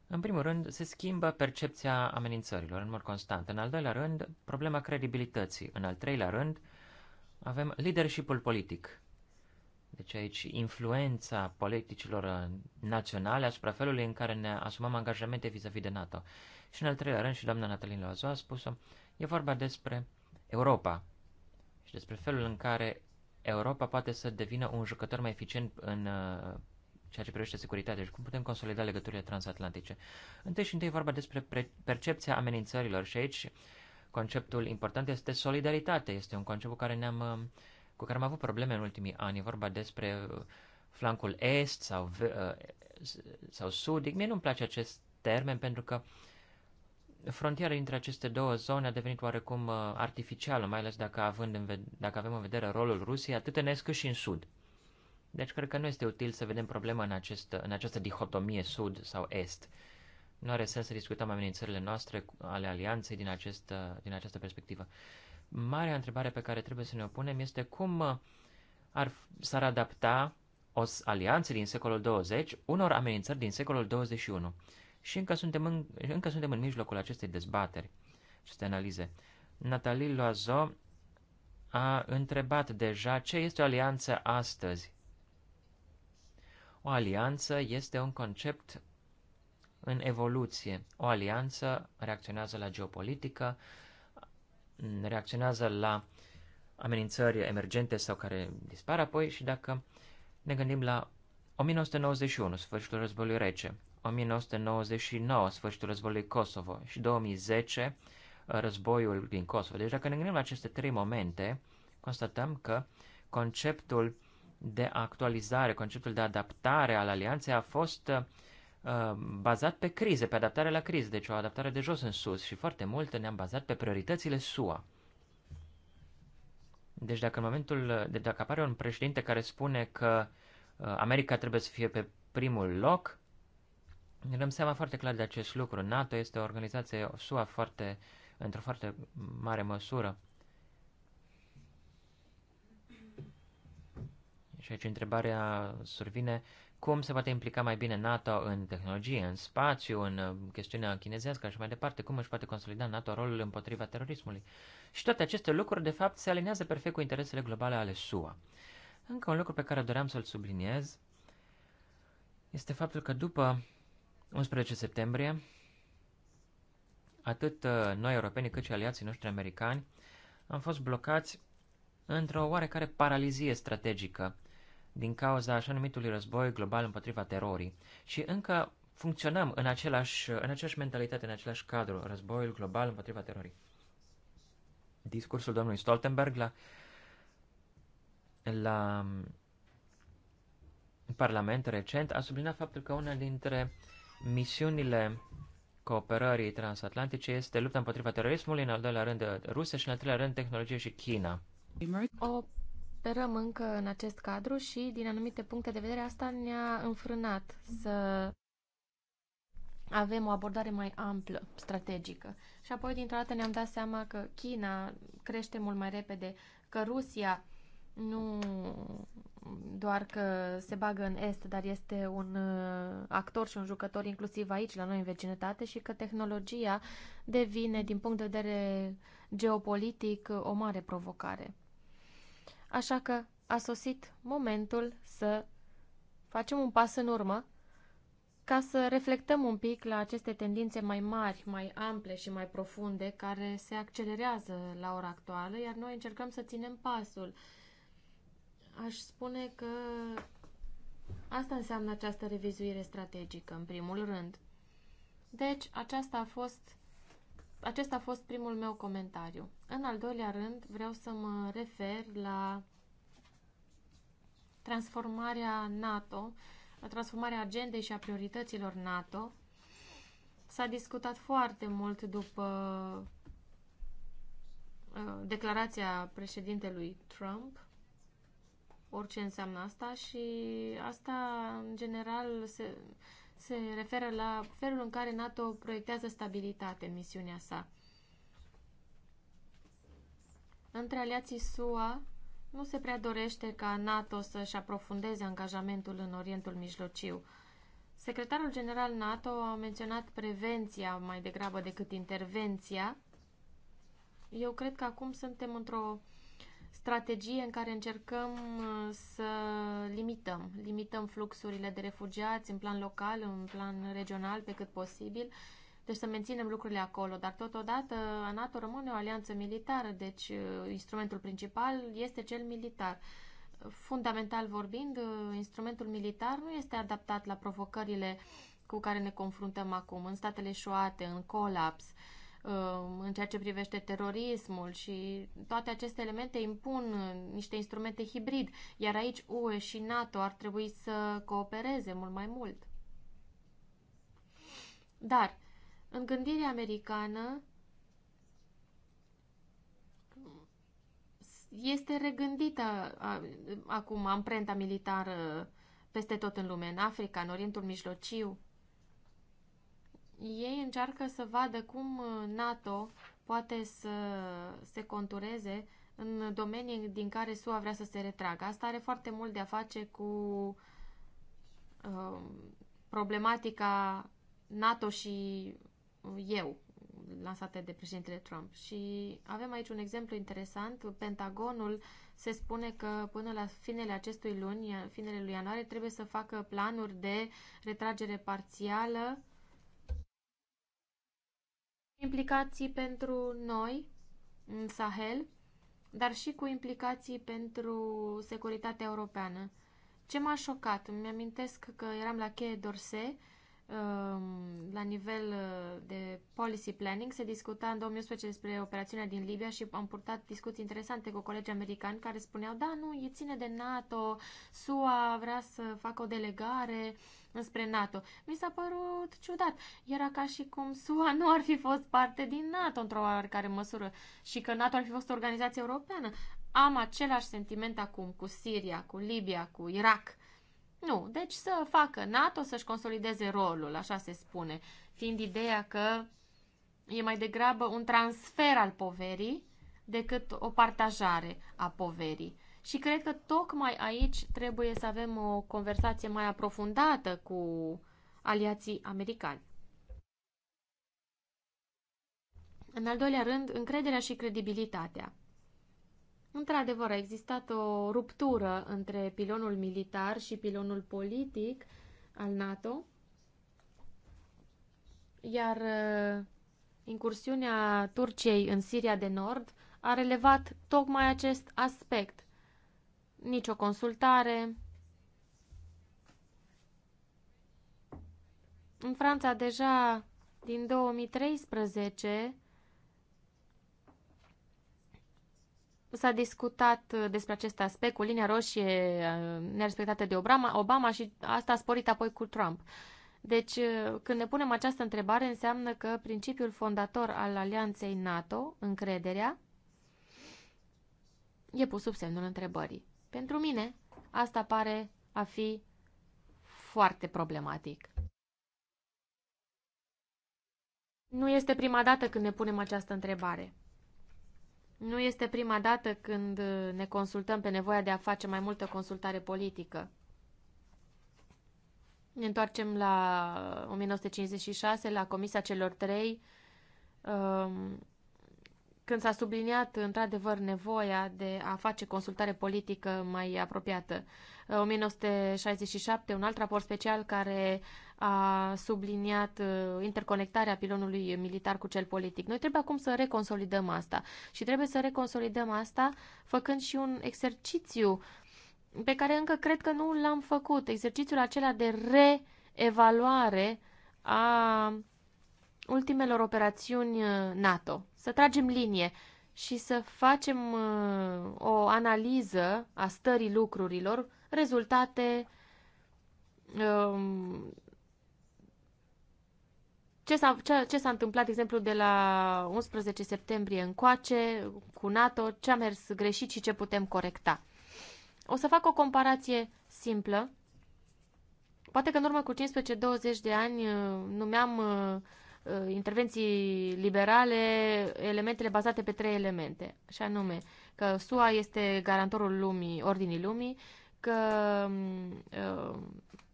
În primul rând, se schimbă percepția amenințărilor în mod constant. În al doilea rând, problema credibilității. În al treilea rând, avem leadership politic. Deci aici influența politicilor uh, naționale asupra felului în care ne asumăm angajamente vis-a-vis -vis de NATO. Și în al treilea rând, și doamna Natalin Loazu a spus-o, e vorba despre Europa și despre felul în care Europa poate să devină un jucător mai eficient în uh, ceea ce privește securitatea și cum putem consolida legăturile transatlantice. Întâi și întâi e vorba despre percepția amenințărilor și aici conceptul important este solidaritate. Este un concept cu care ne-am uh, cu care am avut probleme în ultimii ani. E vorba despre uh, flancul est sau, uh, sau sudic. Mie nu-mi place acest termen pentru că frontiera dintre aceste două zone a devenit oarecum uh, artificială, mai ales dacă, având în dacă avem în vedere rolul Rusiei atât în est cât și în sud. Deci cred că nu este util să vedem problema în, acest, în această dihotomie sud sau est. Nu are sens să discutăm amenințările noastre ale alianței din, acest, din această perspectivă. Uh, Marea întrebare pe care trebuie să ne o punem este cum uh, ar, s-ar adapta o alianță din secolul 20 unor amenințări din secolul 21. Și încă suntem în, încă suntem în mijlocul acestei dezbateri, aceste analize. Natalie Loazo a întrebat deja ce este o alianță astăzi. O alianță este un concept în evoluție. O alianță reacționează la geopolitică, reacționează la amenințări emergente sau care dispar apoi și dacă ne gândim la 1991, sfârșitul războiului rece, 1999, sfârșitul războiului Kosovo și 2010, războiul din Kosovo. Deci dacă ne gândim la aceste trei momente, constatăm că conceptul de actualizare, conceptul de adaptare al alianței a fost Uh, bazat pe crize, pe adaptare la crize, deci o adaptare de jos în sus și foarte mult ne-am bazat pe prioritățile SUA. Deci dacă în momentul, de, deci dacă apare un președinte care spune că uh, America trebuie să fie pe primul loc, ne dăm seama foarte clar de acest lucru. NATO este o organizație SUA foarte, într-o foarte mare măsură. Și aici întrebarea survine cum se poate implica mai bine NATO în tehnologie, în spațiu, în uh, chestiunea chinezească și mai departe, cum își poate consolida NATO rolul împotriva terorismului. Și toate aceste lucruri, de fapt, se alinează perfect cu interesele globale ale SUA. Încă un lucru pe care doream să-l subliniez este faptul că după 11 septembrie, atât uh, noi europeni cât și aliații noștri americani am fost blocați într-o oarecare paralizie strategică din cauza așa numitului război global împotriva terorii. Și încă funcționăm în, același, în aceeași mentalitate, în același cadru, războiul global împotriva terorii. Discursul domnului Stoltenberg la, la Parlament recent a subliniat faptul că una dintre misiunile cooperării transatlantice este lupta împotriva terorismului, în al doilea rând Rusia și în al treilea rând tehnologie și China. O sperăm încă în acest cadru și, din anumite puncte de vedere, asta ne-a înfrânat să avem o abordare mai amplă, strategică. Și apoi, dintr-o dată, ne-am dat seama că China crește mult mai repede, că Rusia nu doar că se bagă în Est, dar este un uh, actor și un jucător inclusiv aici, la noi în vecinătate, și că tehnologia devine, din punct de vedere geopolitic, o mare provocare. Așa că a sosit momentul să facem un pas în urmă ca să reflectăm un pic la aceste tendințe mai mari, mai ample și mai profunde care se accelerează la ora actuală, iar noi încercăm să ținem pasul. Aș spune că asta înseamnă această revizuire strategică, în primul rând. Deci, aceasta a fost acesta a fost primul meu comentariu. În al doilea rând, vreau să mă refer la transformarea NATO, la transformarea agendei și a priorităților NATO. S-a discutat foarte mult după uh, declarația președintelui Trump, orice înseamnă asta și asta, în general, se, se referă la felul în care NATO proiectează stabilitate în misiunea sa. Între aliații SUA nu se prea dorește ca NATO să-și aprofundeze angajamentul în Orientul Mijlociu. Secretarul general NATO a menționat prevenția mai degrabă decât intervenția. Eu cred că acum suntem într-o strategie în care încercăm uh, să limităm, limităm fluxurile de refugiați în plan local, în plan regional, pe cât posibil, deci să menținem lucrurile acolo, dar totodată NATO rămâne o alianță militară, deci uh, instrumentul principal este cel militar. Fundamental vorbind, uh, instrumentul militar nu este adaptat la provocările cu care ne confruntăm acum, în statele șoate, în colaps, uh, Um, în ceea ce privește terorismul și toate aceste elemente impun niște instrumente hibrid, iar aici UE și NATO ar trebui să coopereze mult mai mult. Dar, în gândirea americană, este regândită acum amprenta militară peste tot în lume, în Africa, în Orientul Mijlociu, ei încearcă să vadă cum uh, NATO poate să se contureze în domenii din care SUA vrea să se retragă. Asta are foarte mult de a face cu uh, problematica NATO și eu, lansate de președintele Trump. Și avem aici un exemplu interesant. Pentagonul se spune că până la finele acestui luni, finele lui ianuarie, trebuie să facă planuri de retragere parțială implicații pentru noi în Sahel, dar și cu implicații pentru securitatea europeană. Ce m-a șocat? Îmi amintesc că eram la cheie d'Orsay Ehm, la nivel uh, de policy planning. Se discuta în 2011 despre operațiunea din Libia și am purtat discuții interesante cu colegi americani care spuneau, da, nu, e ține de NATO, SUA vrea să facă o delegare înspre NATO. Mi s-a părut ciudat. Era ca și cum SUA nu ar fi fost parte din NATO într-o oarecare măsură și că NATO ar fi fost o organizație europeană. Am același sentiment acum cu Siria, cu Libia, cu Irak nu, deci să facă NATO să-și consolideze rolul, așa se spune, fiind ideea că e mai degrabă un transfer al poverii decât o partajare a poverii. Și cred că tocmai aici trebuie să avem o conversație mai aprofundată cu aliații americani. În al doilea rând, încrederea și credibilitatea. Într-adevăr, a existat o ruptură între pilonul militar și pilonul politic al NATO, iar uh, incursiunea Turciei în Siria de Nord a relevat tocmai acest aspect. Nicio consultare. În Franța, deja din 2013, S-a discutat uh, despre acest aspect cu linia roșie uh, nerespectată de Obama, Obama și asta a sporit apoi cu Trump. Deci, uh, când ne punem această întrebare, înseamnă că principiul fondator al alianței NATO, încrederea, e pus sub semnul întrebării. Pentru mine, asta pare a fi foarte problematic. Nu este prima dată când ne punem această întrebare. Nu este prima dată când ne consultăm pe nevoia de a face mai multă consultare politică. Ne întoarcem la 1956, la Comisia celor trei, um, când s-a subliniat într-adevăr nevoia de a face consultare politică mai apropiată. 1967, un alt raport special care a subliniat uh, interconectarea pilonului militar cu cel politic. Noi trebuie acum să reconsolidăm asta și trebuie să reconsolidăm asta făcând și un exercițiu pe care încă cred că nu l-am făcut, exercițiul acela de reevaluare a ultimelor operațiuni uh, NATO. Să tragem linie și să facem uh, o analiză a stării lucrurilor, rezultate um, ce s-a, ce, ce s-a întâmplat, de exemplu, de la 11 septembrie încoace cu NATO, ce a mers greșit și ce putem corecta. O să fac o comparație simplă. Poate că în urmă cu 15-20 de ani uh, numeam uh, uh, intervenții liberale elementele bazate pe trei elemente, și anume că SUA este garantorul lumii, ordinii lumii, că mm,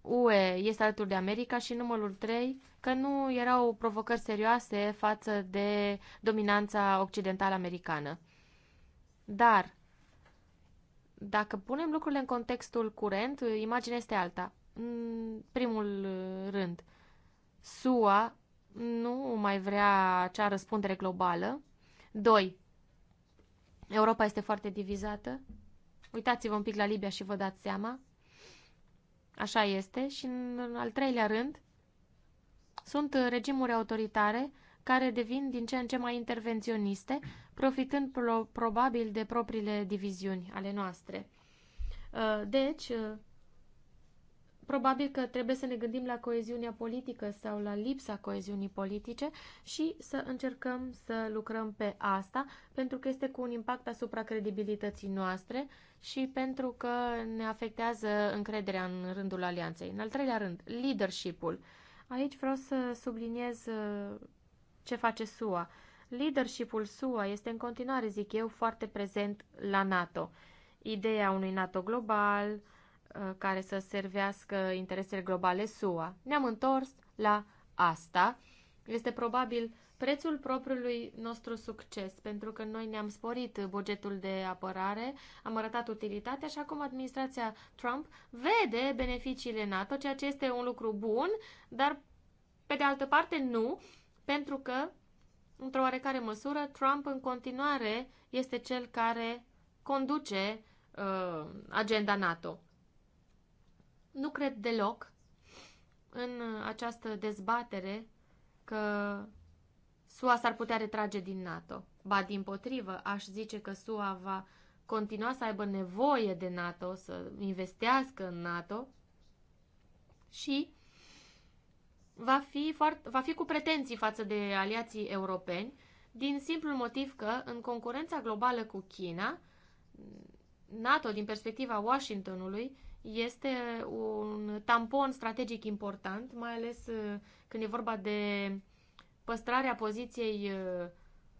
UE este alături de America și numărul 3 că nu erau provocări serioase față de dominanța occidentală americană. Dar, dacă punem lucrurile în contextul curent, imaginea este alta. În primul rând, SUA nu mai vrea acea răspundere globală. Doi, Europa este foarte divizată. Uitați-vă un pic la Libia și vă dați seama. Așa este. Și în al treilea rând, sunt uh, regimuri autoritare care devin din ce în ce mai intervenționiste, profitând pro probabil de propriile diviziuni ale noastre. Uh, deci, uh, probabil că trebuie să ne gândim la coeziunea politică sau la lipsa coeziunii politice și să încercăm să lucrăm pe asta, pentru că este cu un impact asupra credibilității noastre și pentru că ne afectează încrederea în rândul alianței. În al treilea rând, leadership-ul. Uh, Aici vreau să subliniez uh, ce face SUA. Leadership-ul SUA este în continuare, zic eu, foarte prezent la NATO. Ideea unui NATO global uh, care să servească interesele globale SUA. Ne-am întors la asta. Este probabil prețul propriului nostru succes, pentru că noi ne-am sporit bugetul de apărare, am arătat utilitatea și acum administrația Trump vede beneficiile NATO, ceea ce este un lucru bun, dar pe de altă parte nu, pentru că, într-o oarecare măsură, Trump în continuare este cel care conduce uh, agenda NATO. Nu cred deloc în această dezbatere că SUA s-ar putea retrage din NATO. Ba, din potrivă, aș zice că SUA va continua să aibă nevoie de NATO, să investească în NATO și va fi, foarte, va fi cu pretenții față de aliații europeni, din simplul motiv că, în concurența globală cu China, NATO, din perspectiva Washingtonului, este un tampon strategic important, mai ales uh, când e vorba de păstrarea poziției uh,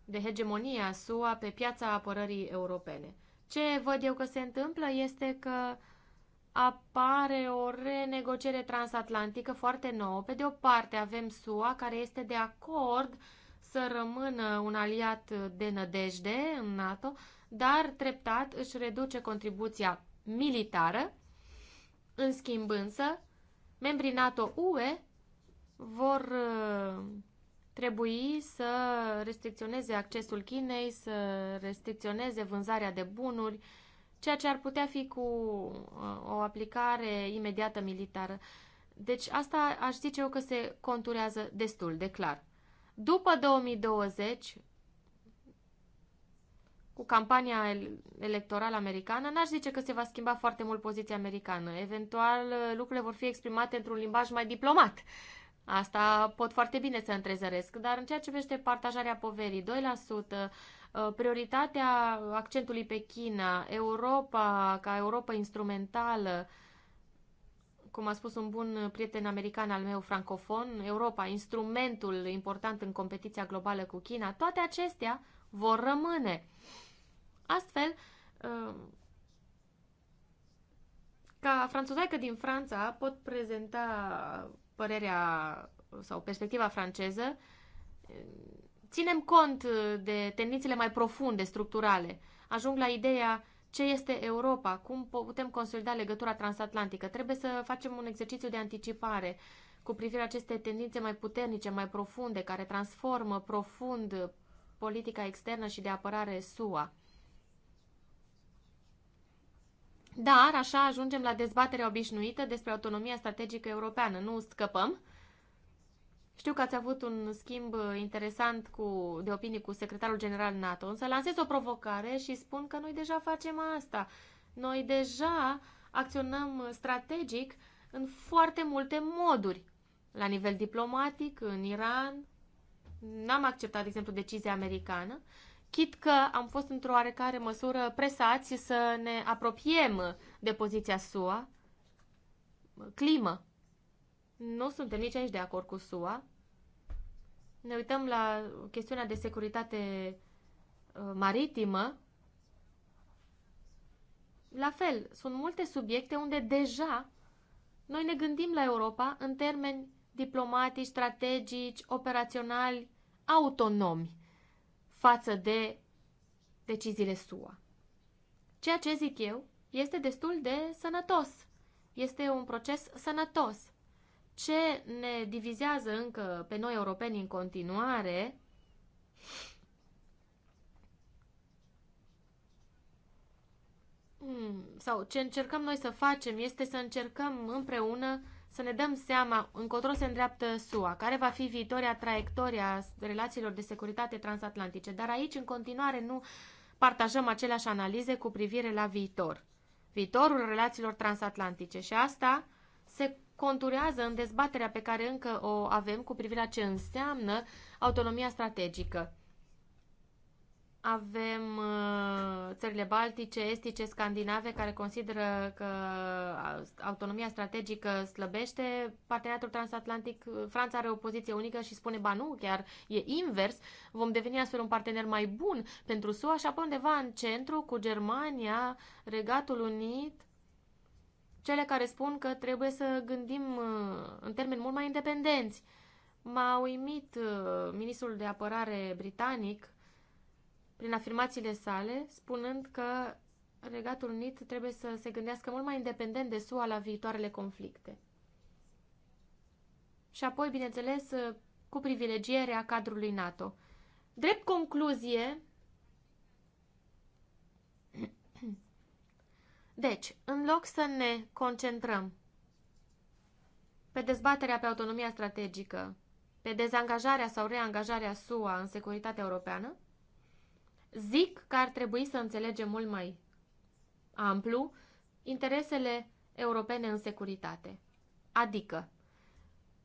de hegemonie a SUA pe piața apărării europene. Ce văd eu că se întâmplă este că apare o renegociere transatlantică foarte nouă. Pe de o parte avem SUA care este de acord să rămână un aliat de nădejde în NATO, dar treptat își reduce contribuția militară. În schimb însă, membrii NATO-UE vor uh, trebui să restricționeze accesul Chinei, să restricționeze vânzarea de bunuri, ceea ce ar putea fi cu uh, o aplicare imediată militară. Deci asta aș zice eu că se conturează destul de clar. După 2020, cu campania electorală americană, n-aș zice că se va schimba foarte mult poziția americană. Eventual, uh, lucrurile vor fi exprimate într-un limbaj mai diplomat Asta pot foarte bine să întrezăresc, dar în ceea ce vește partajarea poverii, 2%, uh, prioritatea accentului pe China, Europa ca Europa instrumentală, cum a spus un bun prieten american al meu francofon, Europa, instrumentul important în competiția globală cu China, toate acestea vor rămâne. Astfel, uh, ca franțuzaică din Franța pot prezenta părerea sau perspectiva franceză, ținem cont de tendințele mai profunde, structurale. Ajung la ideea ce este Europa, cum putem consolida legătura transatlantică. Trebuie să facem un exercițiu de anticipare cu privire la aceste tendințe mai puternice, mai profunde, care transformă profund politica externă și de apărare SUA. Dar așa ajungem la dezbaterea obișnuită despre autonomia strategică europeană. Nu scăpăm. Știu că ați avut un schimb interesant cu, de opinii cu secretarul general NATO, însă lansez o provocare și spun că noi deja facem asta. Noi deja acționăm strategic în foarte multe moduri. La nivel diplomatic, în Iran, n-am acceptat, de exemplu, decizia americană Chit că am fost într-o oarecare măsură presați să ne apropiem de poziția SUA. Climă. Nu suntem nici aici de acord cu SUA. Ne uităm la chestiunea de securitate uh, maritimă. La fel, sunt multe subiecte unde deja noi ne gândim la Europa în termeni diplomatici, strategici, operaționali, autonomi față de deciziile SUA. Ceea ce zic eu este destul de sănătos. Este un proces sănătos. Ce ne divizează încă pe noi europeni în continuare hmm, sau ce încercăm noi să facem este să încercăm împreună să ne dăm seama încotro se îndreaptă SUA, care va fi viitoria traiectoria relațiilor de securitate transatlantice, dar aici în continuare nu partajăm aceleași analize cu privire la viitor, viitorul relațiilor transatlantice și asta se conturează în dezbaterea pe care încă o avem cu privire la ce înseamnă autonomia strategică avem uh, țările baltice, estice, scandinave, care consideră că uh, autonomia strategică slăbește parteneriatul transatlantic. Uh, Franța are o poziție unică și spune, ba nu, chiar e invers, vom deveni astfel un partener mai bun pentru SUA și apoi undeva în centru cu Germania, Regatul Unit, cele care spun că trebuie să gândim în termeni mult mai independenți. M-a uimit ministrul de apărare britanic, prin afirmațiile sale, spunând că Regatul Unit trebuie să se gândească mult mai independent de SUA la viitoarele conflicte. Și apoi, bineînțeles, cu privilegierea cadrului NATO. Drept concluzie, <clears throat> deci, în loc să ne concentrăm pe dezbaterea pe autonomia strategică, pe dezangajarea sau reangajarea SUA în securitatea europeană, Zic că ar trebui să înțelegem mult mai amplu interesele europene în securitate. Adică,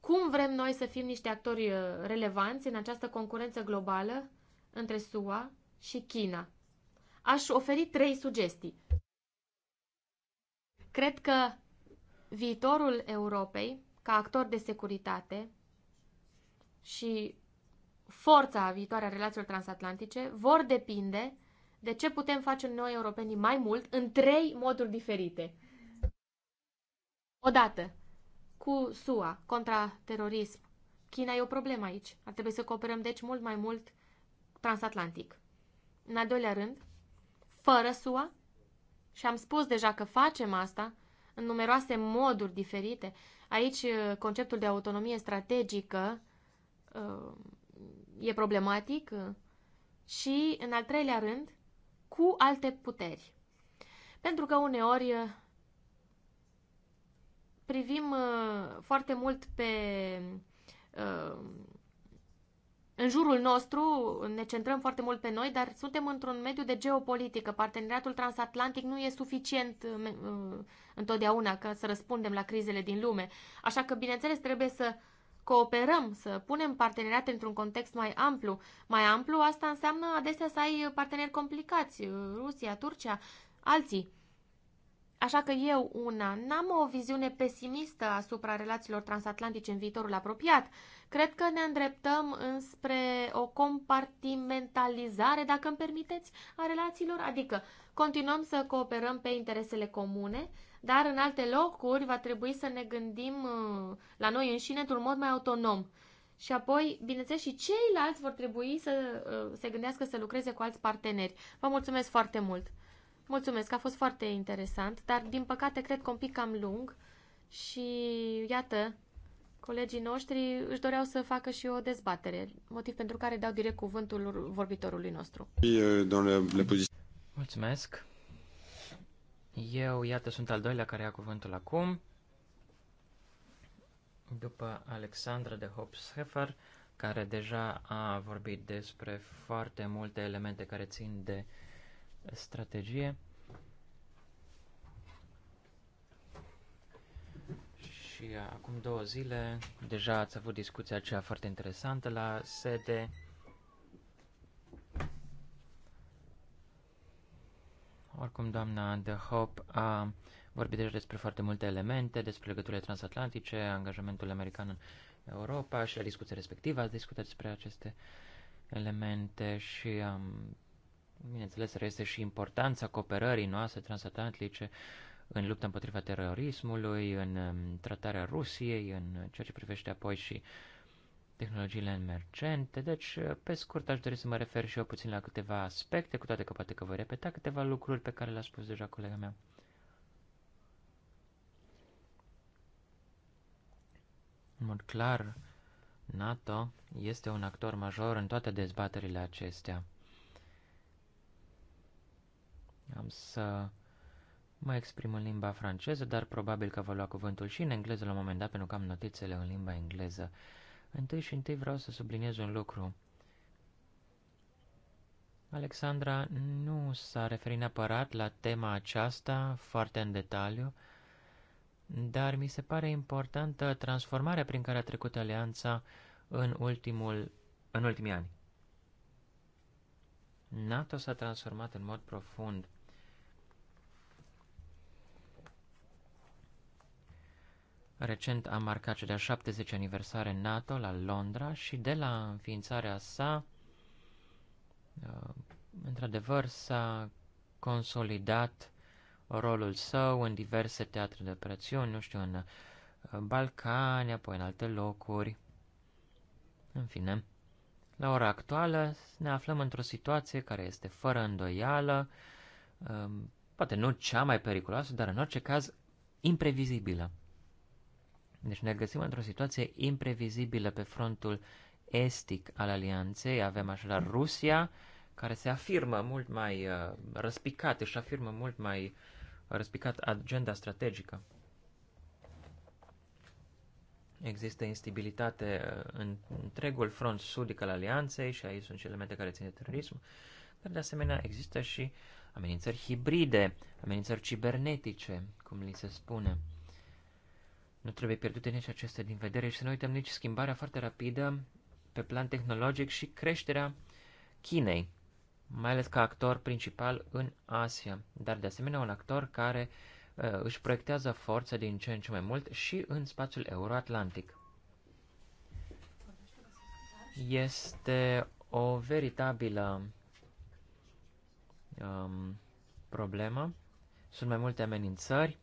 cum vrem noi să fim niște actori uh, relevanți în această concurență globală între SUA și China? Aș oferi trei sugestii. Cred că viitorul Europei, ca actor de securitate și forța viitoare a relațiilor transatlantice vor depinde de ce putem face noi europenii mai mult în trei moduri diferite. Odată, cu SUA, contraterorism. China e o problemă aici. Ar trebui să cooperăm, deci, mult mai mult transatlantic. În al doilea rând, fără SUA, și am spus deja că facem asta în numeroase moduri diferite. Aici, conceptul de autonomie strategică uh, e problematic și, în al treilea rând, cu alte puteri. Pentru că uneori privim foarte mult pe în jurul nostru, ne centrăm foarte mult pe noi, dar suntem într-un mediu de geopolitică. Parteneriatul transatlantic nu e suficient întotdeauna ca să răspundem la crizele din lume. Așa că, bineînțeles, trebuie să cooperăm, să punem parteneriate într-un context mai amplu. Mai amplu, asta înseamnă adesea să ai parteneri complicați, Rusia, Turcia, alții. Așa că eu, una, n-am o viziune pesimistă asupra relațiilor transatlantice în viitorul apropiat. Cred că ne îndreptăm înspre o compartimentalizare, dacă îmi permiteți, a relațiilor, adică continuăm să cooperăm pe interesele comune, dar în alte locuri va trebui să ne gândim uh, la noi înșine într-un mod mai autonom. Și apoi, bineînțeles, și ceilalți vor trebui să uh, se gândească să lucreze cu alți parteneri. Vă mulțumesc foarte mult! Mulțumesc, a fost foarte interesant, dar din păcate cred că un pic cam lung și iată, colegii noștri își doreau să facă și o dezbatere, motiv pentru care dau direct cuvântul vorbitorului nostru. Mulțumesc! Eu, iată, sunt al doilea care ia cuvântul acum, după Alexandra de Hopsheffer, care deja a vorbit despre foarte multe elemente care țin de strategie. Și acum două zile deja ați avut discuția aceea foarte interesantă la sede Oricum, doamna De Hop a vorbit deja despre foarte multe elemente, despre legăturile transatlantice, angajamentul american în Europa și la discuția respectivă ați discutat despre aceste elemente și, um, bineînțeles, este și importanța cooperării noastre transatlantice în lupta împotriva terorismului, în um, tratarea Rusiei, în ceea ce privește apoi și uh, tehnologiile emergente, deci pe scurt aș dori să mă refer și eu puțin la câteva aspecte, cu toate că poate că voi repeta câteva lucruri pe care le-a spus deja colega mea. În mod clar, NATO este un actor major în toate dezbaterile acestea. Am să mă exprim în limba franceză, dar probabil că vă lua cuvântul și în engleză la un moment dat, pentru că am notițele în limba engleză. Uh, Întâi și întâi vreau să subliniez un lucru. Alexandra nu s-a referit neapărat la tema aceasta foarte în detaliu, dar mi se pare importantă transformarea prin care a trecut alianța în, ultimul, în ultimii ani. NATO s-a transformat în mod profund Recent a marcat cea de-a 70 aniversare NATO la Londra și de la înființarea sa, uh, într-adevăr, s-a consolidat rolul său în diverse teatre de operațiuni, nu știu, în uh, Balcani, apoi în alte locuri. În fine, la ora actuală ne aflăm într-o situație care este fără îndoială, um, poate nu cea mai periculoasă, dar în orice caz imprevizibilă. Deci ne găsim într-o situație imprevizibilă pe frontul estic al alianței. Avem așadar Rusia, care se afirmă mult mai uh, răspicat, își afirmă mult mai răspicat agenda strategică. Există instabilitate uh, în întregul front sudic al alianței și aici sunt elemente care țin de terorism, dar de asemenea există și amenințări hibride, amenințări cibernetice, cum li se spune. Nu trebuie pierdute nici acestea din vedere și să nu uităm nici schimbarea foarte rapidă pe plan tehnologic și creșterea Chinei, mai ales ca actor principal în Asia, dar de asemenea un actor care uh, își proiectează forța din ce în ce mai mult și în spațiul euroatlantic. Este o veritabilă um, problemă. Sunt mai multe amenințări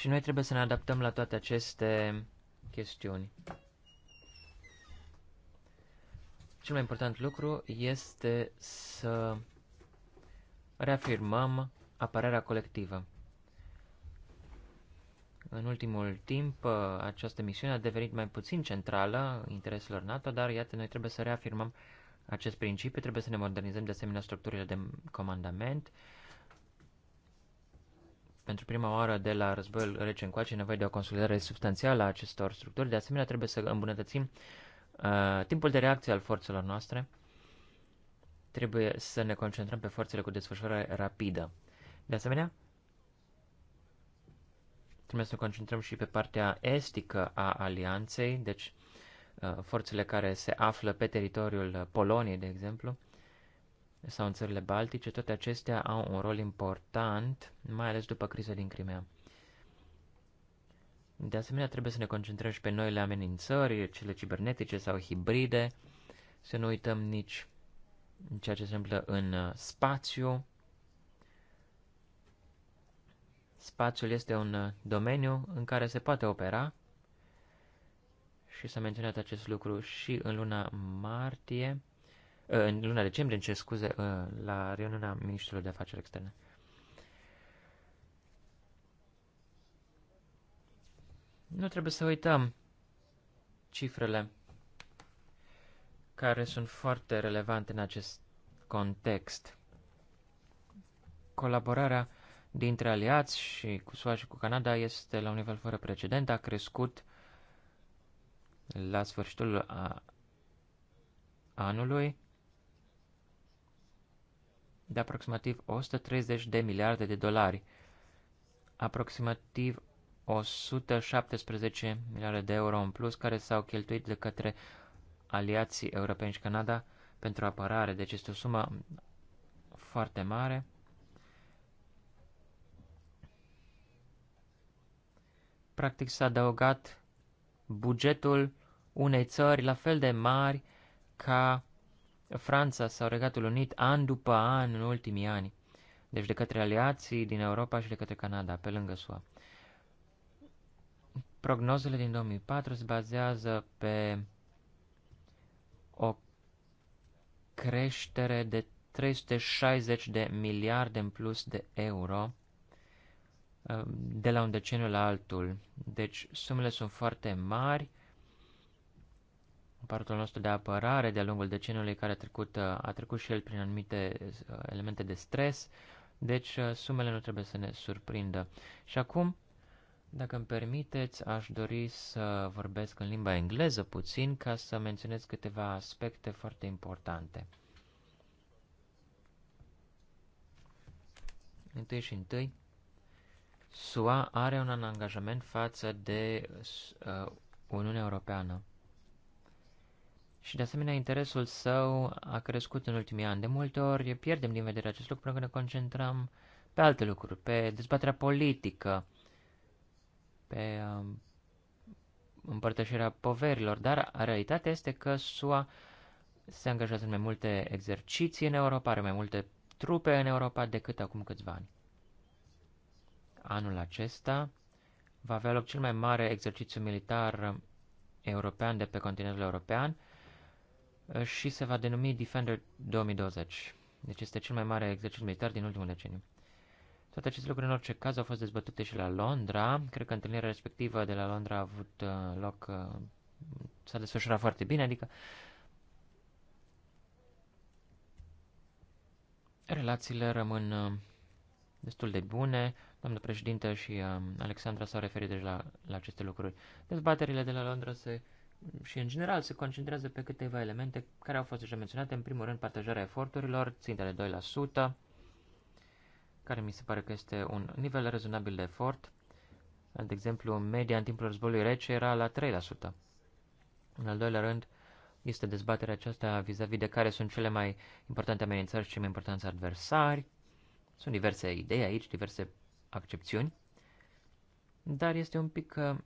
Și noi trebuie să ne adaptăm la toate aceste chestiuni. Cel mai important lucru este să reafirmăm apărarea colectivă. În ultimul timp, această misiune a devenit mai puțin centrală intereselor NATO, dar iată, noi trebuie să reafirmăm acest principiu, trebuie să ne modernizăm de asemenea structurile de comandament, pentru prima oară de la războiul rece încoace, nevoie de o consolidare substanțială a acestor structuri. De asemenea, trebuie să îmbunătățim uh, timpul de reacție al forțelor noastre. Trebuie să ne concentrăm pe forțele cu desfășurare rapidă. De asemenea, trebuie să ne concentrăm și pe partea estică a alianței, deci uh, forțele care se află pe teritoriul Poloniei, de exemplu, sau în țările baltice, toate acestea au un rol important, mai ales după criza din Crimea. De asemenea, trebuie să ne concentrăm și pe noile amenințări, cele cibernetice sau hibride, să nu uităm nici ceea ce se întâmplă în uh, spațiu. Spațiul este un uh, domeniu în care se poate opera și s-a menționat acest lucru și în luna martie în luna decembrie, în ce scuze, uh, la reuniunea ministrilor de afaceri externe. Nu trebuie să uităm cifrele care sunt foarte relevante în acest context. Colaborarea dintre aliați și cu SUA și cu Canada este la un nivel fără precedent, a crescut la sfârșitul a anului de aproximativ 130 de miliarde de dolari, aproximativ 117 miliarde de euro în plus care s-au cheltuit de către aliații europeni și Canada pentru apărare. Deci este o sumă foarte mare. Practic s-a adăugat bugetul unei țări la fel de mari ca Franța sau Regatul Unit an după an în ultimii ani, deci de către aliații din Europa și de către Canada, pe lângă SUA. Prognozele din 2004 se bazează pe o creștere de 360 de miliarde în plus de euro um, de la un deceniu la altul. Deci sumele sunt foarte mari Partea nostru de apărare de-a lungul decenului care a trecut, uh, a trecut și el prin anumite uh, elemente de stres, deci uh, sumele nu trebuie să ne surprindă. Și acum, dacă îmi permiteți, aș dori să vorbesc în limba engleză puțin ca să menționez câteva aspecte foarte importante. Întâi și întâi, SUA are un angajament față de uh, Uniunea Europeană. Și de asemenea, interesul său a crescut în ultimii ani. De multe ori pierdem din vedere acest lucru pentru că ne concentrăm pe alte lucruri, pe dezbaterea politică, pe um, împărtășirea poverilor, dar realitatea este că SUA se angajează în mai multe exerciții în Europa, are mai multe trupe în Europa decât acum câțiva ani. Anul acesta va avea loc cel mai mare exercițiu militar european de pe continentul european – Uh, și se va denumi Defender 2020. Deci este cel mai mare exercițiu militar din ultimul deceniu. Toate aceste lucruri, în orice caz, au fost dezbătute și la Londra. Cred că întâlnirea respectivă de la Londra a avut uh, loc, uh, s-a desfășurat foarte bine, adică relațiile rămân destul de bune. Doamna președintă și Alexandra s-au referit deja la, la aceste lucruri. Dezbaterile de la Londra se și în general se concentrează pe câteva elemente care au fost deja menționate. În primul rând, partajarea eforturilor, țintele 2%, care mi se pare că este un nivel rezonabil de efort. De exemplu, media în timpul războiului rece era la 3%. În al doilea rând, este dezbaterea aceasta vis-a-vis -vis de care sunt cele mai importante amenințări și cei mai importanți adversari. Sunt diverse idei aici, diverse accepțiuni, dar este un pic uh,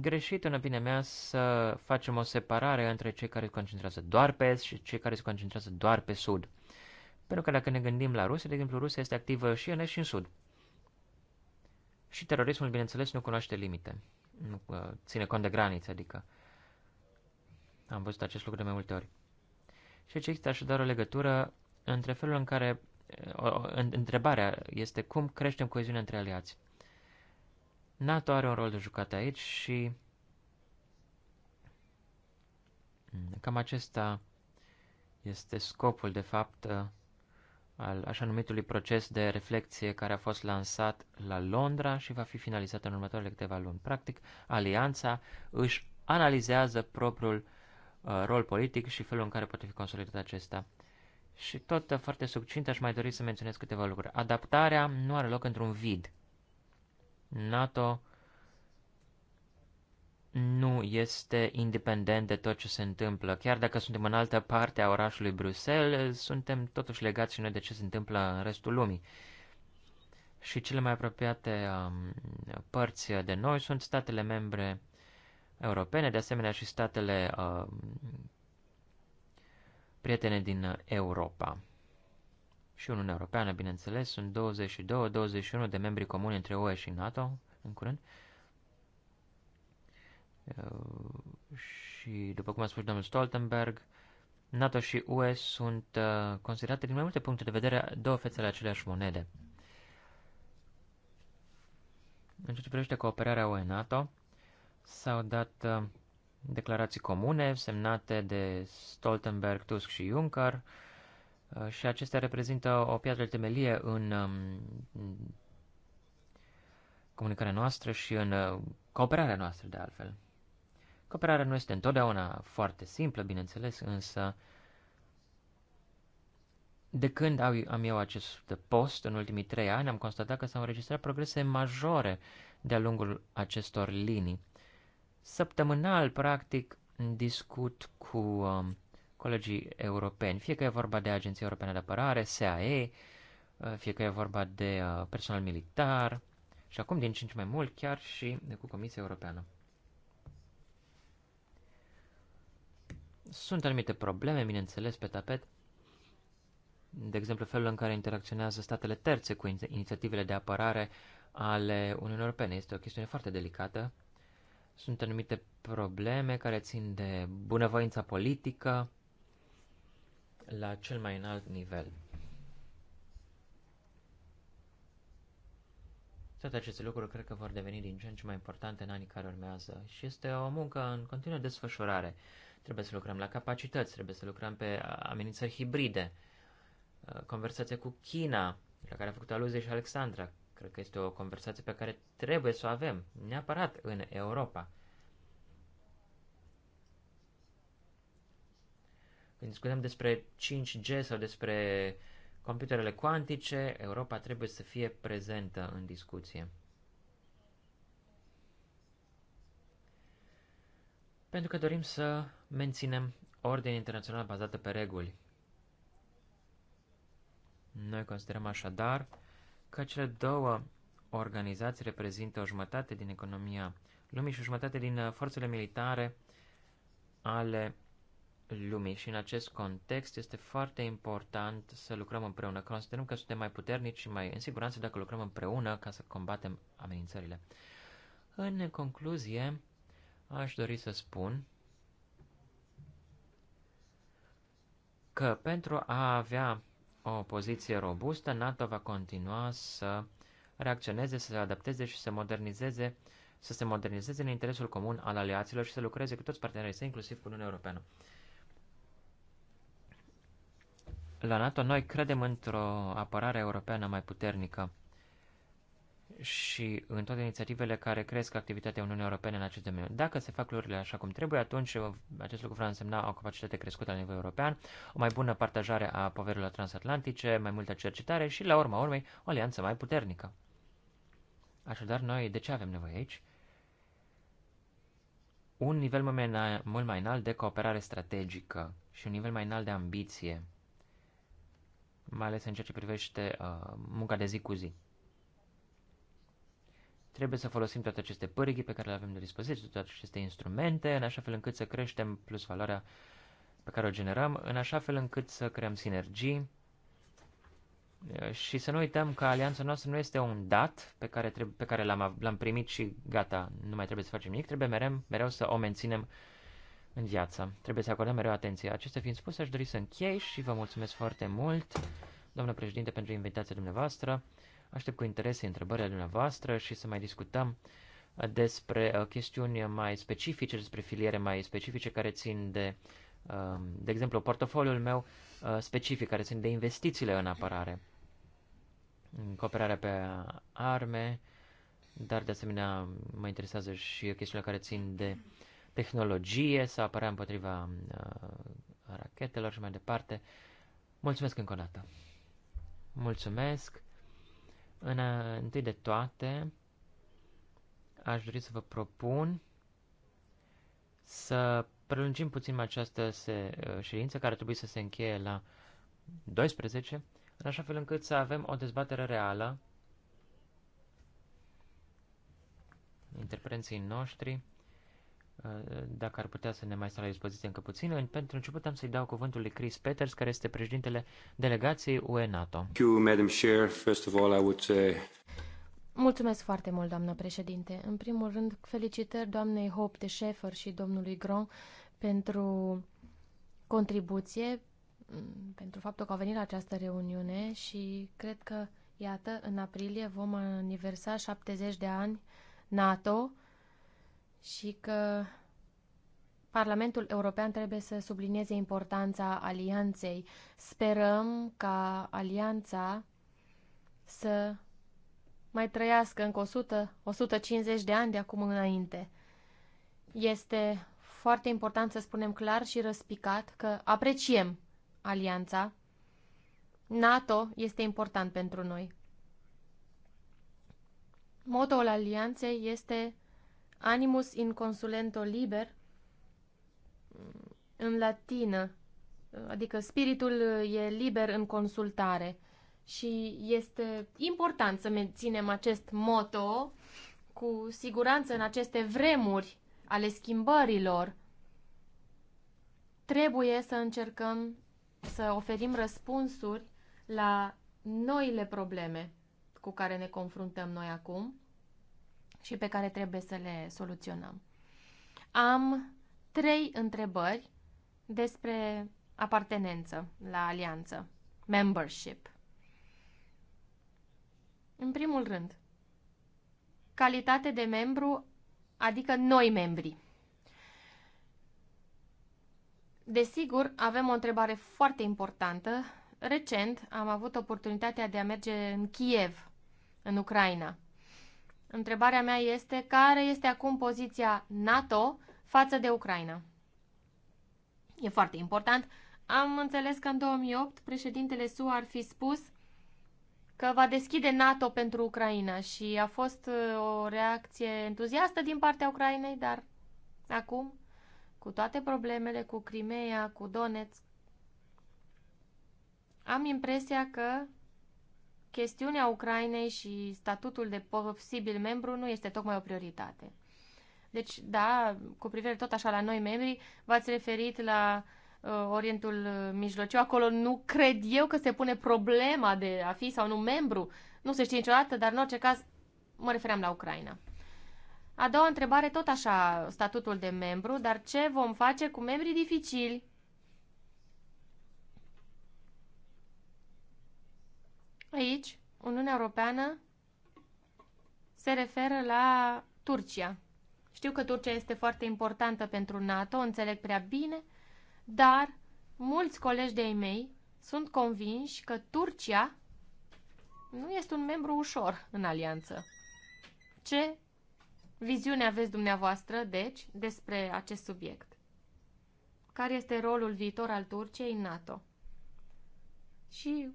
greșit, în opinia mea, să facem o separare între cei care se concentrează doar pe est și cei care se concentrează doar pe sud. Pentru că dacă ne gândim la Rusia, de exemplu, Rusia este activă și în est și în sud. Și terorismul, bineînțeles, nu cunoaște limite. Nu uh, ține cont de granițe, adică. Am văzut acest lucru de mai multe ori. Și aici există așadar o legătură între felul în care... Uh, o, întrebarea este cum creștem coeziunea între aliați. NATO are un rol de jucat aici și cam acesta este scopul, de fapt, al așa numitului proces de reflexie care a fost lansat la Londra și va fi finalizat în următoarele câteva luni. Practic, alianța își analizează propriul uh, rol politic și felul în care poate fi consolidat acesta. Și tot foarte succint aș mai dori să menționez câteva lucruri. Adaptarea nu are loc într-un vid. NATO nu este independent de tot ce se întâmplă. Chiar dacă suntem în altă parte a orașului Bruxelles, suntem totuși legați și noi de ce se întâmplă în restul lumii. Și cele mai apropiate um, părți de noi sunt statele membre europene, de asemenea și statele uh, prietene din Europa și Uniunea Europeană, bineînțeles, sunt 22-21 de membri comuni între UE și NATO în curând. Uh, și, după cum a spus domnul Stoltenberg, NATO și UE sunt uh, considerate din mai multe puncte de vedere două fețe ale aceleași monede. În ce privește cooperarea UE-NATO, s-au dat uh, declarații comune semnate de Stoltenberg, Tusk și Juncker, Uh, și acestea reprezintă o piatră de temelie în um, comunicarea noastră și în uh, cooperarea noastră, de altfel. Cooperarea nu este întotdeauna foarte simplă, bineînțeles, însă de când am eu acest post, în ultimii trei ani, am constatat că s-au înregistrat progrese majore de-a lungul acestor linii. Săptămânal, practic, discut cu um, colegii europeni, fie că e vorba de Agenția Europeană de Apărare, SAE, uh, fie că e vorba de uh, personal militar și acum din cinci mai mult chiar și de cu Comisia Europeană. Sunt anumite probleme, bineînțeles, pe tapet, de exemplu felul în care interacționează statele terțe cu inițiativele de apărare ale Uniunii Europene. Este o chestiune foarte delicată. Sunt anumite probleme care țin de bunăvoința politică, la cel mai înalt nivel. Toate aceste lucruri cred că vor deveni din ce în ce mai importante în anii care urmează și este o muncă în continuă desfășurare. Trebuie să lucrăm la capacități, trebuie să lucrăm pe amenințări hibride, uh, conversație cu China, la care a făcut aluzie și Alexandra. Cred că este o conversație pe care trebuie să o avem, neapărat în Europa. Când discutăm despre 5G sau despre computerele cuantice, Europa trebuie să fie prezentă în discuție. Pentru că dorim să menținem ordine internațională bazată pe reguli. Noi considerăm așadar că cele două organizații reprezintă o jumătate din economia lumii și o jumătate din uh, forțele militare ale lumii și în acest context este foarte important să lucrăm împreună. Considerăm că suntem mai puternici și mai în siguranță dacă lucrăm împreună ca să combatem amenințările. În concluzie, aș dori să spun că pentru a avea o poziție robustă, NATO va continua să reacționeze, să se adapteze și să modernizeze să se modernizeze în interesul comun al aliaților și să lucreze cu toți partenerii săi, inclusiv cu Uniunea Europeană. La NATO noi credem într-o apărare europeană mai puternică și în toate inițiativele care cresc activitatea Uniunii Europene în acest domeniu. Dacă se fac lucrurile așa cum trebuie, atunci uh, acest lucru va însemna o capacitate crescută la nivel european, o mai bună partajare a poverilor transatlantice, mai multă cercetare și, la urma urmei, o alianță mai puternică. Așadar, noi de ce avem nevoie aici? Un nivel mult mai înalt de cooperare strategică și un nivel mai înalt de ambiție mai ales în ceea ce privește uh, munca de zi cu zi. Trebuie să folosim toate aceste pârghii pe care le avem de dispoziție, toate aceste instrumente, în așa fel încât să creștem plus valoarea pe care o generăm, în așa fel încât să creăm sinergii și să nu uităm că alianța noastră nu este un dat pe care, trebuie, pe care l-am, l-am primit și gata, nu mai trebuie să facem nimic, trebuie mereu, mereu să o menținem uh, în viață. Trebuie să acordăm mereu atenție. Acestea fiind spuse, aș dori să închei și vă mulțumesc foarte mult, doamnă președinte, pentru invitația dumneavoastră. Aștept cu interes întrebările dumneavoastră și să mai discutăm despre uh, chestiuni mai specifice, despre filiere mai specifice care țin de, uh, de exemplu, portofoliul meu uh, specific, care țin de investițiile în apărare, în cooperarea pe arme, dar de asemenea mă interesează și chestiunile care țin de uh, tehnologie sau apărea împotriva uh, rachetelor și mai departe. Mulțumesc încă o dată. Mulțumesc. În, uh, întâi de toate, aș dori să vă propun să prelungim puțin această se, uh, ședință care trebuie să se încheie la 12, în așa fel încât să avem o dezbatere reală interprenții noștri Uh, dacă ar putea să ne mai stă la dispoziție încă puțin. Pentru început am să-i dau cuvântul lui Chris Peters, care este președintele delegației UE-NATO. Uh, Mulțumesc foarte mult, doamnă președinte. În primul rând, felicitări doamnei Hope de Schaeffer și domnului Gron pentru contribuție, mm, pentru faptul că au venit la această reuniune și cred că, iată, în aprilie vom aniversa 70 de ani NATO, și că Parlamentul European trebuie să sublinieze importanța alianței. Sperăm ca alianța să mai trăiască încă 100-150 de ani de acum înainte. Este foarte important să spunem clar și răspicat că apreciem alianța. NATO este important pentru noi. Motoul alianței este animus in consulento liber, în latină, adică spiritul e liber în consultare. Și este important să menținem acest moto cu siguranță în aceste vremuri ale schimbărilor. Trebuie să încercăm să oferim răspunsuri la noile probleme cu care ne confruntăm noi acum și pe care trebuie să le soluționăm. Am trei întrebări despre apartenență la alianță, membership. În primul rând, calitate de membru, adică noi membri. Desigur, avem o întrebare foarte importantă. Recent am avut oportunitatea de a merge în Kiev, în Ucraina, Întrebarea mea este care este acum poziția NATO față de Ucraina? E foarte important. Am înțeles că în 2008 președintele SU ar fi spus că va deschide NATO pentru Ucraina și a fost uh, o reacție entuziastă din partea Ucrainei, dar acum, cu toate problemele, cu Crimea, cu Donetsk, am impresia că chestiunea Ucrainei și statutul de posibil membru nu este tocmai o prioritate. Deci, da, cu privire tot așa la noi membri, v-ați referit la uh, Orientul Mijlociu. Acolo nu cred eu că se pune problema de a fi sau nu membru. Nu se știe niciodată, dar în orice caz mă refeream la Ucraina. A doua întrebare, tot așa, statutul de membru, dar ce vom face cu membrii dificili? Aici, Uniunea Europeană se referă la Turcia. Știu că Turcia este foarte importantă pentru NATO, înțeleg prea bine, dar mulți colegi de-ai mei sunt convinși că Turcia nu este un membru ușor în alianță. Ce viziune aveți dumneavoastră, deci, despre acest subiect? Care este rolul viitor al Turciei în NATO? Și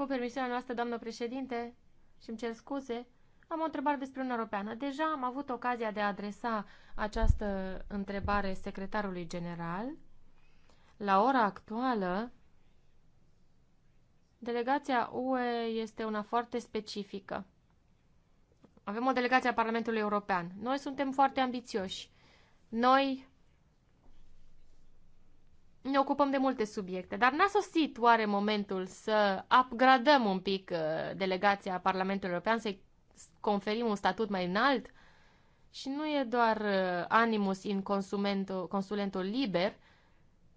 cu permisiunea noastră, doamnă președinte, și mi cer scuze, am o întrebare despre Uniunea Europeană. Deja am avut ocazia de a adresa această întrebare secretarului general. La ora actuală, delegația UE este una foarte specifică. Avem o delegație a Parlamentului European. Noi suntem foarte ambițioși. Noi ne ocupăm de multe subiecte, dar n-a sosit oare momentul să upgradăm un pic uh, delegația Parlamentului European, să-i conferim un statut mai înalt? Și nu e doar uh, animus în consulentul liber,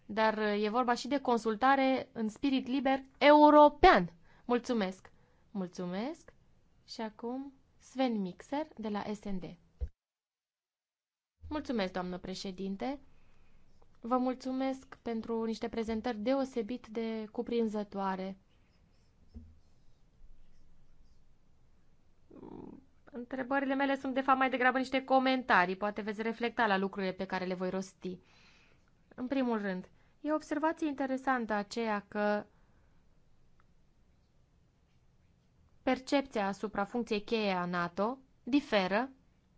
dar uh, e vorba și de consultare în spirit liber european. Mulțumesc! Mulțumesc! Și acum Sven Mixer de la SND. Mulțumesc, doamnă președinte! Vă mulțumesc pentru niște prezentări deosebit de cuprinzătoare. Întrebările mele sunt de fapt mai degrabă niște comentarii, poate veți reflecta la lucrurile pe care le voi rosti. În primul rând, e o observație interesantă aceea că percepția asupra funcției cheie a NATO diferă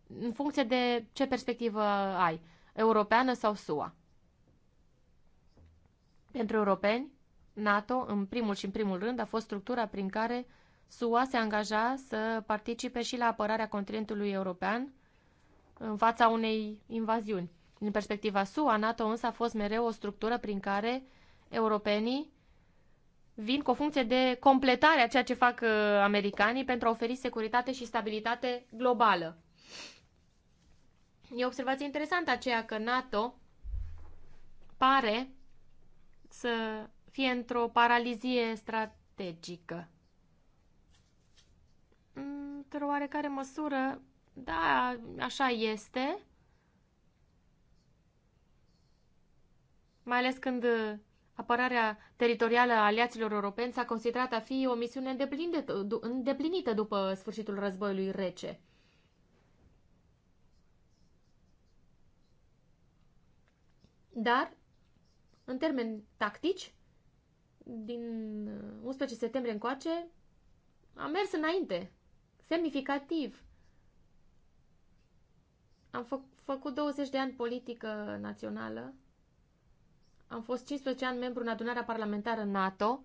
în funcție de ce perspectivă ai, europeană sau SUA. Pentru europeni, NATO, în primul și în primul rând, a fost structura prin care SUA se angaja să participe și la apărarea continentului european în fața unei invaziuni. Din perspectiva SUA, NATO însă a fost mereu o structură prin care europenii vin cu o funcție de completare a ceea ce fac uh, americanii pentru a oferi securitate și stabilitate globală. E o observație interesantă aceea că NATO pare să fie într-o paralizie strategică. Într-o oarecare măsură, da, așa este. Mai ales când apărarea teritorială a aliaților europeni s-a considerat a fi o misiune îndeplinită după sfârșitul războiului rece. Dar în termeni tactici, din 11 uh, septembrie încoace, am mers înainte, semnificativ. Am fă făcut 20 de ani politică națională, am fost 15 ani membru în adunarea parlamentară NATO,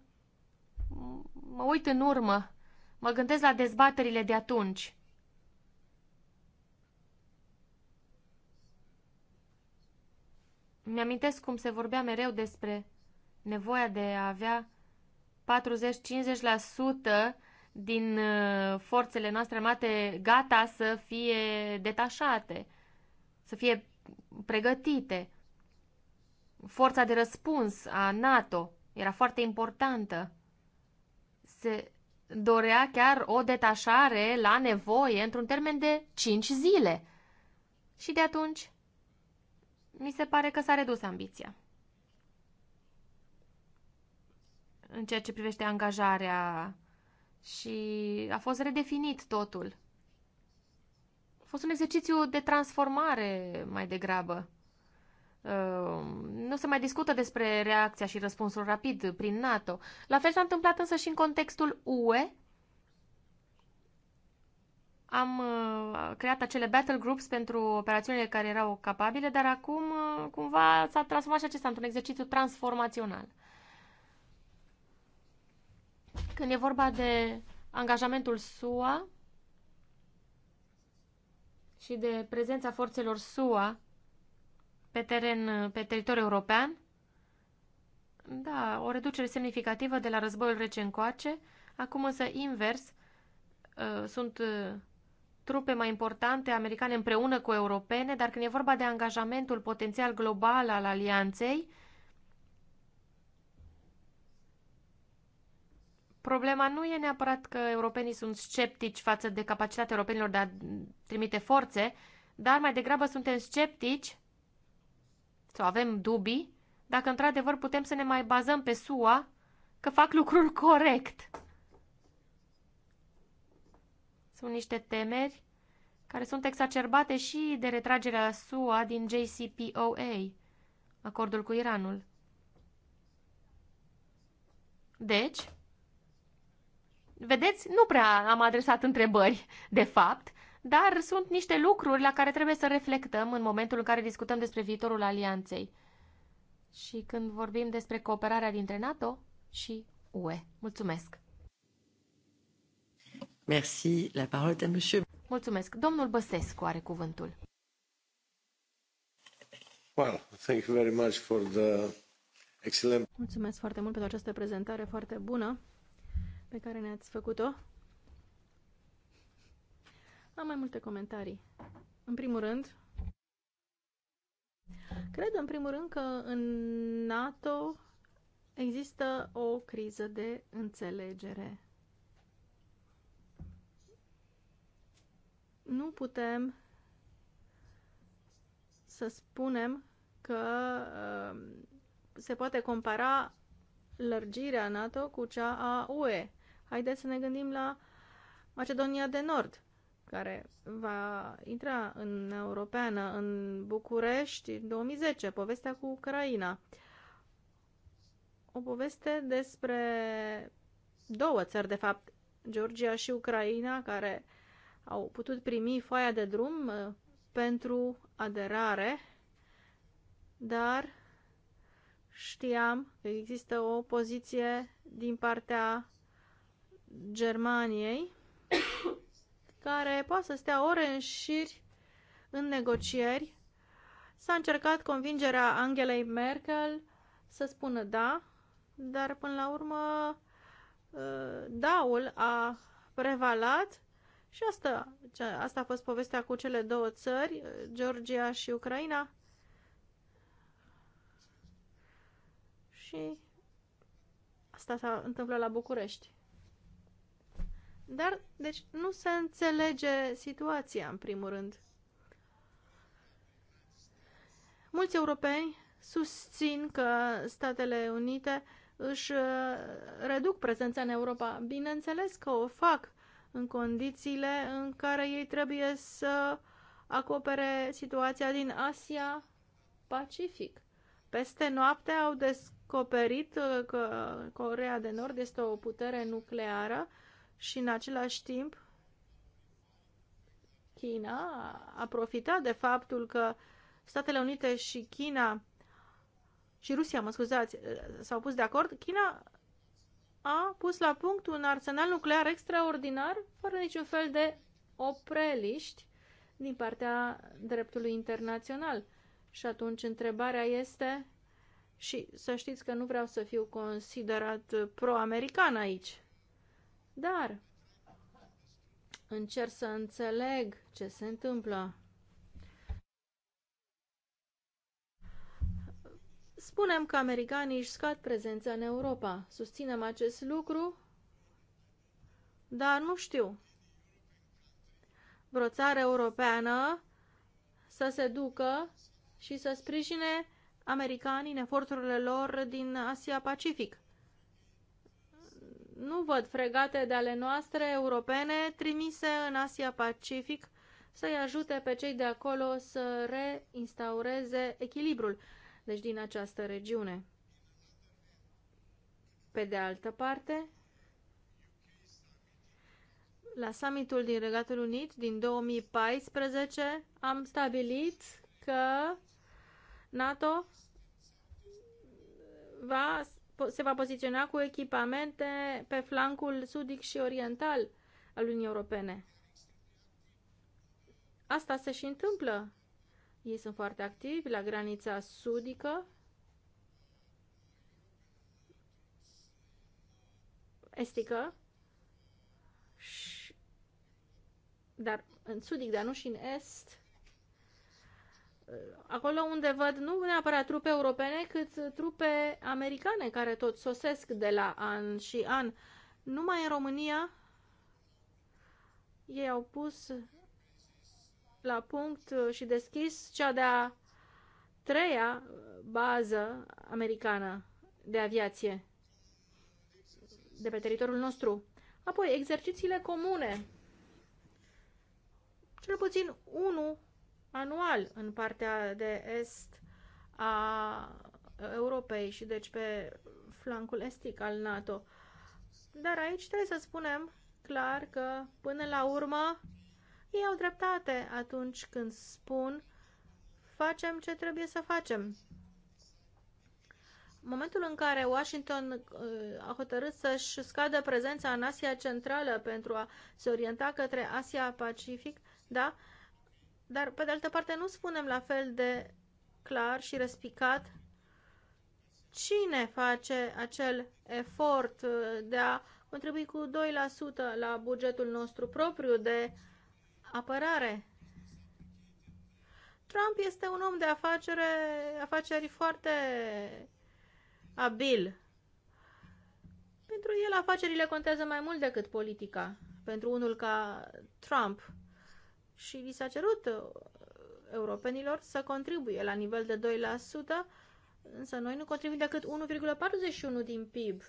mă uit în urmă, mă gândesc la dezbaterile de atunci – Mi-amintesc cum se vorbea mereu despre nevoia de a avea 40-50% din uh, forțele noastre armate gata să fie detașate, să fie pregătite. Forța de răspuns a NATO era foarte importantă. Se dorea chiar o detașare la nevoie într-un termen de 5 zile. Și de atunci mi se pare că s-a redus ambiția. În ceea ce privește angajarea și a fost redefinit totul. A fost un exercițiu de transformare mai degrabă. Ehm, nu se mai discută despre reacția și răspunsul rapid prin NATO. La fel s-a întâmplat însă și în contextul UE am uh, creat acele battle groups pentru operațiunile care erau capabile, dar acum uh, cumva s-a transformat și acesta într-un exercițiu transformațional. Când e vorba de angajamentul SUA și de prezența forțelor SUA pe teren, uh, pe teritoriul european, da, o reducere semnificativă de la războiul rece încoace, acum însă invers, sunt trupe mai importante americane împreună cu europene, dar când e vorba de angajamentul potențial global al alianței, problema nu e neapărat că europenii sunt sceptici față de capacitatea europenilor de a trimite forțe, dar mai degrabă suntem sceptici sau avem dubii dacă într-adevăr putem să ne mai bazăm pe SUA că fac lucrul corect sunt niște temeri care sunt exacerbate și de retragerea SUA din JCPOA, acordul cu Iranul. Deci, vedeți, nu prea am adresat întrebări, de fapt, dar sunt niște lucruri la care trebuie să reflectăm în momentul în care discutăm despre viitorul alianței și când vorbim despre cooperarea dintre NATO și UE. Mulțumesc! Merci. La parole est à monsieur. Mulțumesc. Domnul Băsescu are cuvântul. Well, thank you very much for the excellent... Mulțumesc foarte mult pentru această prezentare foarte bună pe care ne-ați făcut-o. Am mai multe comentarii. În primul rând, cred în primul rând că în NATO există o criză de înțelegere nu putem să spunem că uh, se poate compara lărgirea NATO cu cea a UE. Haideți să ne gândim la Macedonia de Nord, care va intra în Europeană, în București, în 2010, povestea cu Ucraina. O poveste despre două țări, de fapt, Georgia și Ucraina, care uh, au putut primi foaia de drum uh, pentru aderare, dar știam că există o poziție din partea Germaniei <coughs> care poate să stea ore în șiri în negocieri. S-a încercat convingerea Angelei Merkel să spună da, dar până la urmă uh, daul a prevalat și asta, asta a fost povestea cu cele două țări, Georgia și Ucraina. Și asta s-a întâmplat la București. Dar, deci, nu se înțelege situația, în primul rând. Mulți europeni susțin că Statele Unite își uh, reduc prezența în Europa. Bineînțeles că o fac, în condițiile în care ei trebuie să acopere situația din Asia Pacific. Peste noapte au descoperit uh, că Corea de Nord este o putere nucleară și în același timp China a profitat de faptul că Statele Unite și China și Rusia, mă scuzați, uh, s-au pus de acord. China a pus la punct un arsenal nuclear extraordinar, fără niciun fel de opreliști din partea dreptului internațional. Și atunci întrebarea este, și să știți că nu vreau să fiu considerat pro-american aici, dar încerc să înțeleg ce se întâmplă Spunem că americanii își scad prezența în Europa. Susținem acest lucru, dar nu știu. Vreo țară europeană să se ducă și să sprijine americanii în eforturile lor din Asia-Pacific. Nu văd fregate de ale noastre europene trimise în Asia-Pacific să-i ajute pe cei de acolo să reinstaureze echilibrul deci din această regiune. Pe de altă parte, la summitul din Regatul Unit din 2014 am stabilit că NATO va, se va poziționa cu echipamente pe flancul sudic și oriental al Uniunii Europene. Asta se și întâmplă. Ei sunt foarte activi la granița sudică. Estică. Și, dar în sudic, dar nu și în est. Acolo unde văd nu neapărat trupe europene, cât trupe americane care tot sosesc de la an și an. Numai în România ei au pus la punct uh, și deschis cea de-a treia bază americană de aviație de pe teritoriul nostru. Apoi, exercițiile comune. Cel puțin unul anual în partea de est a Europei și deci pe flancul estic al NATO. Dar aici trebuie să spunem clar că până la urmă ei au dreptate atunci când spun facem ce trebuie să facem. momentul în care Washington uh, a hotărât să-și scadă prezența în Asia Centrală pentru a se orienta către Asia Pacific, da? Dar, pe de altă parte, nu spunem la fel de clar și respicat cine face acel efort uh, de a contribui cu 2% la bugetul nostru propriu de apărare. Trump este un om de afacere, afaceri foarte abil. Pentru el afacerile contează mai mult decât politica. Pentru unul ca Trump. Și li s-a cerut uh, europenilor să contribuie la nivel de 2%, însă noi nu contribuim decât 1,41 din PIB,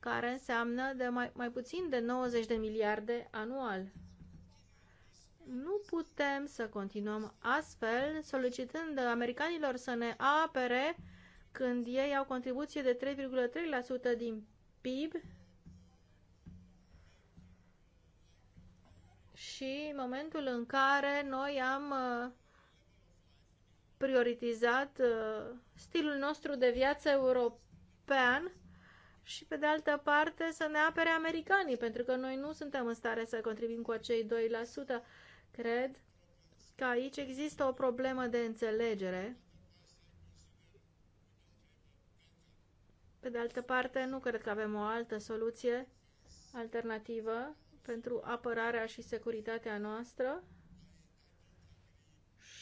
care înseamnă de mai, mai puțin de 90 de miliarde anual. Nu putem să continuăm astfel, solicitând americanilor să ne apere când ei au contribuție de 3,3% din PIB și în momentul în care noi am uh, prioritizat uh, stilul nostru de viață european și pe de altă parte să ne apere americanii, pentru că noi nu suntem în stare să contribuim cu acei Cred că aici există o problemă de înțelegere. Pe de altă parte, nu cred că avem o altă soluție alternativă pentru apărarea și securitatea noastră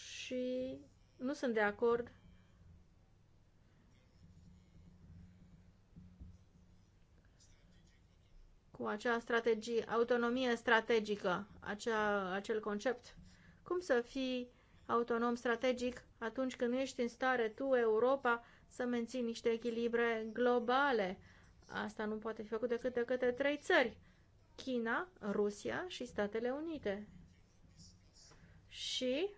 și nu sunt de acord cu acea strategie, autonomie strategică, acea, acel concept. Cum să fii autonom strategic atunci când ești în stare tu, Europa, să menții niște echilibre globale? Asta nu poate fi făcut decât de către trei țări. China, Rusia și Statele Unite. Și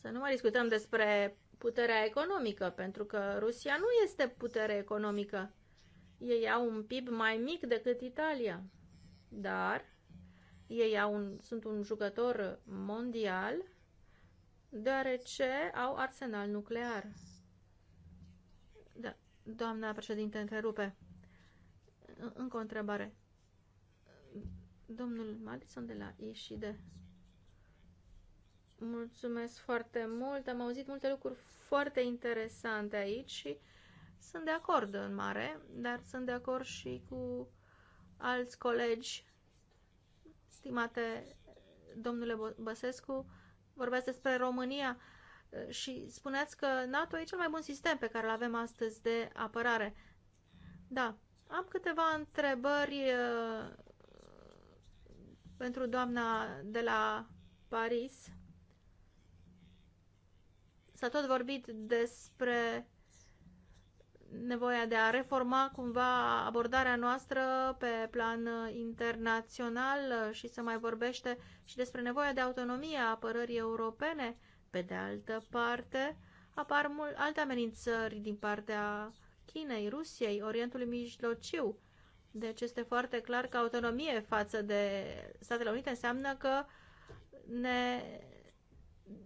să nu mai discutăm despre puterea economică, pentru că Rusia nu este putere economică. Ei au un PIB mai mic decât Italia, dar ei au un, sunt un jucător mondial deoarece au arsenal nuclear. Da, doamna președinte, întrerupe. Încă o întrebare. Domnul Madison de la de. Mulțumesc foarte mult. Am auzit multe lucruri foarte interesante aici și sunt de acord în mare, dar sunt de acord și cu alți colegi, stimate domnule Băsescu, vorbeați despre România eh, și spuneați că NATO e cel mai bun sistem pe care îl avem astăzi de apărare. Da, am câteva întrebări eh, pentru doamna de la Paris. S-a tot vorbit despre nevoia de a reforma cumva abordarea noastră pe plan internațional și se mai vorbește și despre nevoia de autonomie a apărării europene. Pe de altă parte, apar mult alte amenințări din partea Chinei, Rusiei, Orientului Mijlociu. Deci este foarte clar că autonomie față de Statele Unite înseamnă că ne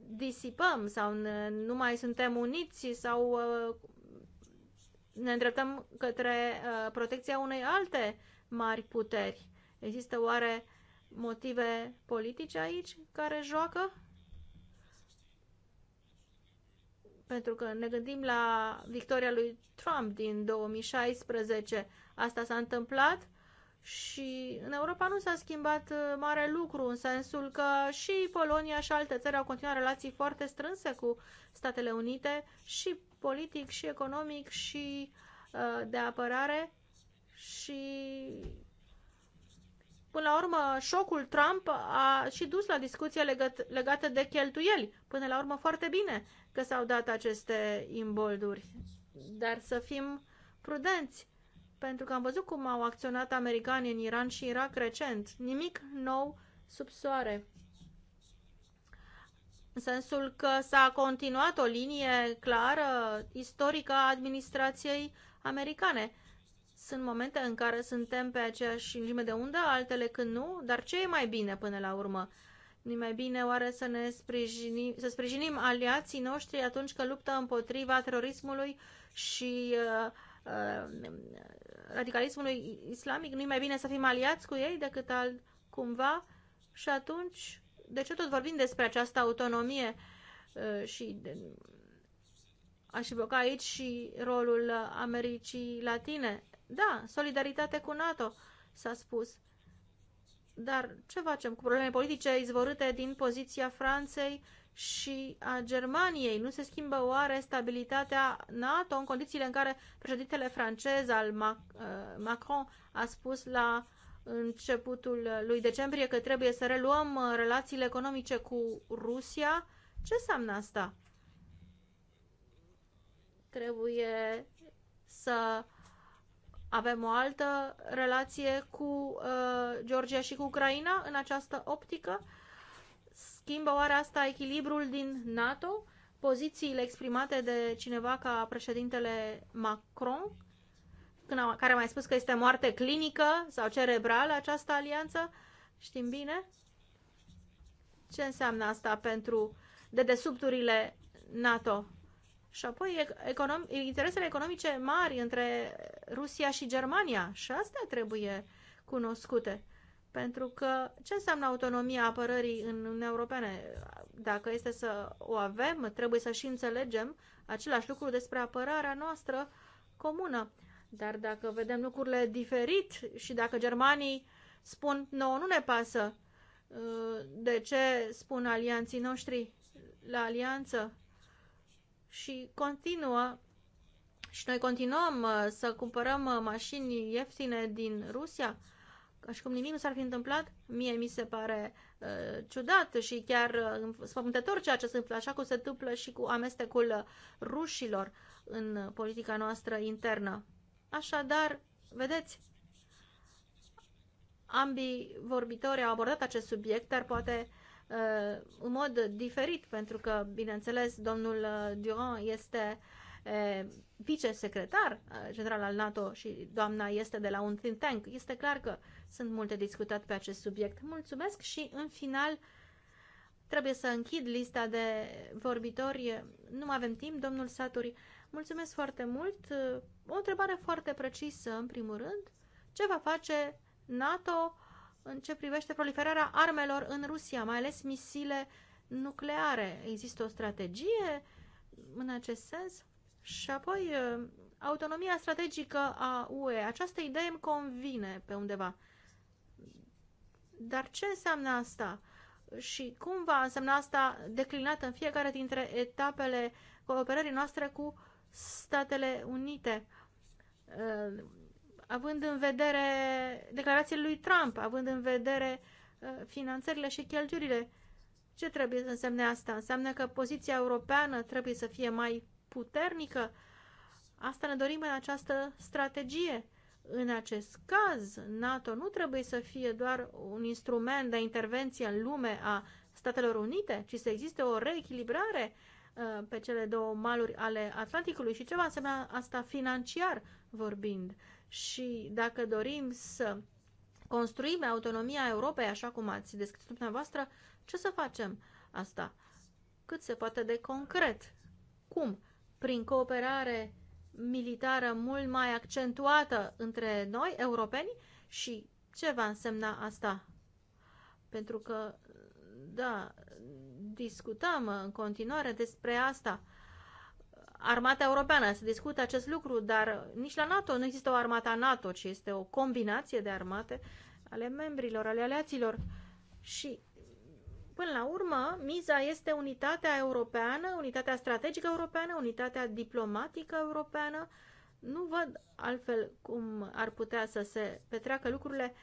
disipăm sau ne, nu mai suntem uniți sau uh, ne îndreptăm către uh, protecția unei alte mari puteri. Există oare motive politice aici care joacă? Pentru că ne gândim la victoria lui Trump din 2016. Asta s-a întâmplat și în Europa nu s-a schimbat uh, mare lucru, în sensul că și Polonia și alte țări au continuat relații foarte strânse cu Statele Unite, și politic, și economic, și uh, de apărare. Și Până la urmă, șocul Trump a și dus la discuție legat, legată de cheltuieli. Până la urmă, foarte bine că s-au dat aceste imbolduri. Dar să fim prudenți pentru că am văzut cum au acționat americanii în Iran și Irak recent. Nimic nou sub soare. În sensul că s-a continuat o linie clară istorică a administrației americane. Sunt momente în care suntem pe aceeași lungime de undă, altele când nu, dar ce e mai bine până la urmă? nu mai bine oare să ne sprijinim, să sprijinim aliații noștri atunci când luptă împotriva terorismului și uh, uh, radicalismului islamic, nu-i mai bine să fim aliați cu ei decât al cumva? Și atunci, de ce tot vorbim despre această autonomie uh, și aș evoca aici și rolul Americii Latine? Da, solidaritate cu NATO, s-a spus. Dar ce facem cu probleme politice izvorâte din poziția Franței și a Germaniei. Nu se schimbă oare stabilitatea NATO în condițiile în care președintele francez al uh, Macron a spus la începutul lui decembrie că trebuie să reluăm uh, relațiile economice cu Rusia? Ce înseamnă asta? Trebuie să avem o altă relație cu uh, Georgia și cu Ucraina în această optică? Schimbă oare asta echilibrul din NATO? Pozițiile exprimate de cineva ca președintele Macron, care a mai spus că este moarte clinică sau cerebrală această alianță? Știm bine? Ce înseamnă asta pentru dedesubturile NATO? Și apoi econom, interesele economice mari între Rusia și Germania. Și astea trebuie cunoscute. Pentru că ce înseamnă autonomia apărării în Uniunea Europeană? Dacă este să o avem, trebuie să și înțelegem același lucru despre apărarea noastră comună. Dar dacă vedem lucrurile diferit și dacă germanii spun nouă nu ne pasă, uh, de ce spun alianții noștri la alianță? Și continuă și noi continuăm uh, să cumpărăm uh, mașini ieftine din Rusia? ca și cum nimic nu s-ar fi întâmplat, mie mi se pare uh, ciudat și chiar uh, spământător ceea ce se întâmplă, așa cum se întâmplă și cu amestecul rușilor în politica noastră internă. Așadar, vedeți, ambii vorbitori au abordat acest subiect, dar poate uh, în mod diferit, pentru că, bineînțeles, domnul uh, Durand este uh, vicesecretar uh, general al NATO și doamna este de la un think tank. Este clar că sunt multe discutat pe acest subiect. Mulțumesc și în final trebuie să închid lista de vorbitori. Nu mai avem timp, domnul Saturi. Mulțumesc foarte mult. O întrebare foarte precisă, în primul rând. Ce va face NATO în ce privește proliferarea armelor în Rusia, mai ales misile nucleare? Există o strategie în acest sens? Și apoi, autonomia strategică a UE. Această idee îmi convine pe undeva. Dar ce înseamnă asta? Și cum va însemna asta declinată în fiecare dintre etapele cooperării noastre cu Statele Unite? Având în vedere declarațiile lui Trump, având în vedere finanțările și cheltuielile, ce trebuie să însemne asta? Înseamnă că poziția europeană trebuie să fie mai puternică. Asta ne dorim în această strategie. În acest caz, NATO nu trebuie să fie doar un instrument de intervenție în lume a Statelor Unite, ci să existe o reechilibrare uh, pe cele două maluri ale Atlanticului și ceva însemna asta financiar vorbind. Și dacă dorim să construim autonomia Europei, așa cum ați descris dumneavoastră, ce să facem asta? Cât se poate de concret? Cum? prin cooperare militară mult mai accentuată între noi, europeni, și ce va însemna asta? Pentru că, da, discutăm în continuare despre asta. Armata europeană, se discută acest lucru, dar nici la NATO nu există o armată NATO, ci este o combinație de armate ale membrilor, ale aliaților. Și Până la urmă, miza este unitatea europeană, unitatea strategică europeană, unitatea diplomatică europeană. Nu văd altfel cum ar putea să se petreacă lucrurile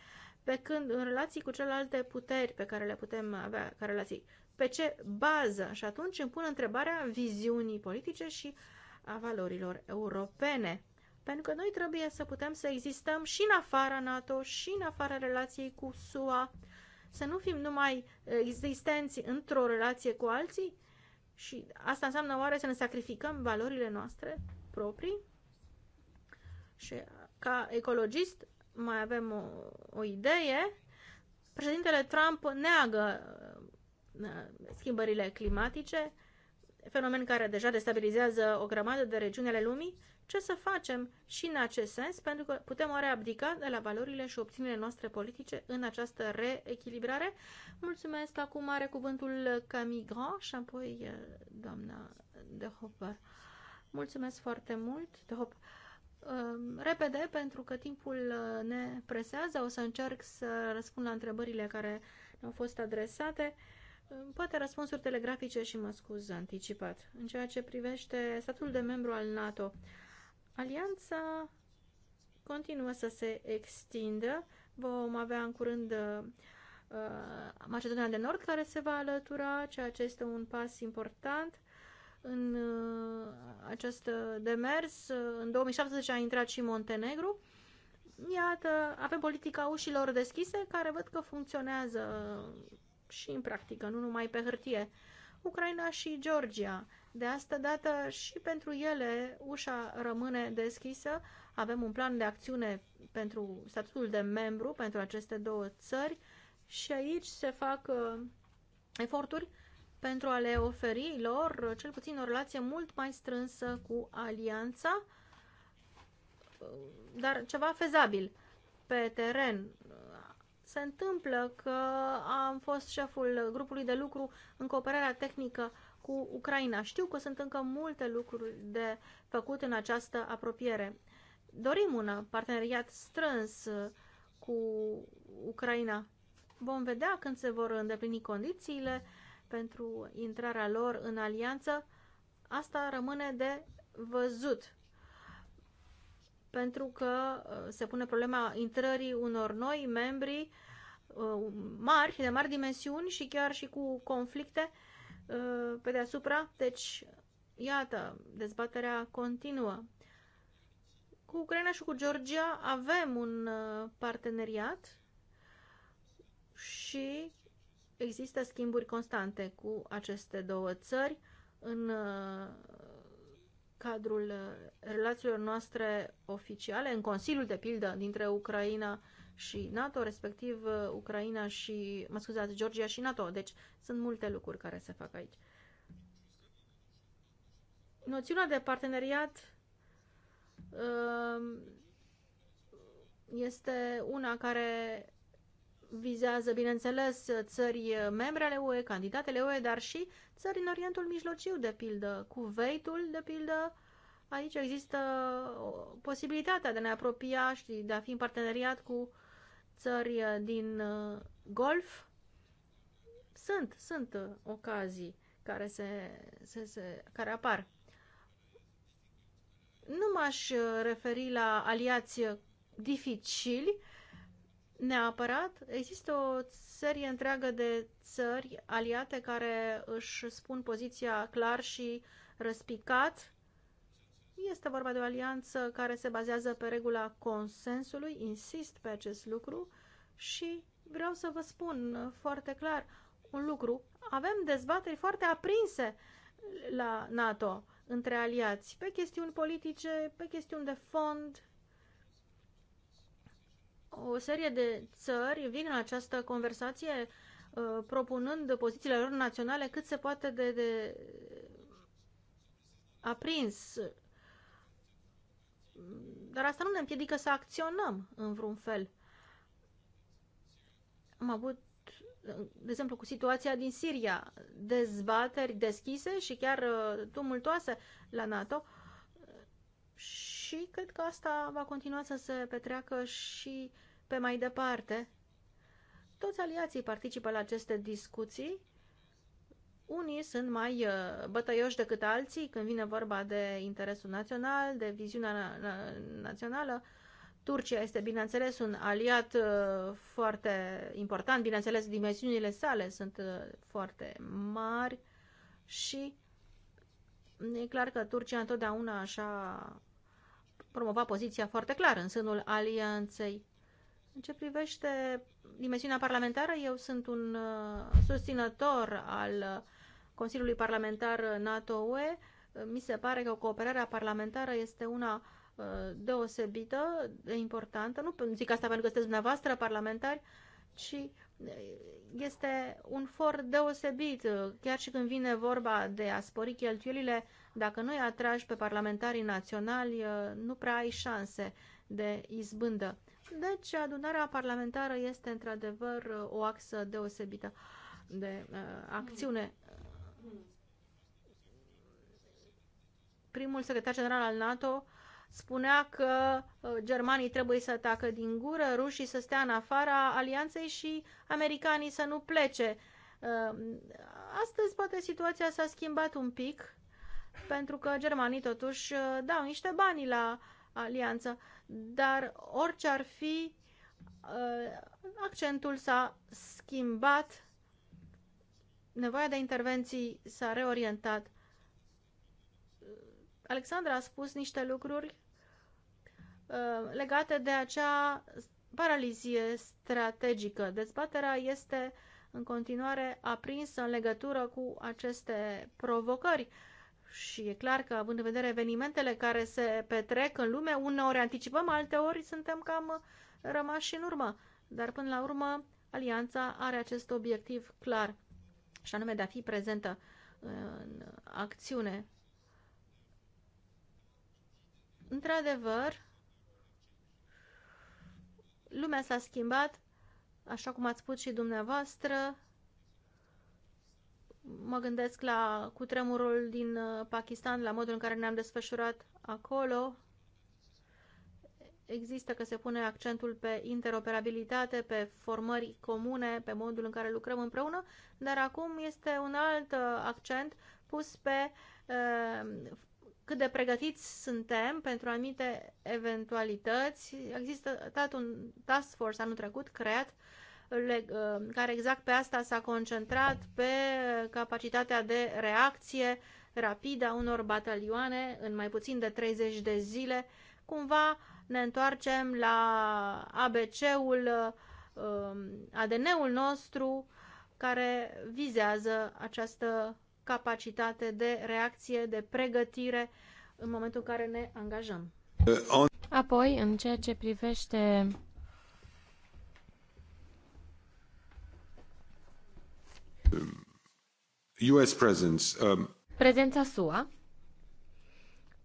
pe când în relații cu celelalte puteri pe care le putem avea ca relații, pe ce bază? Și atunci îmi pun întrebarea viziunii politice și a valorilor europene. Pentru că noi trebuie să putem să existăm și în afara NATO, și în afara relației cu SUA, să nu fim numai uh, existenți într-o relație cu alții? Și asta înseamnă oare să ne sacrificăm valorile noastre proprii? Și uh, ca ecologist mai avem o, o idee. Președintele Trump neagă uh, schimbările climatice, fenomen care deja destabilizează o grămadă de regiuni ale lumii ce să facem și în acest sens, pentru că putem oare abdica de la valorile și opțiunile noastre politice în această reechilibrare. Mulțumesc, acum are cuvântul Camille Grand și apoi eh, doamna de Hopper. Mulțumesc foarte mult, de Hopper ehm, repede, pentru că timpul eh, ne presează, o să încerc să răspund la întrebările care au fost adresate. Ehm, poate răspunsuri telegrafice și mă scuz anticipat. În ceea ce privește statul de membru al NATO, Alianța continuă să se extindă. Vom avea în curând uh, Macedonia de Nord care se va alătura, ceea ce este un pas important în uh, acest demers. În 2017 a intrat și Montenegru. Iată, avem politica ușilor deschise care văd că funcționează și în practică, nu numai pe hârtie. Ucraina și Georgia de asta dată și pentru ele ușa rămâne deschisă. Avem un plan de acțiune pentru statutul de membru pentru aceste două țări și aici se fac uh, eforturi pentru a le oferi lor cel puțin o relație mult mai strânsă cu alianța, uh, dar ceva fezabil pe teren. Se întâmplă că am fost șeful grupului de lucru în cooperarea tehnică cu Ucraina. Știu că sunt încă multe lucruri de făcut în această apropiere. Dorim un parteneriat strâns uh, cu Ucraina. Vom vedea când se vor îndeplini condițiile pentru intrarea lor în alianță. Asta rămâne de văzut. Pentru că uh, se pune problema intrării unor noi membri uh, mari, de mari dimensiuni și chiar și cu conflicte Uh, pe deasupra. Deci, iată, dezbaterea continuă. Cu Ucraina și cu Georgia avem un uh, parteneriat și există schimburi constante cu aceste două țări în uh, cadrul relațiilor noastre oficiale, în Consiliul de pildă dintre Ucraina și NATO, respectiv uh, Ucraina și, mă scuzați, Georgia și NATO. Deci sunt multe lucruri care se fac aici. Noțiunea de parteneriat um, este una care vizează, bineînțeles, țări membre ale UE, candidatele UE, dar și țări în Orientul Mijlociu, de pildă, cu Veitul, de pildă. Aici există posibilitatea de a ne apropia și de a fi în parteneriat cu țări uh, din uh, Golf, sunt, sunt uh, ocazii care, se, se, se, care apar. Nu m-aș referi la aliați dificili, neapărat. Există o serie întreagă de țări aliate care își spun poziția clar și răspicat este vorba de o alianță care se bazează pe regula consensului, insist pe acest lucru și vreau să vă spun foarte clar un lucru. Avem dezbateri foarte aprinse la NATO între aliați, pe chestiuni politice, pe chestiuni de fond. O serie de țări vin în această conversație uh, propunând pozițiile lor naționale cât se poate de, de uh, aprins dar asta nu ne împiedică să acționăm în vreun fel. Am avut, de exemplu, cu situația din Siria, dezbateri deschise și chiar uh, tumultoase la NATO și cred că asta va continua să se petreacă și pe mai departe. Toți aliații participă la aceste discuții unii sunt mai uh, bătăioși decât alții când vine vorba de interesul național, de viziunea națională. Turcia este, bineînțeles, un aliat uh, foarte important, bineînțeles, dimensiunile sale sunt uh, foarte mari și e clar că Turcia întotdeauna așa promova poziția foarte clară în sânul alianței. În ce privește dimensiunea parlamentară, eu sunt un susținător al Consiliului Parlamentar NATO-UE, mi se pare că cooperarea parlamentară este una uh, deosebită, de importantă. Nu zic asta pentru că sunteți dumneavoastră parlamentari, ci uh, este un for deosebit, uh, chiar și când vine vorba de a spori cheltuielile, dacă nu-i atragi pe parlamentarii naționali, nu prea ai șanse de izbândă. Deci, adunarea parlamentară este într-adevăr o axă deosebită de uh, acțiune primul secretar general al NATO spunea că uh, germanii trebuie să atacă din gură, rușii să stea în afara alianței și americanii să nu plece. Uh, astăzi poate situația s-a schimbat un pic, pentru că germanii totuși uh, dau niște bani la alianță, dar orice ar fi, accentul s-a schimbat nevoia de intervenții s-a reorientat. Alexandra a spus niște lucruri uh, legate de acea paralizie strategică. Dezbaterea este în continuare aprinsă în legătură cu aceste provocări și e clar că, având în vedere evenimentele care se petrec în lume, uneori anticipăm, alteori suntem cam rămași în urmă. Dar, până la urmă, Alianța are acest obiectiv clar și anume de a fi prezentă în acțiune. Într-adevăr, lumea s-a schimbat, așa cum ați spus și dumneavoastră. Mă gândesc la cutremurul din uh, Pakistan, la modul în care ne-am desfășurat acolo, există că se pune accentul pe interoperabilitate, pe formări comune, pe modul în care lucrăm împreună, dar acum este un alt uh, accent pus pe uh, cât de pregătiți suntem pentru anumite eventualități. Există dat un task force anul trecut creat uh, care exact pe asta s-a concentrat, pe capacitatea de reacție rapidă a unor batalioane în mai puțin de 30 de zile, cumva ne întoarcem la ABC-ul, um, ADN-ul nostru, care vizează această capacitate de reacție, de pregătire în momentul în care ne angajăm. Apoi, în ceea ce privește US presence, um... prezența SUA,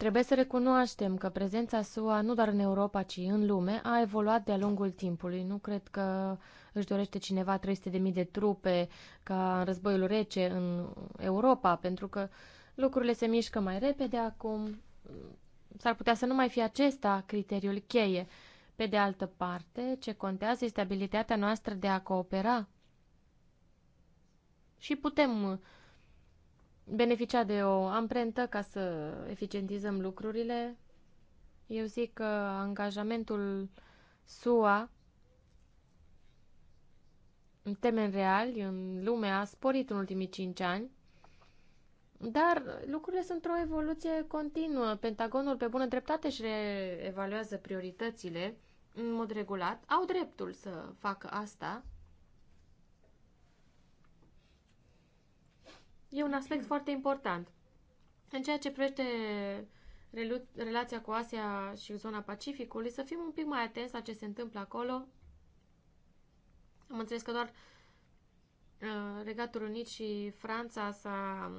Trebuie să recunoaștem că prezența SUA, nu doar în Europa, ci în lume, a evoluat de-a lungul timpului. Nu cred că își dorește cineva 300.000 de trupe ca în războiul rece în Europa, pentru că lucrurile se mișcă mai repede acum. S-ar putea să nu mai fie acesta criteriul cheie. Pe de altă parte, ce contează este abilitatea noastră de a coopera. Și putem beneficia de o amprentă ca să eficientizăm lucrurile. Eu zic că angajamentul SUA în temen real, în lume, a sporit în ultimii cinci ani, dar lucrurile sunt într-o evoluție continuă. Pentagonul, pe bună dreptate, își reevaluează prioritățile în mod regulat. Au dreptul să facă asta, E un aspect foarte important. În ceea ce privește relația cu Asia și zona Pacificului, să fim un pic mai atenți la ce se întâmplă acolo. Am înțeles că doar uh, Regatul Unit și Franța s-a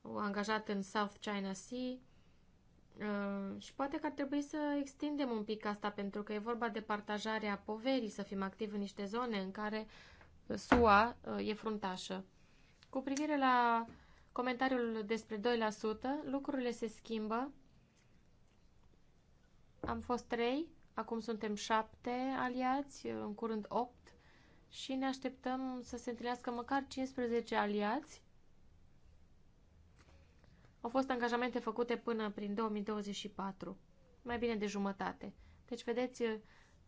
um, angajat în South China Sea uh, și poate că ar trebui să extindem un pic asta pentru că e vorba de partajarea poverii, să fim activi în niște zone în care uh, SUA e fruntașă. Cu privire la comentariul despre 2%, lucrurile se schimbă. Am fost 3, acum suntem 7 aliați, în curând 8 și ne așteptăm să se întâlnească măcar 15 aliați. Au fost angajamente făcute până prin 2024, mai bine de jumătate. Deci, vedeți,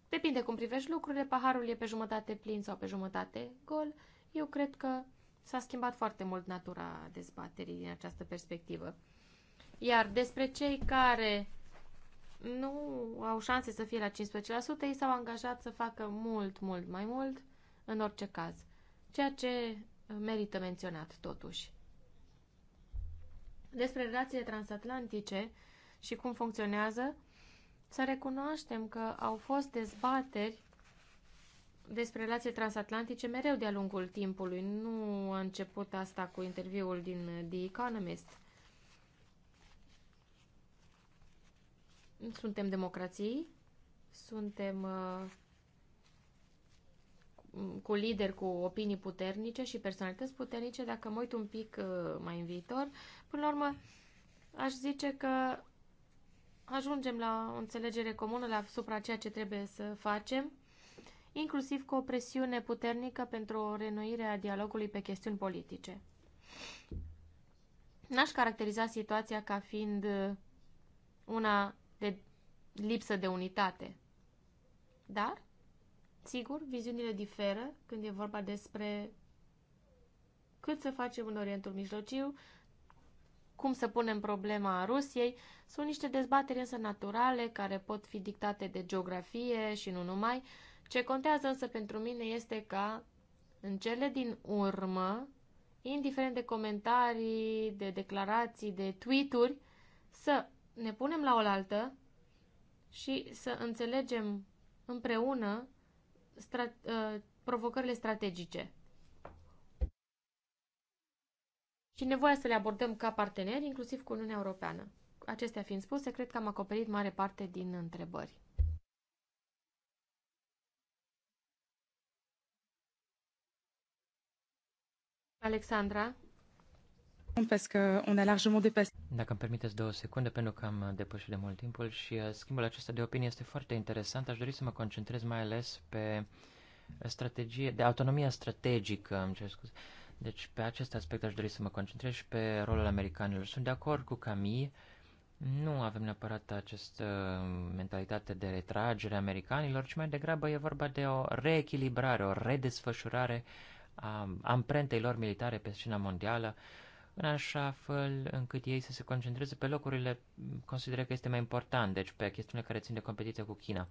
depinde cum privești lucrurile, paharul e pe jumătate plin sau pe jumătate gol. Eu cred că S-a schimbat foarte mult natura dezbaterii din această perspectivă. Iar despre cei care nu au șanse să fie la 15%, ei s-au angajat să facă mult, mult mai mult în orice caz. Ceea ce merită menționat totuși. Despre relațiile transatlantice și cum funcționează, să recunoaștem că au fost dezbateri despre relații transatlantice mereu de-a lungul timpului. Nu a început asta cu interviul din The Economist. Suntem democrații, suntem uh, cu lideri cu opinii puternice și personalități puternice. Dacă mă uit un pic uh, mai în viitor, până la urmă aș zice că ajungem la o înțelegere comună la supra ceea ce trebuie să facem inclusiv cu o presiune puternică pentru o renoire a dialogului pe chestiuni politice. N-aș caracteriza situația ca fiind una de lipsă de unitate. Dar, sigur, viziunile diferă când e vorba despre cât să facem în Orientul Mijlociu, cum să punem problema a Rusiei, sunt niște dezbateri însă naturale care pot fi dictate de geografie și nu numai, ce contează însă pentru mine este ca în cele din urmă, indiferent de comentarii, de declarații, de tweet-uri, să ne punem la oaltă și să înțelegem împreună stra- uh, ă, provocările strategice. Și nevoia să le abordăm ca parteneri, inclusiv cu Uniunea Europeană. Acestea fiind spuse, cred că am acoperit mare parte din întrebări. Alexandra? Dacă îmi permiteți două secunde, pentru că am depășit de mult timpul și uh, schimbul acesta de opinie este foarte interesant, aș dori să mă concentrez mai ales pe strategie, de autonomia strategică, am cer scuze. Deci pe acest aspect aș dori să mă concentrez și pe rolul americanilor. Sunt de acord cu Camille, nu avem neapărat această uh, mentalitate de retragere a americanilor, ci mai degrabă e vorba de o reechilibrare, o redesfășurare uh, a amprentei lor militare pe scena mondială, în așa fel încât ei să se concentreze pe locurile consideră că este mai important, deci pe chestiunile care țin de competiția cu China.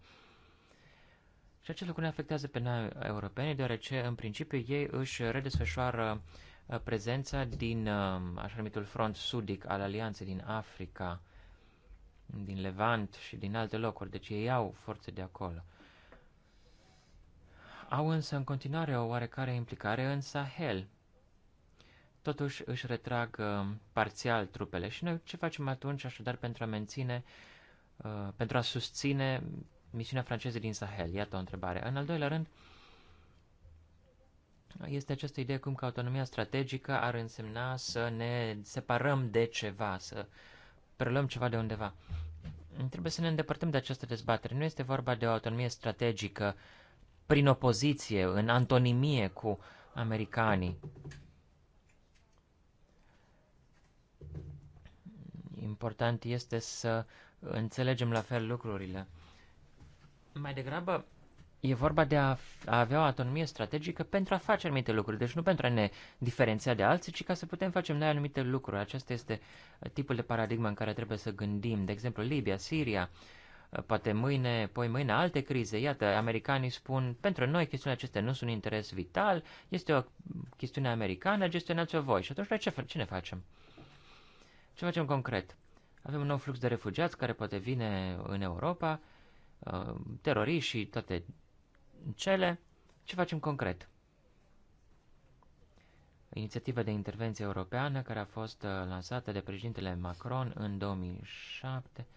Și acest lucru ne afectează pe noi europeni, deoarece în principiu ei își redesfășoară uh, prezența din uh, așa numitul front sudic al alianței din Africa, din Levant și din alte locuri, deci ei au forțe de acolo au însă în continuare o oarecare implicare în Sahel. Totuși își retrag uh, parțial trupele și noi ce facem atunci așadar pentru a menține, uh, pentru a susține misiunea franceză din Sahel? Iată o întrebare. În al doilea rând, este această idee cum că autonomia strategică ar însemna să ne separăm de ceva, să preluăm ceva de undeva. Trebuie să ne îndepărtăm de această dezbatere. Nu este vorba de o autonomie strategică prin opoziție, în antonimie cu americanii. Important este să înțelegem la fel lucrurile. Mai degrabă, e vorba de a, a avea o autonomie strategică pentru a face anumite lucruri, deci nu pentru a ne diferenția de alții, ci ca să putem face noi anumite lucruri. Acesta este tipul de paradigmă în care trebuie să gândim. De exemplu, Libia, Siria, uh, Eh, poate mâine, poi mâine alte crize. Iată, americanii spun, pentru noi chestiunile acestea nu sunt un interes vital, este o chestiune americană, gestionați-o voi. Și atunci ce, ce ne facem? Ce facem concret? Avem un nou flux de refugiați care poate vine în Europa, eh, teroriști și toate cele. Ce facem concret? Inițiativa de intervenție europeană care a fost eh, lansată de președintele Macron în 2007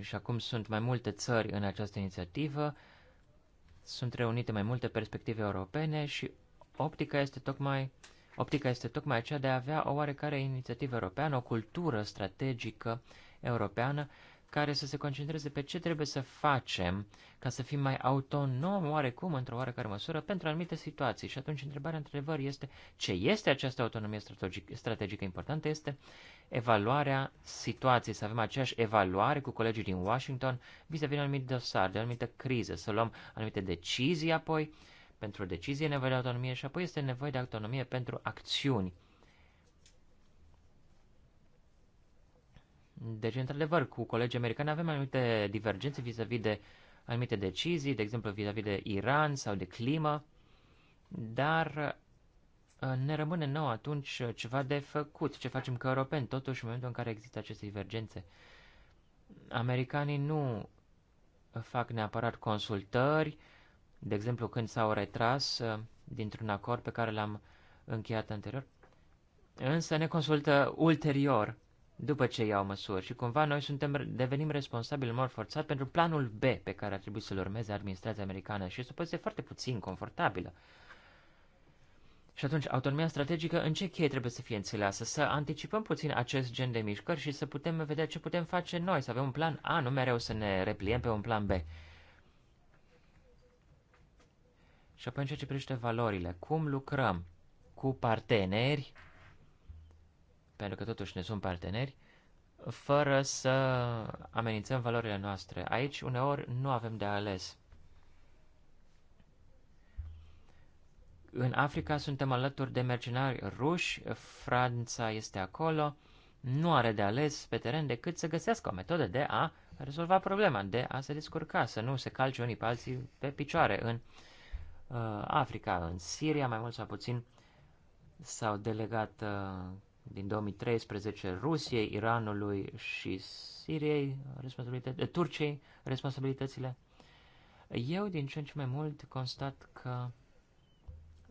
Și acum sunt mai multe țări în această inițiativă, sunt reunite mai multe perspective europene și optica este tocmai, optica este tocmai aceea de a avea o oarecare inițiativă europeană, o cultură strategică europeană care să se concentreze pe ce trebuie să facem ca să fim mai autonomi oarecum, într-o oarecare măsură, pentru anumite situații. Și atunci întrebarea într-adevăr este ce este această autonomie strategică, strategică importantă este evaluarea situației, să avem aceeași evaluare cu colegii din Washington vis-a-vis de anumite dosar, de anumite crize, să luăm anumite decizii apoi. Pentru decizie e nevoie de autonomie și apoi este nevoie de autonomie pentru acțiuni. Deci, într-adevăr, cu colegii americani avem anumite divergențe vis-a-vis -vis de anumite decizii, de exemplu vis-a-vis -vis de Iran sau de climă, dar uh, ne rămâne nou atunci uh, ceva de făcut, ce facem ca europeni, totuși în momentul în care există aceste divergențe. Americanii nu fac neapărat consultări, de exemplu când s-au retras uh, dintr-un acord pe care l-am încheiat anterior, însă ne consultă ulterior după ce iau măsuri și cumva noi suntem, devenim responsabili în mod forțat pentru planul B pe care ar trebui să-l urmeze administrația americană și este o poziție foarte puțin confortabilă. Și atunci, autonomia strategică în ce cheie trebuie să fie înțeleasă? Să anticipăm puțin acest gen de mișcări și să putem vedea ce putem face noi, să avem un plan A, nu mereu să ne repliem pe un plan B. Și apoi, în ceea ce privește valorile, cum lucrăm cu parteneri pentru că totuși ne sunt parteneri, fără să amenințăm valorile noastre. Aici, uneori, nu avem de ales. În Africa suntem alături de mercenari ruși, Franța este acolo, nu are de ales pe teren decât să găsească o metodă de a rezolva problema, de a se descurca, să nu se calce unii pe alții pe picioare. În uh, Africa, în Siria, mai mult sau puțin, s-au delegat uh, din 2013 Rusiei, Iranului și Siriei, responsabilitățile, Turciei, responsabilitățile. Eu din ce în ce mai mult constat că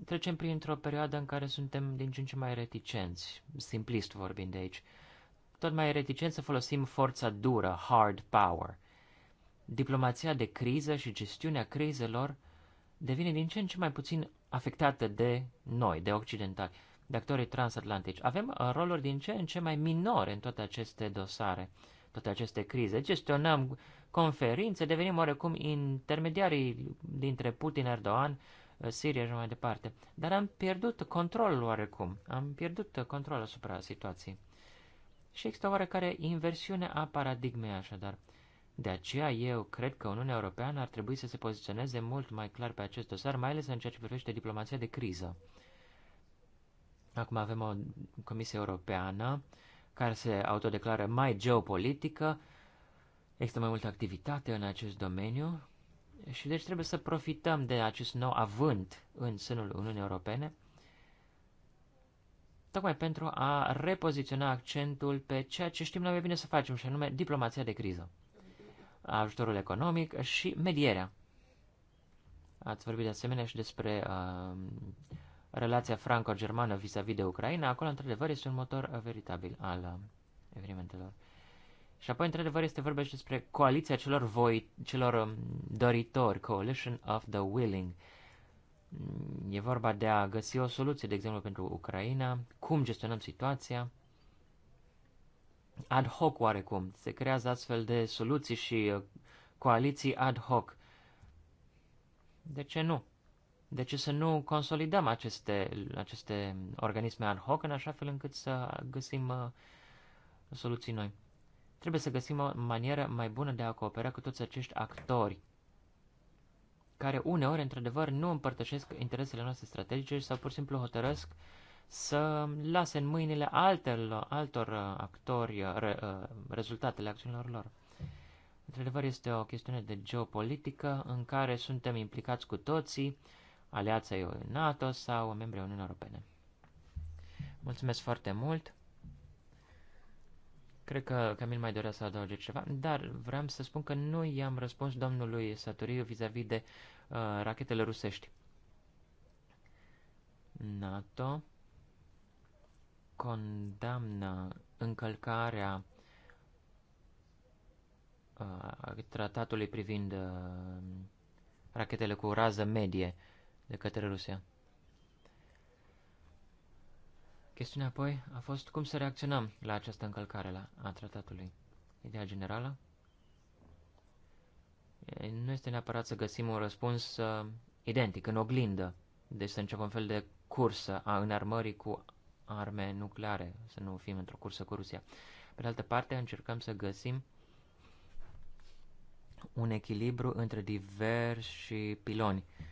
trecem printr-o perioadă în care suntem din ce în ce mai reticenți, simplist vorbind de aici, tot mai reticenți să folosim forța dură, hard power. Diplomația de criză și gestiunea crizelor devine din ce în ce mai puțin afectată de noi, de occidentali de actorii transatlantici. Avem uh, roluri din ce în ce mai minore în toate aceste dosare, toate aceste crize. Gestionăm conferințe, devenim oarecum intermediarii dintre Putin, Erdogan, uh, Siria și mai departe. Dar am pierdut controlul oarecum, am pierdut controlul asupra situației. Și există oarecare inversiune a paradigmei așadar. De aceea eu cred că Uniunea Europeană ar trebui să se poziționeze mult mai clar pe acest dosar, mai ales în ceea ce privește diplomația de criză. Acum avem o Comisie Europeană care se autodeclară mai geopolitică, există mai multă activitate în acest domeniu și deci trebuie să profităm de acest nou avânt în sânul Uniunii Europene, tocmai pentru a repoziționa accentul pe ceea ce știm noi bine să facem, și anume diplomația de criză, ajutorul economic și medierea. Ați vorbit de asemenea și despre uh, relația franco-germană vis-a-vis de Ucraina, acolo, într-adevăr, este un motor veritabil al uh, evenimentelor. Și apoi, într-adevăr, este vorba și despre coaliția celor, voi, celor um, doritori, Coalition of the Willing. Mm, e vorba de a găsi o soluție, de exemplu, pentru Ucraina, cum gestionăm situația, ad hoc oarecum. Se creează astfel de soluții și uh, coaliții ad hoc. De ce nu? De ce să nu consolidăm aceste, aceste organisme ad hoc în așa fel încât să găsim uh, soluții noi? Trebuie să găsim o manieră mai bună de a coopera cu toți acești actori care uneori, într-adevăr, nu împărtășesc interesele noastre strategice sau pur și simplu hotărăsc să lase în mâinile altelor, altor uh, actori uh, re, rezultatele acțiunilor lor. Într-adevăr, este o chestiune de geopolitică în care suntem implicați cu toții, aliaței NATO sau membrii Uniunii Europene. Mulțumesc foarte mult! Cred că Camil mai dorea să adauge ceva, dar vreau să spun că nu i-am răspuns domnului Satoriu vis-a-vis de uh, rachetele rusești. NATO condamnă încălcarea uh, tratatului privind uh, rachetele cu rază medie uh, de către Rusia. Chestiunea apoi a fost cum să reacționăm la această încălcare la, a tratatului. Ideea generală nu este neapărat să găsim un răspuns uh, identic, în oglindă. Deci să începem un fel de cursă a înarmării cu arme nucleare, să nu fim într-o cursă cu Rusia. Pe de altă parte, încercăm să găsim un echilibru între diversi piloni. Uh,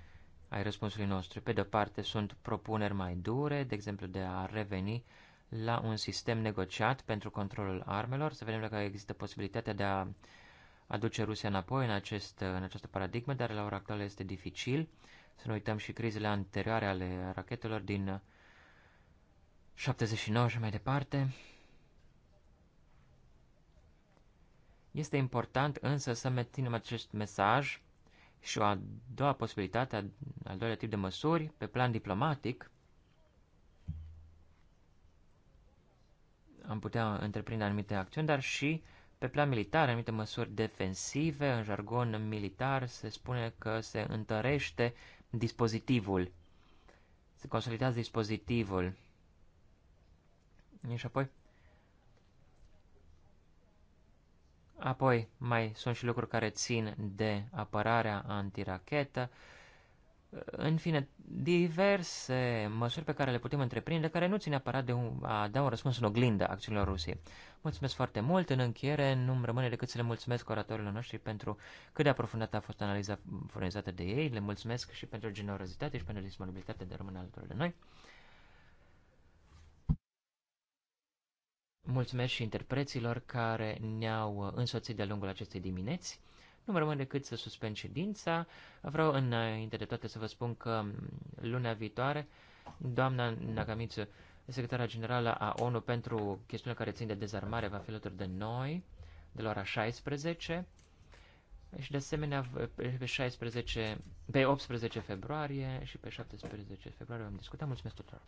ai răspunsului nostru. Pe de-o parte, sunt propuneri mai dure, de exemplu, de a reveni la un sistem negociat pentru controlul armelor, să vedem dacă există posibilitatea de a aduce Rusia înapoi în, acest, în această paradigmă, dar la ora actuală este dificil. Să nu uităm și crizele anterioare ale rachetelor din 79 și mai departe. Este important însă să menținem acest mesaj și o a doua posibilitate, al doilea tip de măsuri, pe plan diplomatic, am putea întreprinde anumite acțiuni, dar și pe plan militar, anumite măsuri defensive. În jargon militar se spune că se întărește dispozitivul, se consolidează dispozitivul. Și apoi Apoi mai sunt și lucruri care țin de apărarea antirachetă, în fine, diverse măsuri pe care le putem întreprinde, care nu țin neapărat de un, a da un răspuns în oglindă acțiunilor Rusiei. Mulțumesc foarte mult. În încheiere, nu îmi rămâne decât să le mulțumesc oratorilor noștri pentru cât de aprofundată a fost analiza furnizată de ei. Le mulțumesc și pentru generozitate și pentru disponibilitate de a rămâne alături de noi. Mulțumesc și interpreților care ne-au însoțit de-a lungul acestei dimineți. Nu mă rămâne decât să suspend ședința. Vreau înainte de toate să vă spun că luna viitoare, doamna Nagamitsu, secretara generală a ONU pentru chestiunea care țin de dezarmare, va fi alături de noi, de la ora 16. Și de asemenea, pe, 16, pe 18 februarie și pe 17 februarie vom discuta. Mulțumesc tuturor!